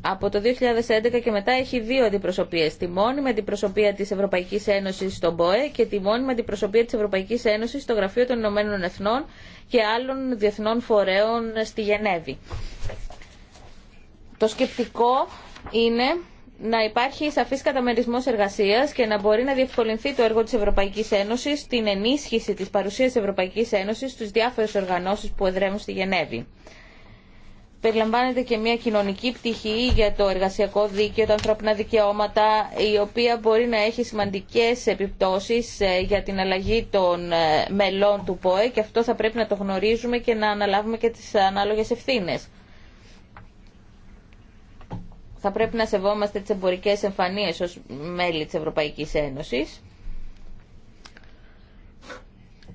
από το 2011 και μετά έχει δύο αντιπροσωπείες. Τη μόνιμη αντιπροσωπεία της Ευρωπαϊκής Ένωσης στον ΠΟΕ και τη μόνιμη αντιπροσωπεία της Ευρωπαϊκής Ένωσης στο Γραφείο των Ηνωμένων Εθνών και άλλων διεθνών φορέων στη Γενέβη. Το σκεπτικό είναι να υπάρχει σαφή καταμερισμό εργασία και να μπορεί να διευκολυνθεί το έργο τη Ευρωπαϊκή Ένωση, στην ενίσχυση τη παρουσίας της Ευρωπαϊκής Ένωσης στους διάφορε οργανώσει που εδρεύουν στη Γενέβη. Περιλαμβάνεται και μια κοινωνική πτυχή για το εργασιακό δίκαιο, τα ανθρώπινα δικαιώματα, η οποία μπορεί να έχει σημαντικέ επιπτώσει ε, για την αλλαγή των ε, μελών του ΠΟΕ και αυτό θα πρέπει να το γνωρίζουμε και να αναλάβουμε και τι ανάλογε ευθύνε θα πρέπει να σεβόμαστε τις εμπορικές εμφανίες ως μέλη της Ευρωπαϊκής Ένωσης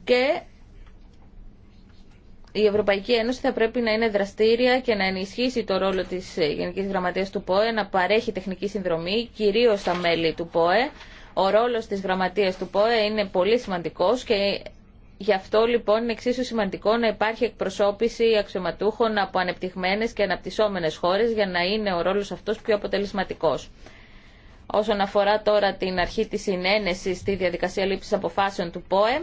και η Ευρωπαϊκή Ένωση θα πρέπει να είναι δραστήρια και να ενισχύσει το ρόλο της Γενικής Γραμματείας του ΠΟΕ, να παρέχει τεχνική συνδρομή, κυρίως στα μέλη του ΠΟΕ. Ο ρόλος της Γραμματείας του ΠΟΕ είναι πολύ σημαντικός και Γι' αυτό λοιπόν είναι εξίσου σημαντικό να υπάρχει εκπροσώπηση αξιωματούχων από ανεπτυγμένε και αναπτυσσόμενες χώρες για να είναι ο ρόλος αυτό πιο αποτελεσματικό. Όσον αφορά τώρα την αρχή της συνένεση στη διαδικασία λήψη αποφάσεων του ΠΟΕ,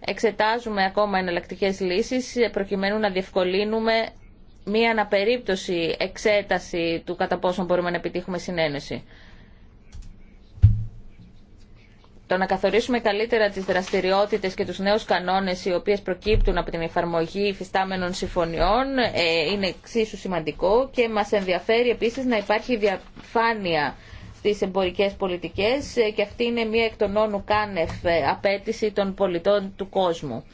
εξετάζουμε ακόμα εναλλακτικέ λύσεις προκειμένου να διευκολύνουμε μία αναπερίπτωση εξέταση του κατά πόσο μπορούμε να επιτύχουμε συνένεση. Το να καθορίσουμε καλύτερα τις δραστηριότητες και τους νέους κανόνες οι οποίες προκύπτουν από την εφαρμογή υφιστάμενων συμφωνιών ε, είναι εξίσου σημαντικό και μας ενδιαφέρει επίσης να υπάρχει διαφάνεια στις εμπορικές πολιτικές ε, και αυτή είναι μία εκ των όνου κάνευ ε, απέτηση των πολιτών του κόσμου.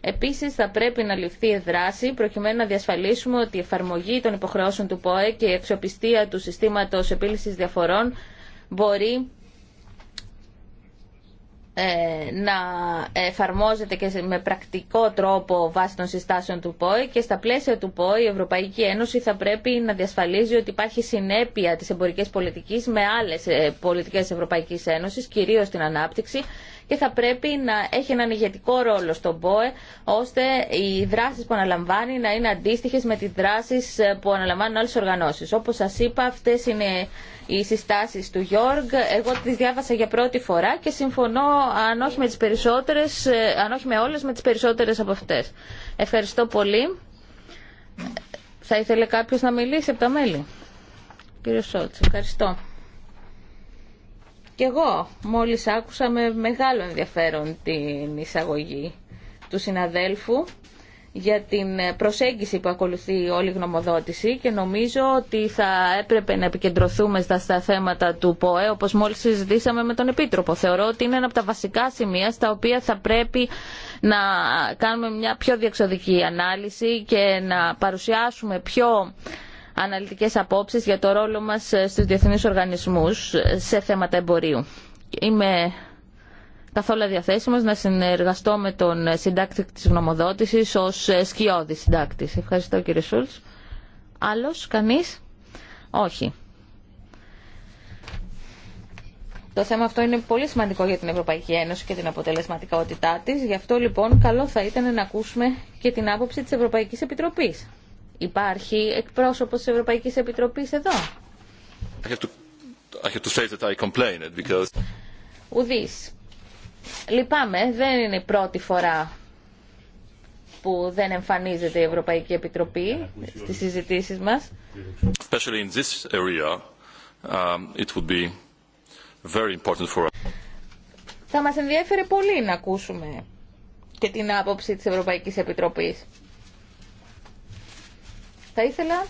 Επίσης θα πρέπει να ληφθεί η δράση προκειμένου να διασφαλίσουμε ότι η εφαρμογή των υποχρεώσεων του ΠΟΕ και η αξιοπιστία του συστήματος επίλυση διαφορών μπορεί ε, να εφαρμόζεται και με πρακτικό τρόπο βάσει των συστάσεων του ΠΟΗ και στα πλαίσια του ΠΟΗ η Ευρωπαϊκή Ένωση θα πρέπει να διασφαλίζει ότι υπάρχει συνέπεια της εμπορικής πολιτικής με άλλες ε, πολιτικές Ευρωπαϊκής Ένωσης, κυρίως την ανάπτυξη και θα πρέπει να έχει έναν ηγετικό ρόλο στον ΠΟΕ, ώστε οι δράσει που αναλαμβάνει να είναι αντίστοιχε με τις δράσεις ε, που αναλαμβάνουν άλλε οργανώσεις. Όπως σας είπα, αυτές είναι οι συστάσεις του Γιώργ. Εγώ τις διάβασα για πρώτη φορά και συμφωνώ, αν όχι με, τις ε, αν όχι με όλες, με τις περισσότερες από αυτέ. Ευχαριστώ πολύ. Θα ήθελε κάποιο να μιλήσει από τα μέλη. Κύριε Σότ. ευχαριστώ. Και εγώ μόλις άκουσα με μεγάλο ενδιαφέρον την εισαγωγή του συναδέλφου για την ε, προσέγγιση που ακολουθεί όλη η γνωμοδότηση και νομίζω ότι θα έπρεπε να επικεντρωθούμε στα, θέματα του ΠΟΕ όπως μόλις συζητήσαμε με τον Επίτροπο. Θεωρώ ότι είναι ένα από τα βασικά σημεία στα οποία θα πρέπει να κάνουμε μια πιο διεξοδική ανάλυση και να παρουσιάσουμε πιο αναλυτικές απόψεις για το ρόλο μας ε, στους διεθνείς οργανισμούς ε, σε θέματα εμπορίου. Είμαι καθόλου διαθέσιμος να συνεργαστώ με τον συντάκτη της γνωμοδότησης ως ε, σκιώδη συντάκτη. Ευχαριστώ κύριε Σούλτς. Άλλος, κανείς. Όχι. Το θέμα αυτό είναι πολύ σημαντικό για την Ευρωπαϊκή Ένωση και την αποτελεσματικότητά της. Γι' αυτό λοιπόν καλό θα ήταν να ακούσουμε και την άποψη της Ευρωπαϊκής Επιτροπής. Υπάρχει εκπρόσωπος της Ευρωπαϊκής Επιτροπής εδώ. Because... Ουδής. Λυπάμαι, δεν είναι η πρώτη φορά που δεν εμφανίζεται η Ευρωπαϊκή Επιτροπή στις συζητήσεις μας. Θα μας ενδιέφερε πολύ να ακούσουμε και την άποψη της Ευρωπαϊκής Επιτροπής. Θα ήθελα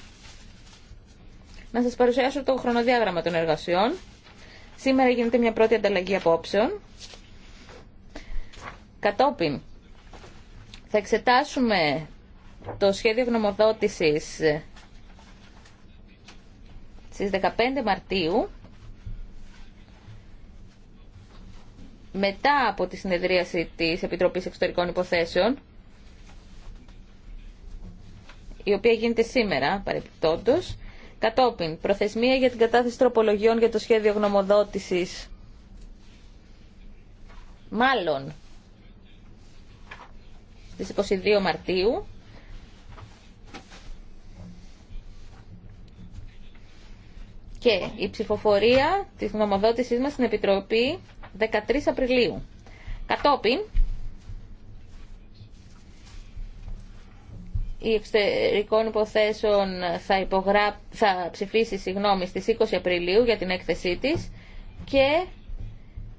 να σας παρουσιάσω το χρονοδιάγραμμα των εργασιών. Σήμερα γίνεται μια πρώτη ανταλλαγή απόψεων. Κατόπιν θα εξετάσουμε το σχέδιο γνωμοδότησης στις 15 Μαρτίου μετά από τη συνεδρίαση της Επιτροπής Εξωτερικών Υποθέσεων η οποία γίνεται σήμερα, παρεπιπτόντω. Κατόπιν, προθεσμία για την κατάθεση τροπολογιών για το σχέδιο γνωμοδότησης. Μάλλον, στις 22 Μαρτίου. Και η ψηφοφορία της γνωμοδότησής μας στην Επιτροπή 13 Απριλίου. Κατόπιν, η εξωτερικών υποθέσεων θα, θα ψηφίσει συγγνώμη, στις 20 Απριλίου για την έκθεσή της και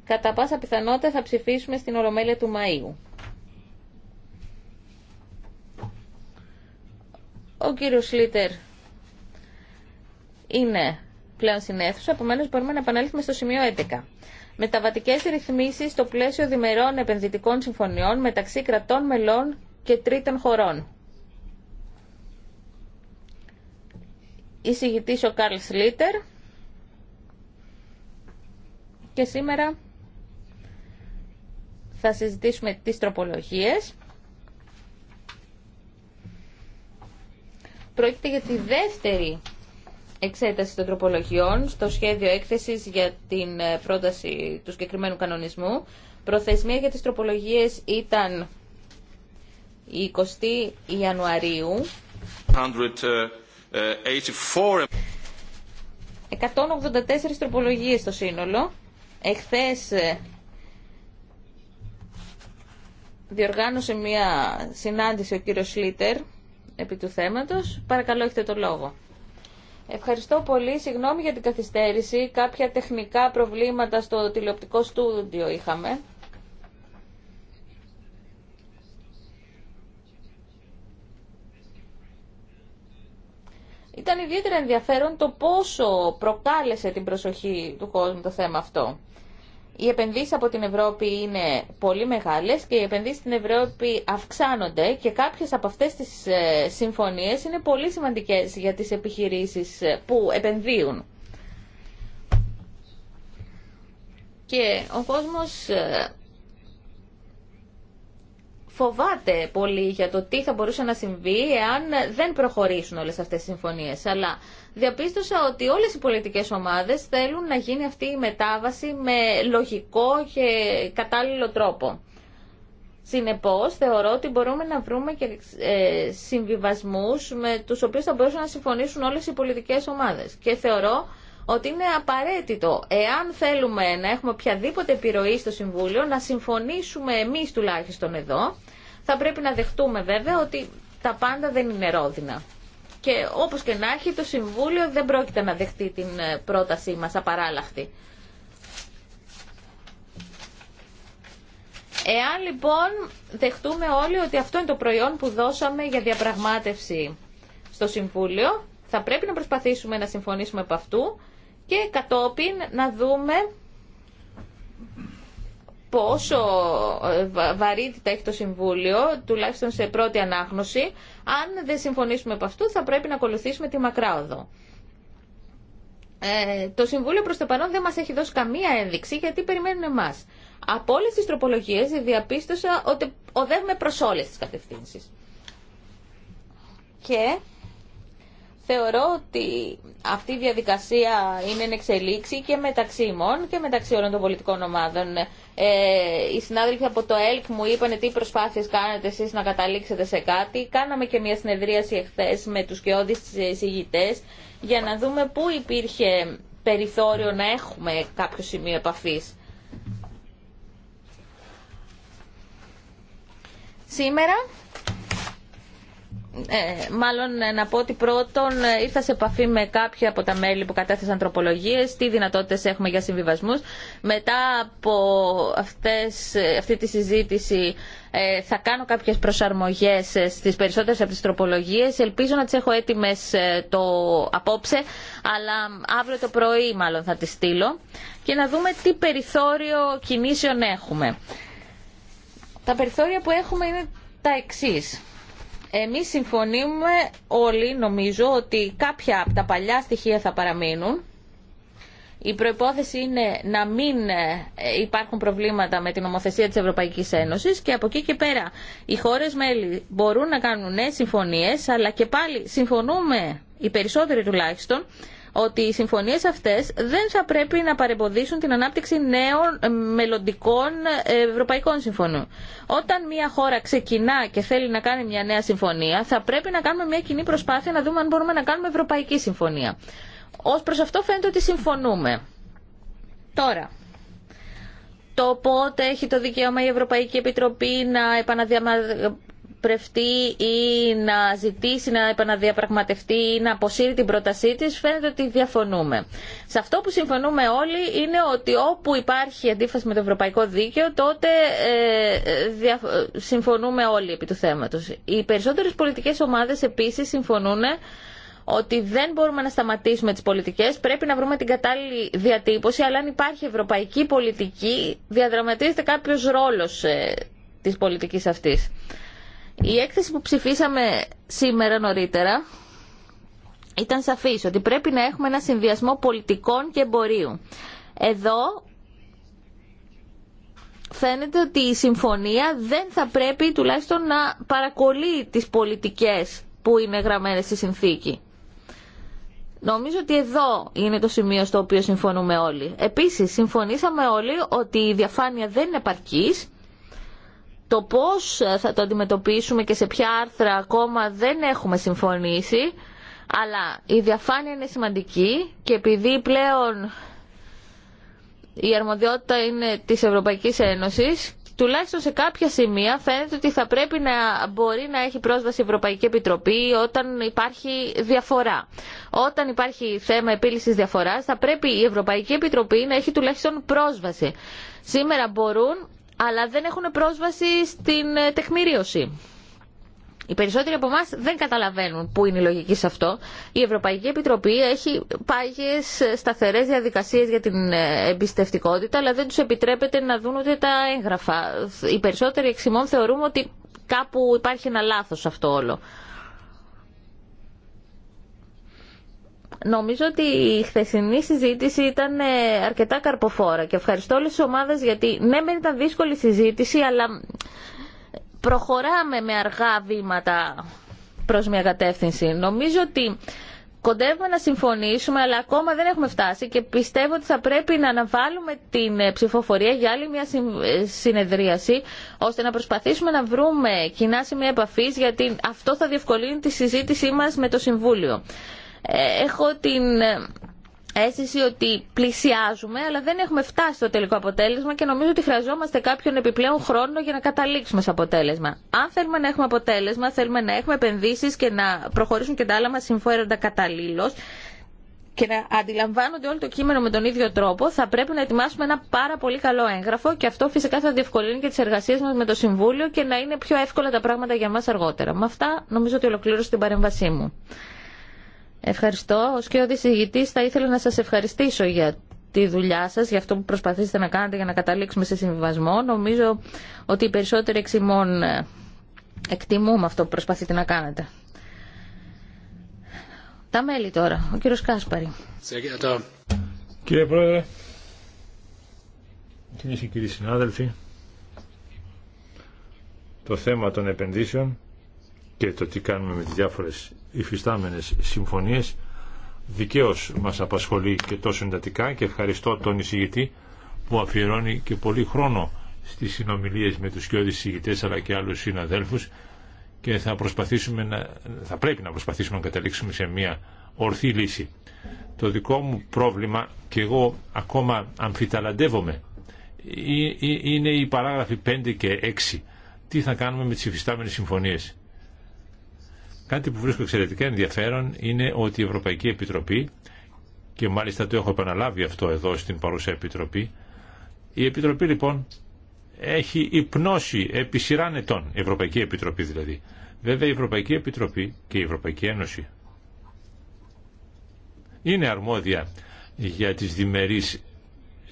κατά πάσα πιθανότητα θα ψηφίσουμε στην Ολομέλεια του Μαΐου. Ο κύριος Σλίτερ είναι πλέον αίθουσα. επομένως μπορούμε να επανέλθουμε στο σημείο 11. Μεταβατικές ρυθμίσεις στο πλαίσιο διμερών επενδυτικών συμφωνιών μεταξύ κρατών μελών και τρίτων χωρών. εισηγητής ο Καρλ Σλίτερ και σήμερα θα συζητήσουμε τις τροπολογίες. Πρόκειται για τη δεύτερη εξέταση των τροπολογιών στο σχέδιο έκθεσης για την ε, πρόταση του συγκεκριμένου κανονισμού. Προθεσμία για τις τροπολογίες ήταν η 20 Ιανουαρίου. Ε, 184 ε, τροπολογίες στο σύνολο. Εχθές ε, διοργάνωσε μια συνάντηση ο κύριος Σλίτερ επί του θέματος. Παρακαλώ έχετε το λόγο. Ευχαριστώ πολύ. Συγγνώμη για την καθυστέρηση. Κάποια τεχνικά προβλήματα στο τηλεοπτικό στούντιο είχαμε. Ήταν ιδιαίτερα ενδιαφέρον το πόσο προκάλεσε την προσοχή του κόσμου το θέμα αυτό. Οι επενδύσεις από την Ευρώπη είναι πολύ μεγάλες και οι επενδύσεις στην Ευρώπη αυξάνονται και κάποιες από αυτές τις ε, συμφωνίες είναι πολύ σημαντικές για τις επιχειρήσεις ε, που επενδύουν. Και ο κόσμος ε, φοβάται πολύ για το τι θα μπορούσε να συμβεί εάν δεν προχωρήσουν όλες αυτές οι συμφωνίες. Αλλά διαπίστωσα ότι όλες οι πολιτικές ομάδες θέλουν να γίνει αυτή η μετάβαση με λογικό και κατάλληλο τρόπο. Συνεπώς, θεωρώ ότι μπορούμε να βρούμε και ε, συμβιβασμούς με τους οποίους θα μπορούσαν να συμφωνήσουν όλες οι πολιτικές ομάδες. Και θεωρώ ότι είναι απαραίτητο, εάν θέλουμε να έχουμε οποιαδήποτε επιρροή στο Συμβούλιο, να συμφωνήσουμε εμείς τουλάχιστον εδώ, θα πρέπει να δεχτούμε βέβαια ότι τα πάντα δεν είναι ρόδινα. Και όπως και να έχει, το Συμβούλιο δεν πρόκειται να δεχτεί την ε, πρότασή μας απαράλλαχτη. Εάν λοιπόν δεχτούμε όλοι ότι αυτό είναι το προϊόν που δώσαμε για διαπραγμάτευση στο Συμβούλιο, θα πρέπει να προσπαθήσουμε να συμφωνήσουμε από αυτού και κατόπιν να δούμε πόσο ε, βαρύτητα έχει το Συμβούλιο, τουλάχιστον σε πρώτη ανάγνωση. Αν δεν συμφωνήσουμε από αυτού, θα πρέπει να ακολουθήσουμε τη μακρά οδό. Ε, το Συμβούλιο προς το παρόν δεν μας έχει δώσει καμία ένδειξη γιατί περιμένουν εμά. Από όλε τι τροπολογίε διαπίστωσα ότι οδεύουμε προ όλε τι κατευθύνσει. Και Θεωρώ ότι αυτή η διαδικασία είναι εν εξελίξη και μεταξύ ημών και μεταξύ όλων των πολιτικών ομάδων. Ε, οι συνάδελφοι από το ΕΛΚ μου είπαν τι προσπάθειες κάνετε εσείς να καταλήξετε σε κάτι. Κάναμε και μια συνεδρίαση εχθές με τους κοιόδης εισηγητές για να δούμε πού υπήρχε περιθώριο να έχουμε κάποιο σημείο επαφής. Σήμερα ε, μάλλον να πω ότι πρώτον ε, ήρθα σε επαφή με κάποια από τα μέλη που κατέθεσαν τροπολογίε. τι δυνατότητες έχουμε για συμβιβασμούς. Μετά από αυτές, ε, αυτή τη συζήτηση θα κάνω κάποιες προσαρμογές στις περισσότερε από τι τροπολογίε. Ελπίζω να τι έχω έτοιμες το απόψε, αλλά αύριο το πρωί μάλλον θα τι στείλω και να δούμε τι περιθώριο κινήσεων έχουμε. Τα περιθώρια που έχουμε είναι τα εξής εμείς συμφωνούμε όλοι, νομίζω, ότι κάποια από τα παλιά στοιχεία θα παραμείνουν. Η προϋπόθεση είναι να μην ε, υπάρχουν προβλήματα με την ομοθεσία της Ευρωπαϊκής Ένωσης και από εκεί και πέρα οι χώρες μέλη μπορούν να κάνουν νέες συμφωνίες, αλλά και πάλι συμφωνούμε, οι περισσότεροι τουλάχιστον, ότι οι συμφωνίε αυτές δεν θα πρέπει να παρεμποδίσουν την ανάπτυξη νέων μελλοντικών ευρωπαϊκών συμφωνίων. Όταν μια χώρα ξεκινά και θέλει να κάνει μια νέα συμφωνία, θα πρέπει να κάνουμε μια κοινή προσπάθεια να δούμε αν μπορούμε να κάνουμε ευρωπαϊκή συμφωνία. Ως προς αυτό φαίνεται ότι συμφωνούμε. Τώρα, το πότε έχει το δικαίωμα η Ευρωπαϊκή Επιτροπή να επαναδιαμα πρευτεί ή να ζητήσει να επαναδιαπραγματευτεί ή να αποσύρει την πρότασή τη, φαίνεται ότι διαφωνούμε. Σε αυτό που συμφωνούμε όλοι είναι ότι όπου υπάρχει αντίφαση με το ευρωπαϊκό δίκαιο, τότε ε, συμφωνούμε όλοι επί του θέματος. Οι περισσότερε πολιτικέ ομάδε επίση συμφωνούν ότι δεν μπορούμε να σταματήσουμε τις πολιτικές, πρέπει να βρούμε την κατάλληλη διατύπωση, αλλά αν υπάρχει ευρωπαϊκή πολιτική, διαδραματίζεται κάποιος ρόλος ε, της πολιτικής αυτής. Η έκθεση που ψηφίσαμε σήμερα νωρίτερα ήταν σαφής ότι πρέπει να έχουμε ένα συνδυασμό πολιτικών και εμπορίου. Εδώ φαίνεται ότι η συμφωνία δεν θα πρέπει τουλάχιστον να παρακολεί τις πολιτικές που είναι γραμμένες στη συνθήκη. Νομίζω ότι εδώ είναι το σημείο στο οποίο συμφωνούμε όλοι. Επίσης, συμφωνήσαμε όλοι ότι η διαφάνεια δεν είναι το πώς θα το αντιμετωπίσουμε και σε ποια άρθρα ακόμα δεν έχουμε συμφωνήσει, αλλά η διαφάνεια είναι σημαντική και επειδή πλέον η αρμοδιότητα είναι της Ευρωπαϊκής Ένωσης, τουλάχιστον σε κάποια σημεία φαίνεται ότι θα πρέπει να μπορεί να έχει πρόσβαση η Ευρωπαϊκή Επιτροπή όταν υπάρχει διαφορά. Όταν υπάρχει θέμα επίλυσης διαφοράς θα πρέπει η Ευρωπαϊκή Επιτροπή να έχει τουλάχιστον πρόσβαση. Σήμερα μπορούν αλλά δεν έχουν πρόσβαση στην ε, τεκμηρίωση. Οι περισσότεροι από εμά δεν καταλαβαίνουν πού είναι η λογική σε αυτό. Η Ευρωπαϊκή Επιτροπή έχει πάγιε σταθερέ διαδικασίε για την ε, εμπιστευτικότητα, αλλά δεν του επιτρέπεται να δουν ούτε τα έγγραφα. Οι περισσότεροι εξημών θεωρούμε ότι κάπου υπάρχει ένα λάθο αυτό όλο. Νομίζω ότι η χθεσινή συζήτηση ήταν ε, αρκετά καρποφόρα και ευχαριστώ όλες τις ομάδες γιατί ναι μεν ήταν δύσκολη συζήτηση αλλά προχωράμε με αργά βήματα προς μια κατεύθυνση. Νομίζω ότι κοντεύουμε να συμφωνήσουμε αλλά ακόμα δεν έχουμε φτάσει και πιστεύω ότι θα πρέπει να αναβάλουμε την ε, ψηφοφορία για άλλη μια ε, συνεδρίαση ώστε να προσπαθήσουμε να βρούμε κοινά σημεία επαφής γιατί αυτό θα διευκολύνει τη συζήτησή μας με το Συμβούλιο. Ε, έχω την ε, αίσθηση ότι πλησιάζουμε, αλλά δεν έχουμε φτάσει στο τελικό αποτέλεσμα και νομίζω ότι χρειαζόμαστε κάποιον επιπλέον χρόνο για να καταλήξουμε σε αποτέλεσμα. Αν θέλουμε να έχουμε αποτέλεσμα, θέλουμε να έχουμε επενδύσει και να προχωρήσουν και τα άλλα μα συμφέροντα καταλήλω και να αντιλαμβάνονται όλο το κείμενο με τον ίδιο τρόπο, θα πρέπει να ετοιμάσουμε ένα πάρα πολύ καλό έγγραφο και αυτό φυσικά θα διευκολύνει και τι εργασίε μα με το Συμβούλιο και να είναι πιο εύκολα τα πράγματα για μα αργότερα. Με αυτά νομίζω ότι ολοκλήρωσε την παρέμβασή μου. Ευχαριστώ. Ως και ο θα ήθελα να σας ευχαριστήσω για τη δουλειά σας, για αυτό που προσπαθήσετε να κάνετε για να καταλήξουμε σε συμβιβασμό. Νομίζω ότι οι περισσότεροι εξημών ε, εκτιμούμε αυτό που προσπαθείτε να κάνετε. Τα μέλη τώρα. Ο κύριος Κάσπαρη. Κύριε Πρόεδρε, Κυρίε και κύριοι συνάδελφοι, το θέμα των επενδύσεων και το τι κάνουμε με τις διάφορες υφιστάμενες συμφωνίες δικαίως μας απασχολεί και τόσο εντατικά και ευχαριστώ τον εισηγητή που αφιερώνει και πολύ χρόνο στις συνομιλίες με τους κοιόδης εισηγητές αλλά και άλλους συναδέλφους και θα, προσπαθήσουμε να, θα πρέπει να προσπαθήσουμε να καταλήξουμε σε μια ορθή λύση. Το δικό μου πρόβλημα και εγώ ακόμα αμφιταλαντεύομαι είναι η παράγραφοι 5 και 6. Τι θα κάνουμε με τις υφιστάμενες συμφωνίες. Κάτι που βρίσκω εξαιρετικά ενδιαφέρον είναι ότι η Ευρωπαϊκή Επιτροπή, και μάλιστα το έχω επαναλάβει αυτό εδώ στην παρούσα Επιτροπή, η Επιτροπή λοιπόν έχει υπνώσει επί σειράν ετών, η Ευρωπαϊκή Επιτροπή δηλαδή. Βέβαια η Ευρωπαϊκή Επιτροπή και η Ευρωπαϊκή Ένωση είναι αρμόδια για τις διμερείς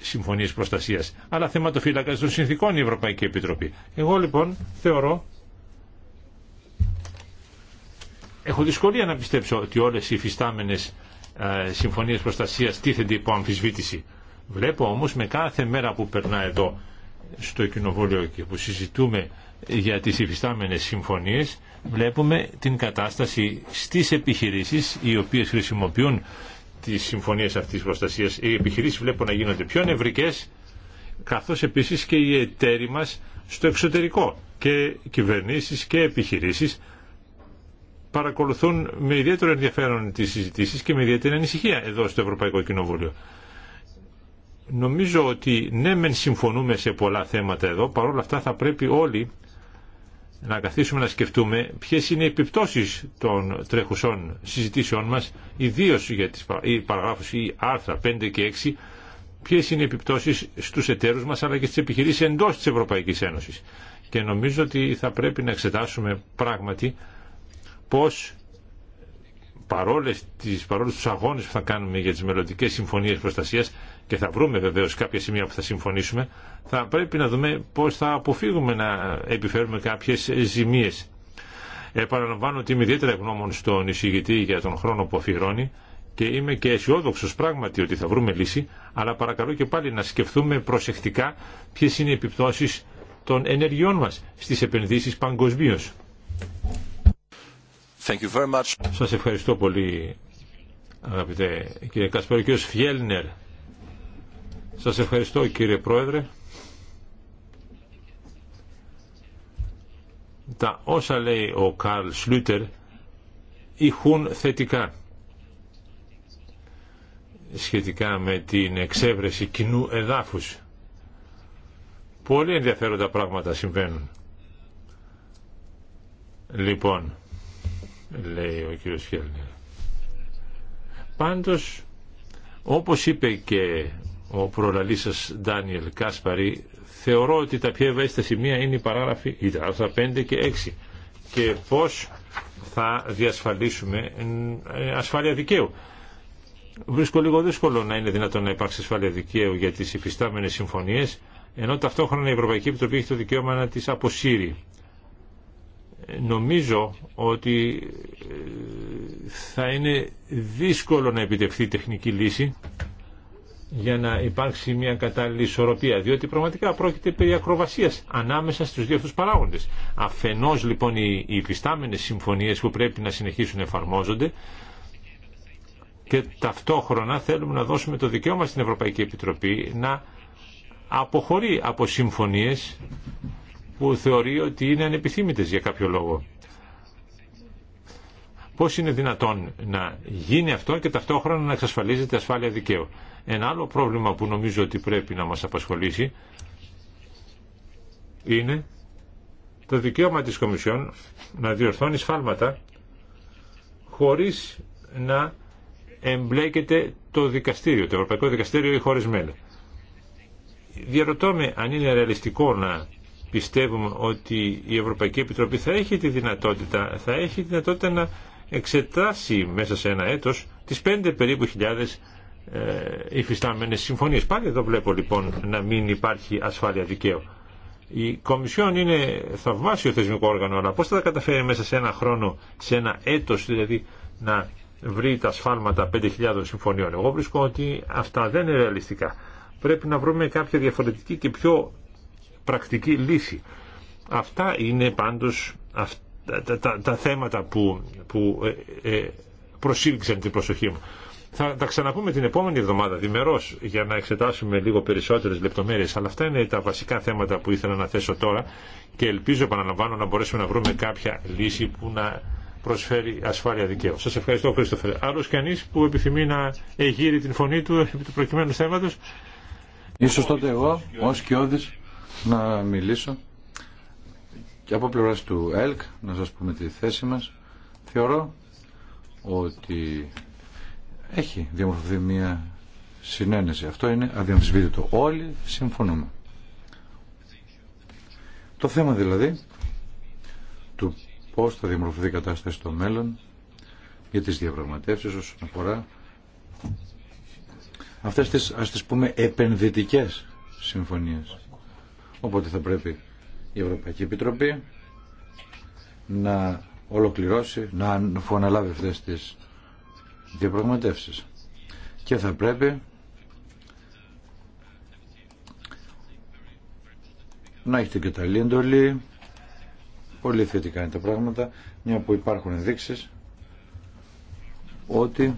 συμφωνίες προστασίας, αλλά θεματοφύλακας των συνθήκων η Ευρωπαϊκή Επιτροπή. Εγώ λοιπόν θεωρώ Έχω δυσκολία να πιστέψω ότι όλες οι υφιστάμενες ε, συμφωνίες προστασίας τίθενται υπό αμφισβήτηση. Βλέπω όμως με κάθε μέρα που περνά εδώ στο Κοινοβούλιο και που συζητούμε για τις υφιστάμενες συμφωνίες βλέπουμε την κατάσταση στις επιχειρήσεις οι οποίες χρησιμοποιούν τις συμφωνίες αυτής τη προστασίας. Οι επιχειρήσεις βλέπω να γίνονται πιο νευρικές καθώς επίσης και οι εταίροι μας στο εξωτερικό και κυβερνήσεις και επιχειρήσεις παρακολουθούν με ιδιαίτερο ενδιαφέρον τις συζητήσεις και με ιδιαίτερη ανησυχία εδώ στο Ευρωπαϊκό Κοινοβούλιο. Νομίζω ότι ναι μεν συμφωνούμε σε πολλά θέματα εδώ, παρόλα αυτά θα πρέπει όλοι να καθίσουμε να σκεφτούμε ποιες είναι οι επιπτώσεις των τρέχουσών συζητήσεών μας, ιδίω για τις παραγράφους ή άρθρα 5 και 6, ποιες είναι οι επιπτώσεις στους εταίρους μας αλλά και στις επιχειρήσεις εντός της Ευρωπαϊκής Ένωσης. Και νομίζω ότι θα πρέπει να εξετάσουμε πράγματι πώς παρόλες τις, παρόλες τους αγώνες που θα κάνουμε για τις μελλοντικέ συμφωνίες προστασίας και θα βρούμε βεβαίως κάποια σημεία που θα συμφωνήσουμε θα πρέπει να δούμε πώς θα αποφύγουμε να επιφέρουμε κάποιες ζημίες. Επαναλαμβάνω ότι είμαι ιδιαίτερα ευγνώμων στον εισηγητή για τον χρόνο που αφιερώνει και είμαι και αισιόδοξο πράγματι ότι θα βρούμε λύση, αλλά παρακαλώ και πάλι να σκεφτούμε προσεκτικά ποιε είναι οι επιπτώσει των ενεργειών μα στι επενδύσει παγκοσμίω. Thank Σας ευχαριστώ πολύ αγαπητέ κύριε Κασπέρο, Φιέλνερ. Σας ευχαριστώ κύριε Πρόεδρε. Τα όσα λέει ο Καρλ Σλούτερ ηχούν θετικά σχετικά με την εξέβρεση κοινού εδάφους. Πολύ ενδιαφέροντα πράγματα συμβαίνουν. Λοιπόν, λέει ο κύριος Χέλνερ. Πάντως, όπως είπε και ο προλαλής σας Ντάνιελ Κάσπαρη, θεωρώ ότι τα πιο ευαίσθητα σημεία είναι η παράγραφη η 5 και 6 και πώς θα διασφαλίσουμε ε, ασφάλεια δικαίου. Βρίσκω λίγο δύσκολο να είναι δυνατόν να υπάρξει ασφάλεια δικαίου για τις υφιστάμενες συμφωνίες, ενώ ταυτόχρονα η Ευρωπαϊκή Επιτροπή έχει το δικαίωμα να τις αποσύρει νομίζω ότι ε, θα είναι δύσκολο να επιτευχθεί τεχνική λύση για να υπάρξει μια κατάλληλη ισορροπία, διότι πραγματικά πρόκειται περί ακροβασίας ανάμεσα στους δύο αυτούς παράγοντες. Αφενός λοιπόν οι υφιστάμενες συμφωνίες που πρέπει να συνεχίσουν να εφαρμόζονται και ταυτόχρονα θέλουμε να δώσουμε το δικαίωμα στην Ευρωπαϊκή Επιτροπή να αποχωρεί από συμφωνίες που θεωρεί ότι είναι ανεπιθύμητες για κάποιο λόγο. Πώς είναι δυνατόν να γίνει αυτό και ταυτόχρονα να εξασφαλίζεται ασφάλεια δικαίου. Ένα άλλο πρόβλημα που νομίζω ότι πρέπει να μας απασχολήσει είναι το δικαίωμα της Κομισιόν να διορθώνει σφάλματα χωρίς να εμπλέκεται το δικαστήριο, το Ευρωπαϊκό Δικαστήριο ή χωρίς μέλη. Διαρωτώ με αν είναι ρεαλιστικό να πιστεύουμε ότι η Ευρωπαϊκή Επιτροπή θα έχει τη δυνατότητα, θα έχει τη δυνατότητα να εξετάσει μέσα σε ένα έτος τις πέντε περίπου χιλιάδες ε, υφιστάμενες συμφωνίες. Πάλι εδώ βλέπω λοιπόν να μην υπάρχει ασφάλεια δικαίου. Η Κομισιόν είναι θαυμάσιο θεσμικό όργανο, αλλά πώς θα τα καταφέρει μέσα σε ένα χρόνο, σε ένα έτος δηλαδή, να βρει τα σφάλματα 5.000 συμφωνιών. Εγώ βρίσκω ότι αυτά δεν είναι ρεαλιστικά. Πρέπει να βρούμε κάποια διαφορετική και πιο πρακτική λύση. Αυτά είναι πάντως τα, τα, θέματα που, που ε, ε, ε, προσήλξαν την προσοχή μου. Θα τα ξαναπούμε την επόμενη εβδομάδα διμερώς για να εξετάσουμε λίγο περισσότερες λεπτομέρειες. Αλλά αυτά είναι τα βασικά θέματα που ήθελα να θέσω τώρα και ελπίζω επαναλαμβάνω να μπορέσουμε να βρούμε κάποια λύση που να προσφέρει ασφάλεια δικαίου. Σας ευχαριστώ Χρήστοφερ. Άλλος κανείς που επιθυμεί να εγείρει την φωνή του επί του προκειμένου θέματος. Ίσως τότε εγώ ως Κιώδης να μιλήσω και από πλευράς του ΕΛΚ να σας πούμε τη θέση μας θεωρώ ότι έχει διαμορφωθεί μια συνένεση αυτό είναι αδιαμφισβήτητο όλοι συμφωνούμε το θέμα δηλαδή του πώς θα διαμορφωθεί η κατάσταση στο μέλλον για τις διαπραγματεύσεις όσον αφορά αυτές τις ας τις πούμε επενδυτικές συμφωνίες Οπότε θα πρέπει η Ευρωπαϊκή Επιτροπή να ολοκληρώσει, να αναλάβει αυτές τις διαπραγματεύσεις. Και θα πρέπει να έχει την καταλή εντολή. Πολύ θετικά είναι τα πράγματα, μια που υπάρχουν ενδείξεις ότι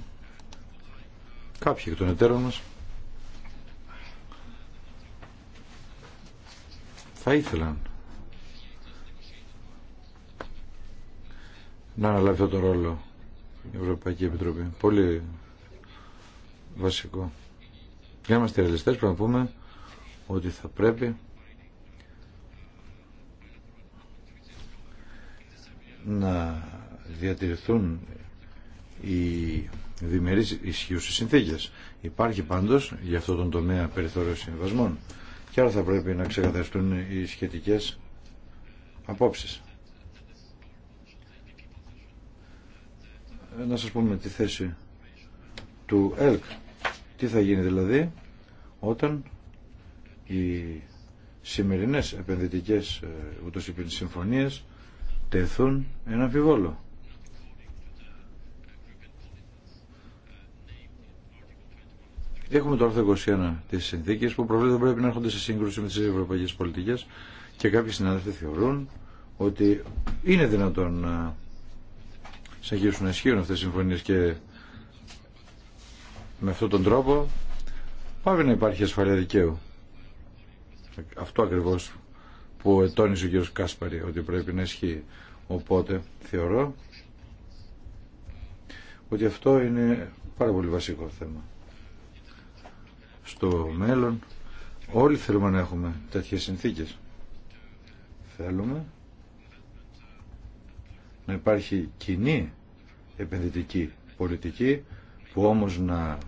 κάποιοι εκ των εταίρων μας θα ήθελαν να αναλάβει αυτόν τον ρόλο η Ευρωπαϊκή Επιτροπή. Πολύ βασικό. Για να είμαστε ρεαλιστές πρέπει να πούμε ότι θα πρέπει να διατηρηθούν οι διμερείς ισχύουσες συνθήκες. Υπάρχει πάντως για αυτό τον τομέα περιθώριο συμβασμών. Και άρα θα πρέπει να ξεκαθαριστούν οι σχετικές απόψεις. Ε, να σας πούμε τη θέση του ΕΛΚ. Τι θα γίνει δηλαδή όταν οι σημερινές επενδυτικές ε, ούτως συμφωνίες τεθούν ένα αμφιβόλο. Έχουμε το άρθρο 21 τη συνθήκη που προβλέπει πρέπει να έρχονται σε σύγκρουση με τι ευρωπαϊκέ πολιτικέ και κάποιοι συνάδελφοι θεωρούν ότι είναι δυνατόν να συνεχίσουν να ισχύουν αυτέ οι συμφωνίε και με αυτόν τον τρόπο πάβει να υπάρχει ασφαλεία δικαίου. Αυτό ακριβώ που ετώνησε ο κ. Κάσπαρη ότι πρέπει να ισχύει. Οπότε θεωρώ ότι αυτό είναι πάρα πολύ βασικό θέμα στο μέλλον. Όλοι θέλουμε να έχουμε τέτοιες συνθήκες. Θέλουμε να υπάρχει κοινή επενδυτική πολιτική που όμως να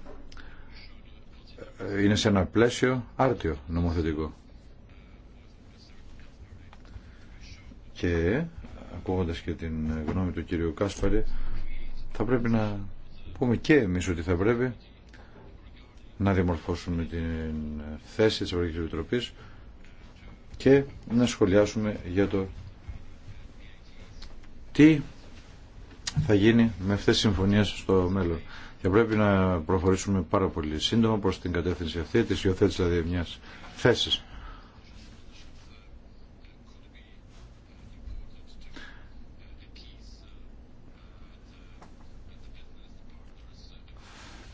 ε, είναι σε ένα πλαίσιο άρτιο νομοθετικό. Και ακούγοντας και την γνώμη του κύριου Κάσπαρη θα πρέπει να πούμε και εμείς ότι θα πρέπει να διαμορφώσουμε την θέση της Ευρωπαϊκής Επιτροπής και να σχολιάσουμε για το τι θα γίνει με αυτές τις συμφωνίες στο μέλλον. Και πρέπει να προχωρήσουμε πάρα πολύ σύντομα προς την κατεύθυνση αυτή της υιοθέτησης δηλαδή μιας θέσης.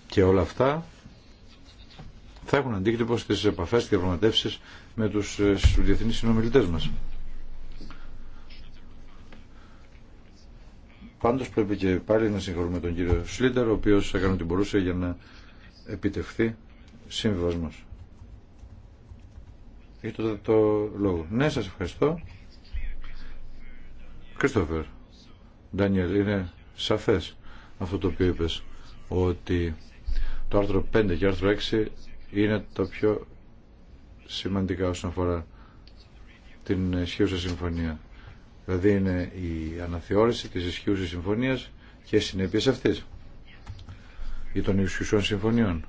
Και όλα αυτά θα έχουν αντίκτυπο στι επαφέ και διαπραγματεύσει με του ε, διεθνεί συνομιλητέ μα. Πάντως πρέπει και πάλι να συγχωρούμε τον κύριο Σλίτερ, ο οποίος έκανε την μπορούσε για να επιτευχθεί συμβιβασμό. Έχει το, το λόγο. Ναι, σας ευχαριστώ. Κρίστοφερ, Ντάνιελ, είναι σαφέ αυτό το οποίο είπες, ότι το άρθρο 5 και άρθρο 6 είναι το πιο σημαντικά όσον αφορά την ισχύουσα συμφωνία. Δηλαδή είναι η αναθεώρηση της ισχύουσης συμφωνίας και οι συνέπειες αυτής ή των ισχυουσών συμφωνιών.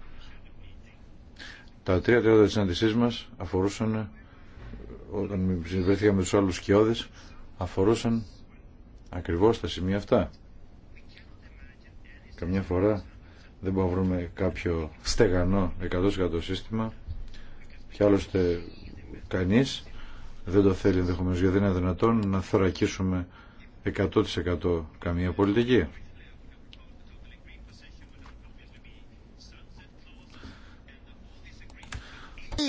Τα τρία τρίτα της μας αφορούσαν, όταν βρέθηκα με τους άλλους σκιώδες, αφορούσαν ακριβώς τα σημεία αυτά. Καμιά φορά δεν μπορούμε να βρούμε κάποιο στεγανό 100% σύστημα και άλλωστε κανείς δεν το θέλει ενδεχομένω γιατί δεν είναι δυνατόν να θωρακίσουμε 100% καμία πολιτική.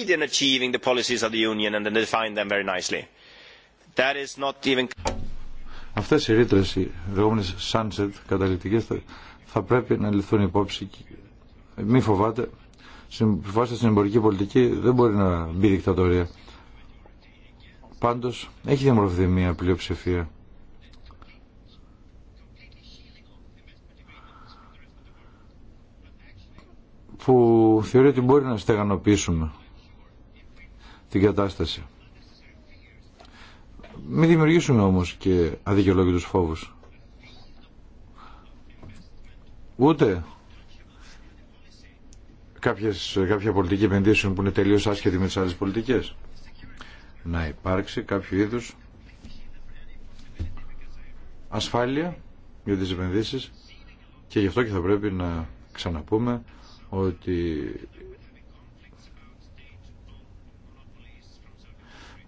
in achieving the policies of the Union and define them very nicely. That is not even... Αυτές οι ρήτρες, οι δεόμενες sunset καταληκτικές, θα πρέπει να ληφθούν υπόψη. μη φοβάται συμφάστε στην εμπορική πολιτική δεν μπορεί να μπει δικτατορία. Πάντως έχει διαμορφωθεί μια πλειοψηφία. που θεωρεί ότι μπορεί να στεγανοποιήσουμε την κατάσταση. Μην δημιουργήσουμε όμως και αδικαιολόγητους φόβους ούτε κάποιες, κάποια πολιτική επενδύσεων που είναι τελείως άσχετη με τις άλλες πολιτικές. Να υπάρξει κάποιο είδους ασφάλεια για τις επενδύσεις και γι' αυτό και θα πρέπει να ξαναπούμε ότι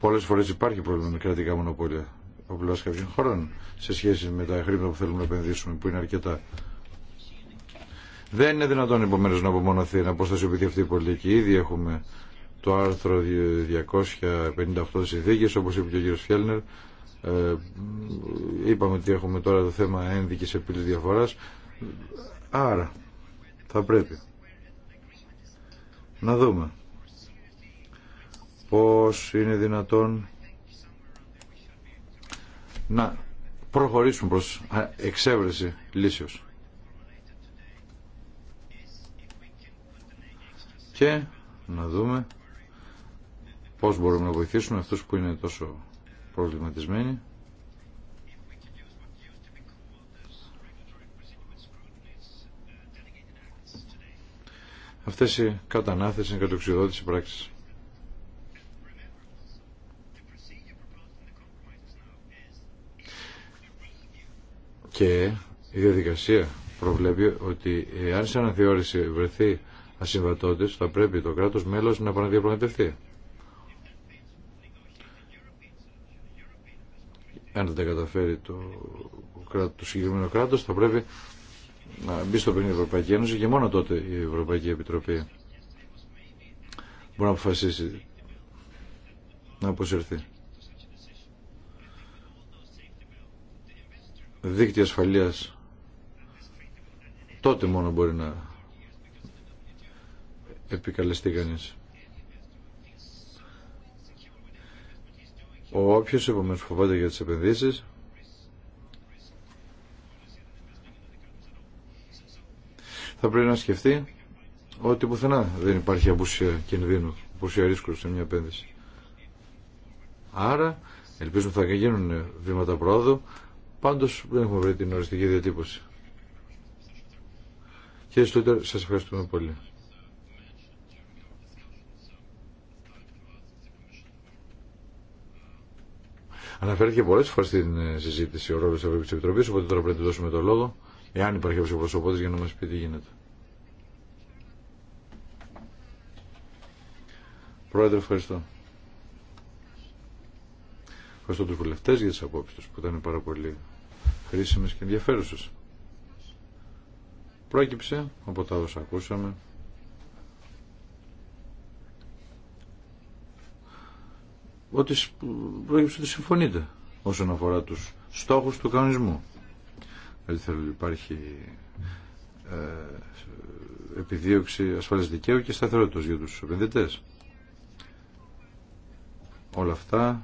πολλές φορές υπάρχει πρόβλημα με κρατικά μονοπόλια από κάποιων χωρών σε σχέση με τα χρήματα που θέλουμε να επενδύσουμε που είναι αρκετά δεν είναι δυνατόν επομένω να απομονωθεί, να αποστασιοποιηθεί αυτή η πολιτική. Ήδη έχουμε το άρθρο 258 τη συνθήκη, όπως είπε και ο κύριος Φιέλνερ. Ε, είπαμε ότι έχουμε τώρα το θέμα ένδικης επίλυση διαφοράς. Άρα, θα πρέπει να δούμε πώς είναι δυνατόν να προχωρήσουμε προς εξέβρεση λύσεως. και να δούμε πώς μπορούμε να βοηθήσουμε αυτούς που είναι τόσο προβληματισμένοι. Αυτές οι κατανάθεσεις είναι κατοξιδότηση πράξης. Και η διαδικασία προβλέπει ότι εάν σε αναθεώρηση βρεθεί ασυμβατότητες θα πρέπει το κράτος μέλος να επαναδιαπραγματευτεί. Αν δεν τα καταφέρει το, κράτος, το συγκεκριμένο κράτος θα πρέπει να μπει στο πριν η Ευρωπαϊκή Ένωση και μόνο τότε η Ευρωπαϊκή Επιτροπή μπορεί να αποφασίσει να αποσυρθεί. Δίκτυα ασφαλείας τότε μόνο μπορεί να επικαλεστεί κανείς. Ο όποιος επομένως φοβάται για τις επενδύσεις θα πρέπει να σκεφτεί ότι πουθενά δεν υπάρχει απουσία κινδύνου, απουσία ρίσκου σε μια επένδυση. Άρα ελπίζουμε θα γίνουν βήματα πρόοδου, πάντως δεν έχουμε βρει την οριστική διατύπωση. Κύριε Στούτερ, σας ευχαριστούμε πολύ. Αναφέρθηκε πολλέ φορέ στην ε, συζήτηση ο ρόλο τη Ευρωπαϊκή Επιτροπή, οπότε τώρα πρέπει να δώσουμε το λόγο, εάν υπάρχει ο προσωπό για να μα πει τι γίνεται. Πρόεδρε, ευχαριστώ. Ευχαριστώ του βουλευτέ για τι απόψει του που ήταν πάρα πολύ χρήσιμε και ενδιαφέρουσε. Πρόκειψε από τα όσα ακούσαμε ότι πρόκειψε ότι συμφωνείτε όσον αφορά τους στόχους του κανονισμού. Δηλαδή θέλω υπάρχει ε, επιδίωξη ασφαλής δικαίου και σταθερότητας για τους επενδυτές. Όλα αυτά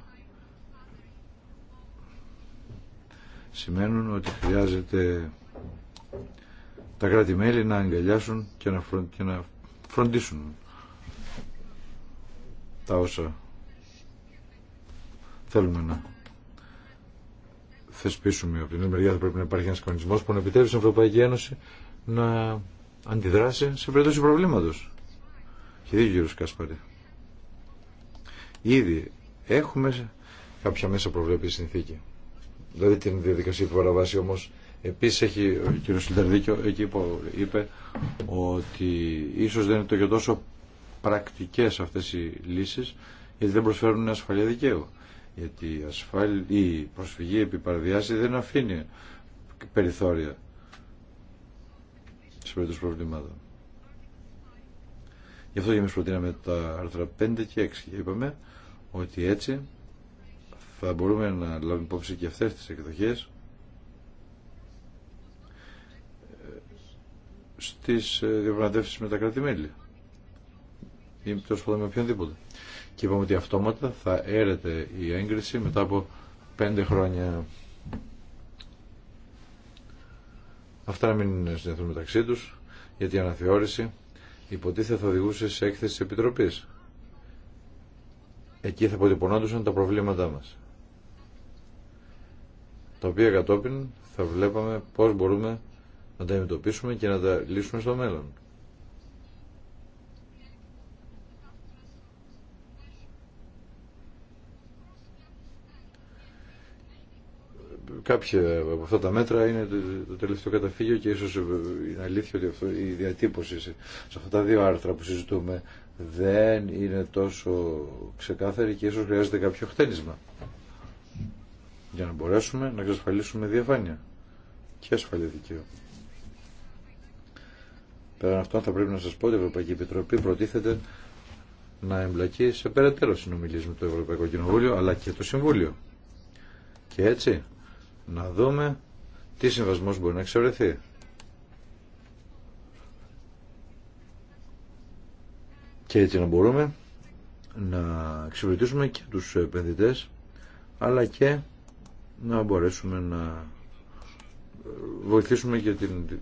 σημαίνουν ότι χρειάζεται τα κράτη-μέλη να αγκαλιάσουν και να, φροντίσουν τα όσα θέλουμε να θεσπίσουμε. Από την άλλη μεριά θα πρέπει να υπάρχει ένα κανονισμό που να επιτρέψει στην Ευρωπαϊκή Ένωση να αντιδράσει σε περίπτωση προβλήματο. Και δίκιο κύριο Κάσπαρη. Ήδη έχουμε κάποια μέσα προβλέπει η συνθήκη. Δηλαδή την διαδικασία που παραβάσει όμω. Επίση έχει ο κύριο Σιλταρδίκιο εκεί που είπε ότι ίσω δεν είναι το και τόσο πρακτικέ αυτέ οι λύσει γιατί δεν προσφέρουν ασφαλεία δικαίου γιατί η, ασφάλεια, η προσφυγή επί δεν αφήνει περιθώρια σε περίπτωση προβλημάτων. Γι' αυτό και εμείς προτείναμε τα άρθρα 5 και 6 και είπαμε ότι έτσι θα μπορούμε να λάβουμε υπόψη και αυτές τις εκδοχές ε, στις ε, διαπραγματεύσεις με τα κράτη-μέλη ή τόσο με οποιονδήποτε και είπαμε ότι αυτόματα θα έρεται η έγκριση μετά από πέντε χρόνια. Αυτά να μην συνδεθούν μεταξύ τους, γιατί η αναθεώρηση υποτίθεται θα οδηγούσε σε έκθεση της Επιτροπής. Εκεί θα αποτυπωνόντουσαν τα προβλήματά μας. Τα οποία κατόπιν θα βλέπαμε πώς μπορούμε να τα αντιμετωπίσουμε και να τα λύσουμε στο μέλλον. κάποια από αυτά τα μέτρα είναι το, τελευταίο καταφύγιο και ίσως ε, είναι αλήθεια ότι αυτό, η διατύπωση σε, αυτά τα δύο άρθρα που συζητούμε δεν είναι τόσο ξεκάθαρη και ίσως χρειάζεται κάποιο χτένισμα για να μπορέσουμε να εξασφαλίσουμε διαφάνεια και ασφαλή δικαίωμα. Πέραν αυτών θα πρέπει να σας πω ότι η Ευρωπαϊκή Επιτροπή προτίθεται να εμπλακεί σε περαιτέρω συνομιλίες με το Ευρωπαϊκό Κοινοβούλιο αλλά και το Συμβούλιο. Και έτσι να δούμε τι συμβασμός μπορεί να εξευρεθεί. Και έτσι να μπορούμε να εξυπηρετήσουμε και τους επενδυτέ, αλλά και να μπορέσουμε να βοηθήσουμε και την,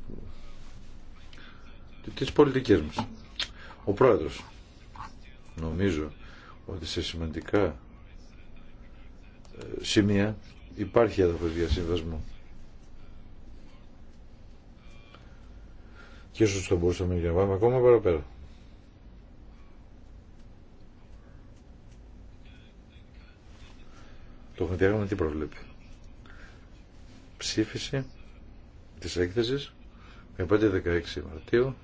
τις πολιτικές μας. Ο πρόεδρος νομίζω ότι σε σημαντικά ε, σημεία Υπάρχει έδαφος για συμβασμό. Και ίσως θα μπορούσαμε να πάμε ακόμα παραπέρα. Το χρονοδιάγραμμα τι προβλέπει. Ψήφιση της έκθεσης με 5-16 Μαρτίου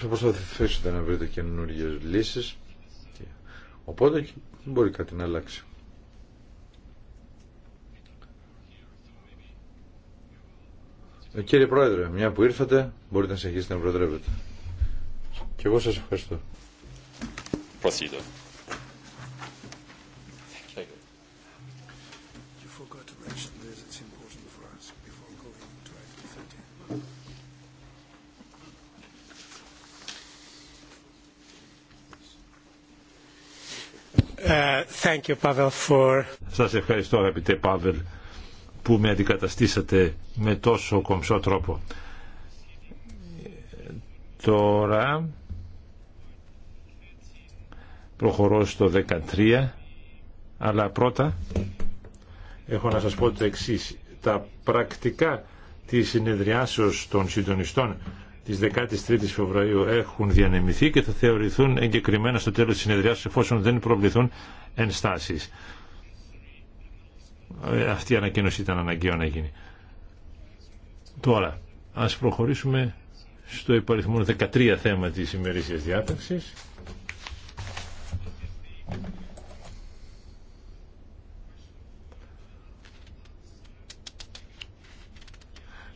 θα προσπαθήσετε να βρείτε καινούργιε λύσεις οπότε μπορεί κάτι να αλλάξει. Ε, κύριε Πρόεδρε, μια που ήρθατε, μπορείτε να συνεχίσετε να προεδρεύετε Και εγώ σας ευχαριστώ. Thank Σας ευχαριστώ αγαπητέ Πάβελ που με αντικαταστήσατε με τόσο κομψό τρόπο. Τώρα προχωρώ στο 13 αλλά πρώτα έχω να σας πω το εξής. Τα πρακτικά της συνεδριάσεως των συντονιστών Τη 13 η Φεβρουαρίου έχουν διανεμηθεί και θα θεωρηθούν εγκεκριμένα στο τέλο τη συνεδρία εφόσον δεν προβληθούν ενστάσεις. Ε, αυτή η ανακοίνωση ήταν αναγκαίο να γίνει. Τώρα, ας προχωρήσουμε στο υπαριθμό 13 θέμα της ημερήσια διάταξης.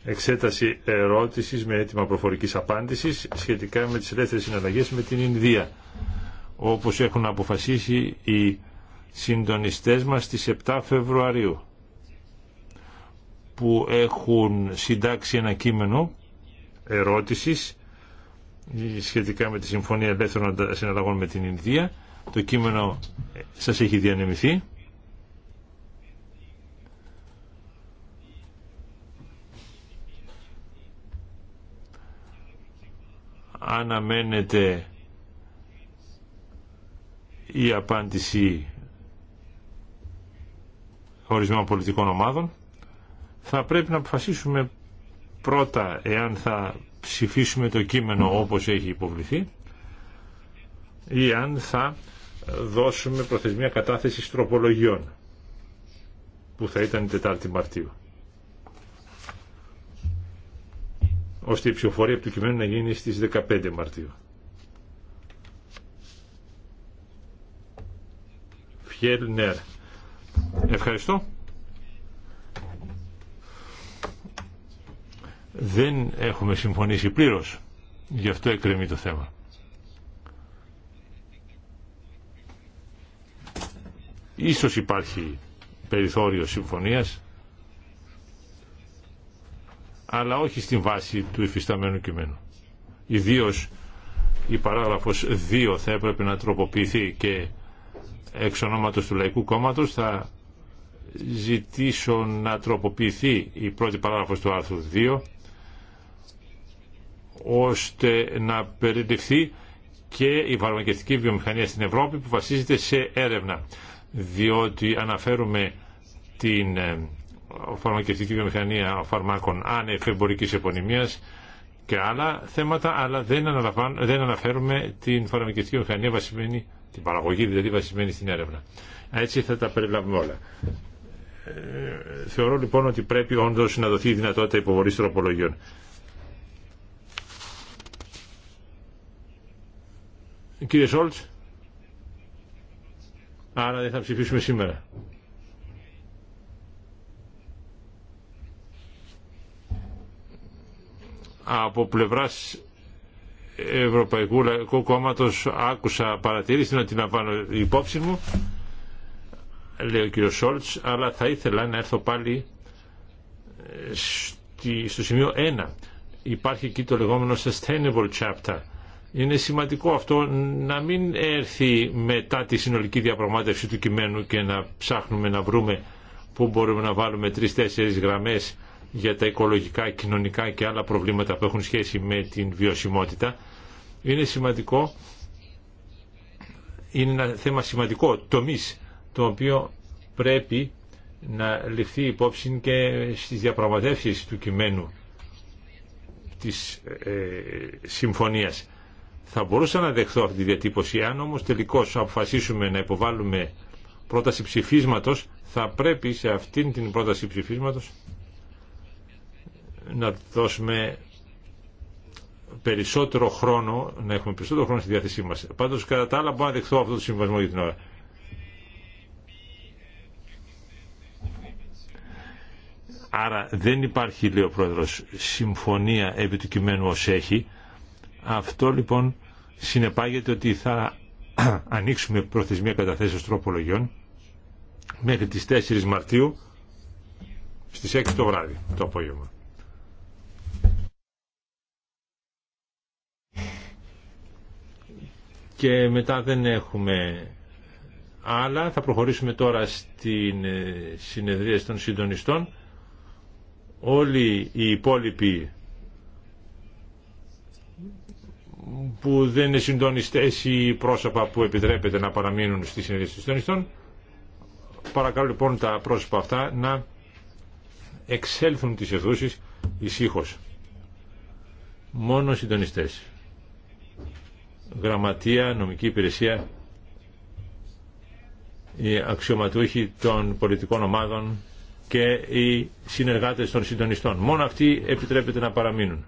εξέταση ερώτηση με έτοιμα προφορικής απάντησης σχετικά με τις ελεύθερε συναλλαγές με την Ινδία όπως έχουν αποφασίσει οι συντονιστές μας στι 7 Φεβρουαρίου που έχουν συντάξει ένα κείμενο ερώτησης σχετικά με τη Συμφωνία Ελεύθερων Συναλλαγών με την Ινδία. Το κείμενο σας έχει διανεμηθεί. αναμένεται η απάντηση ορισμένων πολιτικών ομάδων θα πρέπει να αποφασίσουμε πρώτα εάν θα ψηφίσουμε το κείμενο όπως έχει υποβληθεί ή αν θα δώσουμε προθεσμία κατάθεσης τροπολογιών που θα ήταν η Τετάρτη Μαρτίου. ώστε η ψηφοφορία του κειμένου να γίνει στις 15 Μαρτίου. Φιέλνερ. Ευχαριστώ. Δεν έχουμε συμφωνήσει πλήρως. Γι' αυτό εκκρεμεί το θέμα. Ίσως υπάρχει περιθώριο συμφωνίας αλλά όχι στην βάση του υφισταμένου κειμένου. Ιδίω η παράγραφος 2 θα έπρεπε να τροποποιηθεί και εξ ονόματος του Λαϊκού Κόμματος θα ζητήσω να τροποποιηθεί η πρώτη παράγραφος του άρθρου 2 ώστε να περιληφθεί και η βαρμακευτική βιομηχανία στην Ευρώπη που βασίζεται σε έρευνα διότι αναφέρουμε την ε, φαρμακευτική βιομηχανία φαρμάκων άνευ επωνυμία επωνυμίας και άλλα θέματα, αλλά δεν, δεν αναφέρουμε την φαρμακευτική βιομηχανία βασισμένη, την παραγωγή δηλαδή βασισμένη στην έρευνα. Έτσι θα τα περιλάβουμε όλα. Ε, θεωρώ λοιπόν ότι πρέπει όντω να δοθεί η δυνατότητα υποβολή τροπολογιών. Κύριε Σόλτ, άρα δεν θα ψηφίσουμε σήμερα. από πλευράς Ευρωπαϊκού Λαϊκού Κόμματος άκουσα παρατήρηση να την απάνω υπόψη μου λέει ο κ. Σόλτς αλλά θα ήθελα να έρθω πάλι ε, στο σημείο 1 υπάρχει εκεί το λεγόμενο sustainable chapter είναι σημαντικό αυτό να μην έρθει μετά τη συνολική διαπραγμάτευση του κειμένου και να ψάχνουμε να βρούμε πού μπορούμε να βάλουμε τρεις-τέσσερις γραμμές για τα οικολογικά, κοινωνικά και άλλα προβλήματα που έχουν σχέση με την βιωσιμότητα είναι σημαντικό είναι ένα θέμα σημαντικό τομής το οποίο πρέπει να ληφθεί υπόψη και στις διαπραγματεύσεις του κειμένου της ε, συμφωνίας. Θα μπορούσα να δεχθώ αυτή τη διατύπωση, αν όμως τελικώς αποφασίσουμε να υποβάλουμε πρόταση ψηφίσματος, θα πρέπει σε αυτήν την πρόταση ψηφίσματος να δώσουμε περισσότερο χρόνο, να έχουμε περισσότερο χρόνο στη διάθεσή μας. Πάντως κατά τα άλλα μπορώ να δεχθώ αυτό το συμβασμό για την ώρα. Άρα δεν υπάρχει, λέει ο Πρόεδρος, συμφωνία επί του κειμένου ως έχει. Αυτό λοιπόν συνεπάγεται ότι θα ανοίξουμε προθεσμία καταθέσεως τροπολογιών μέχρι τις 4 Μαρτίου στις 6 το βράδυ, το απόγευμα. και μετά δεν έχουμε άλλα. Θα προχωρήσουμε τώρα στην ε, συνεδρία των συντονιστών. Όλοι οι υπόλοιποι που δεν είναι συντονιστές ή πρόσωπα που επιτρέπεται να παραμείνουν στη συνεδρία των συντονιστών, παρακαλώ λοιπόν τα πρόσωπα αυτά να εξέλθουν τις αιθούσεις ησύχως. Μόνο συντονιστές γραμματεία, νομική υπηρεσία, οι αξιωματούχοι των πολιτικών ομάδων και οι συνεργάτες των συντονιστών. Μόνο αυτοί επιτρέπεται να παραμείνουν.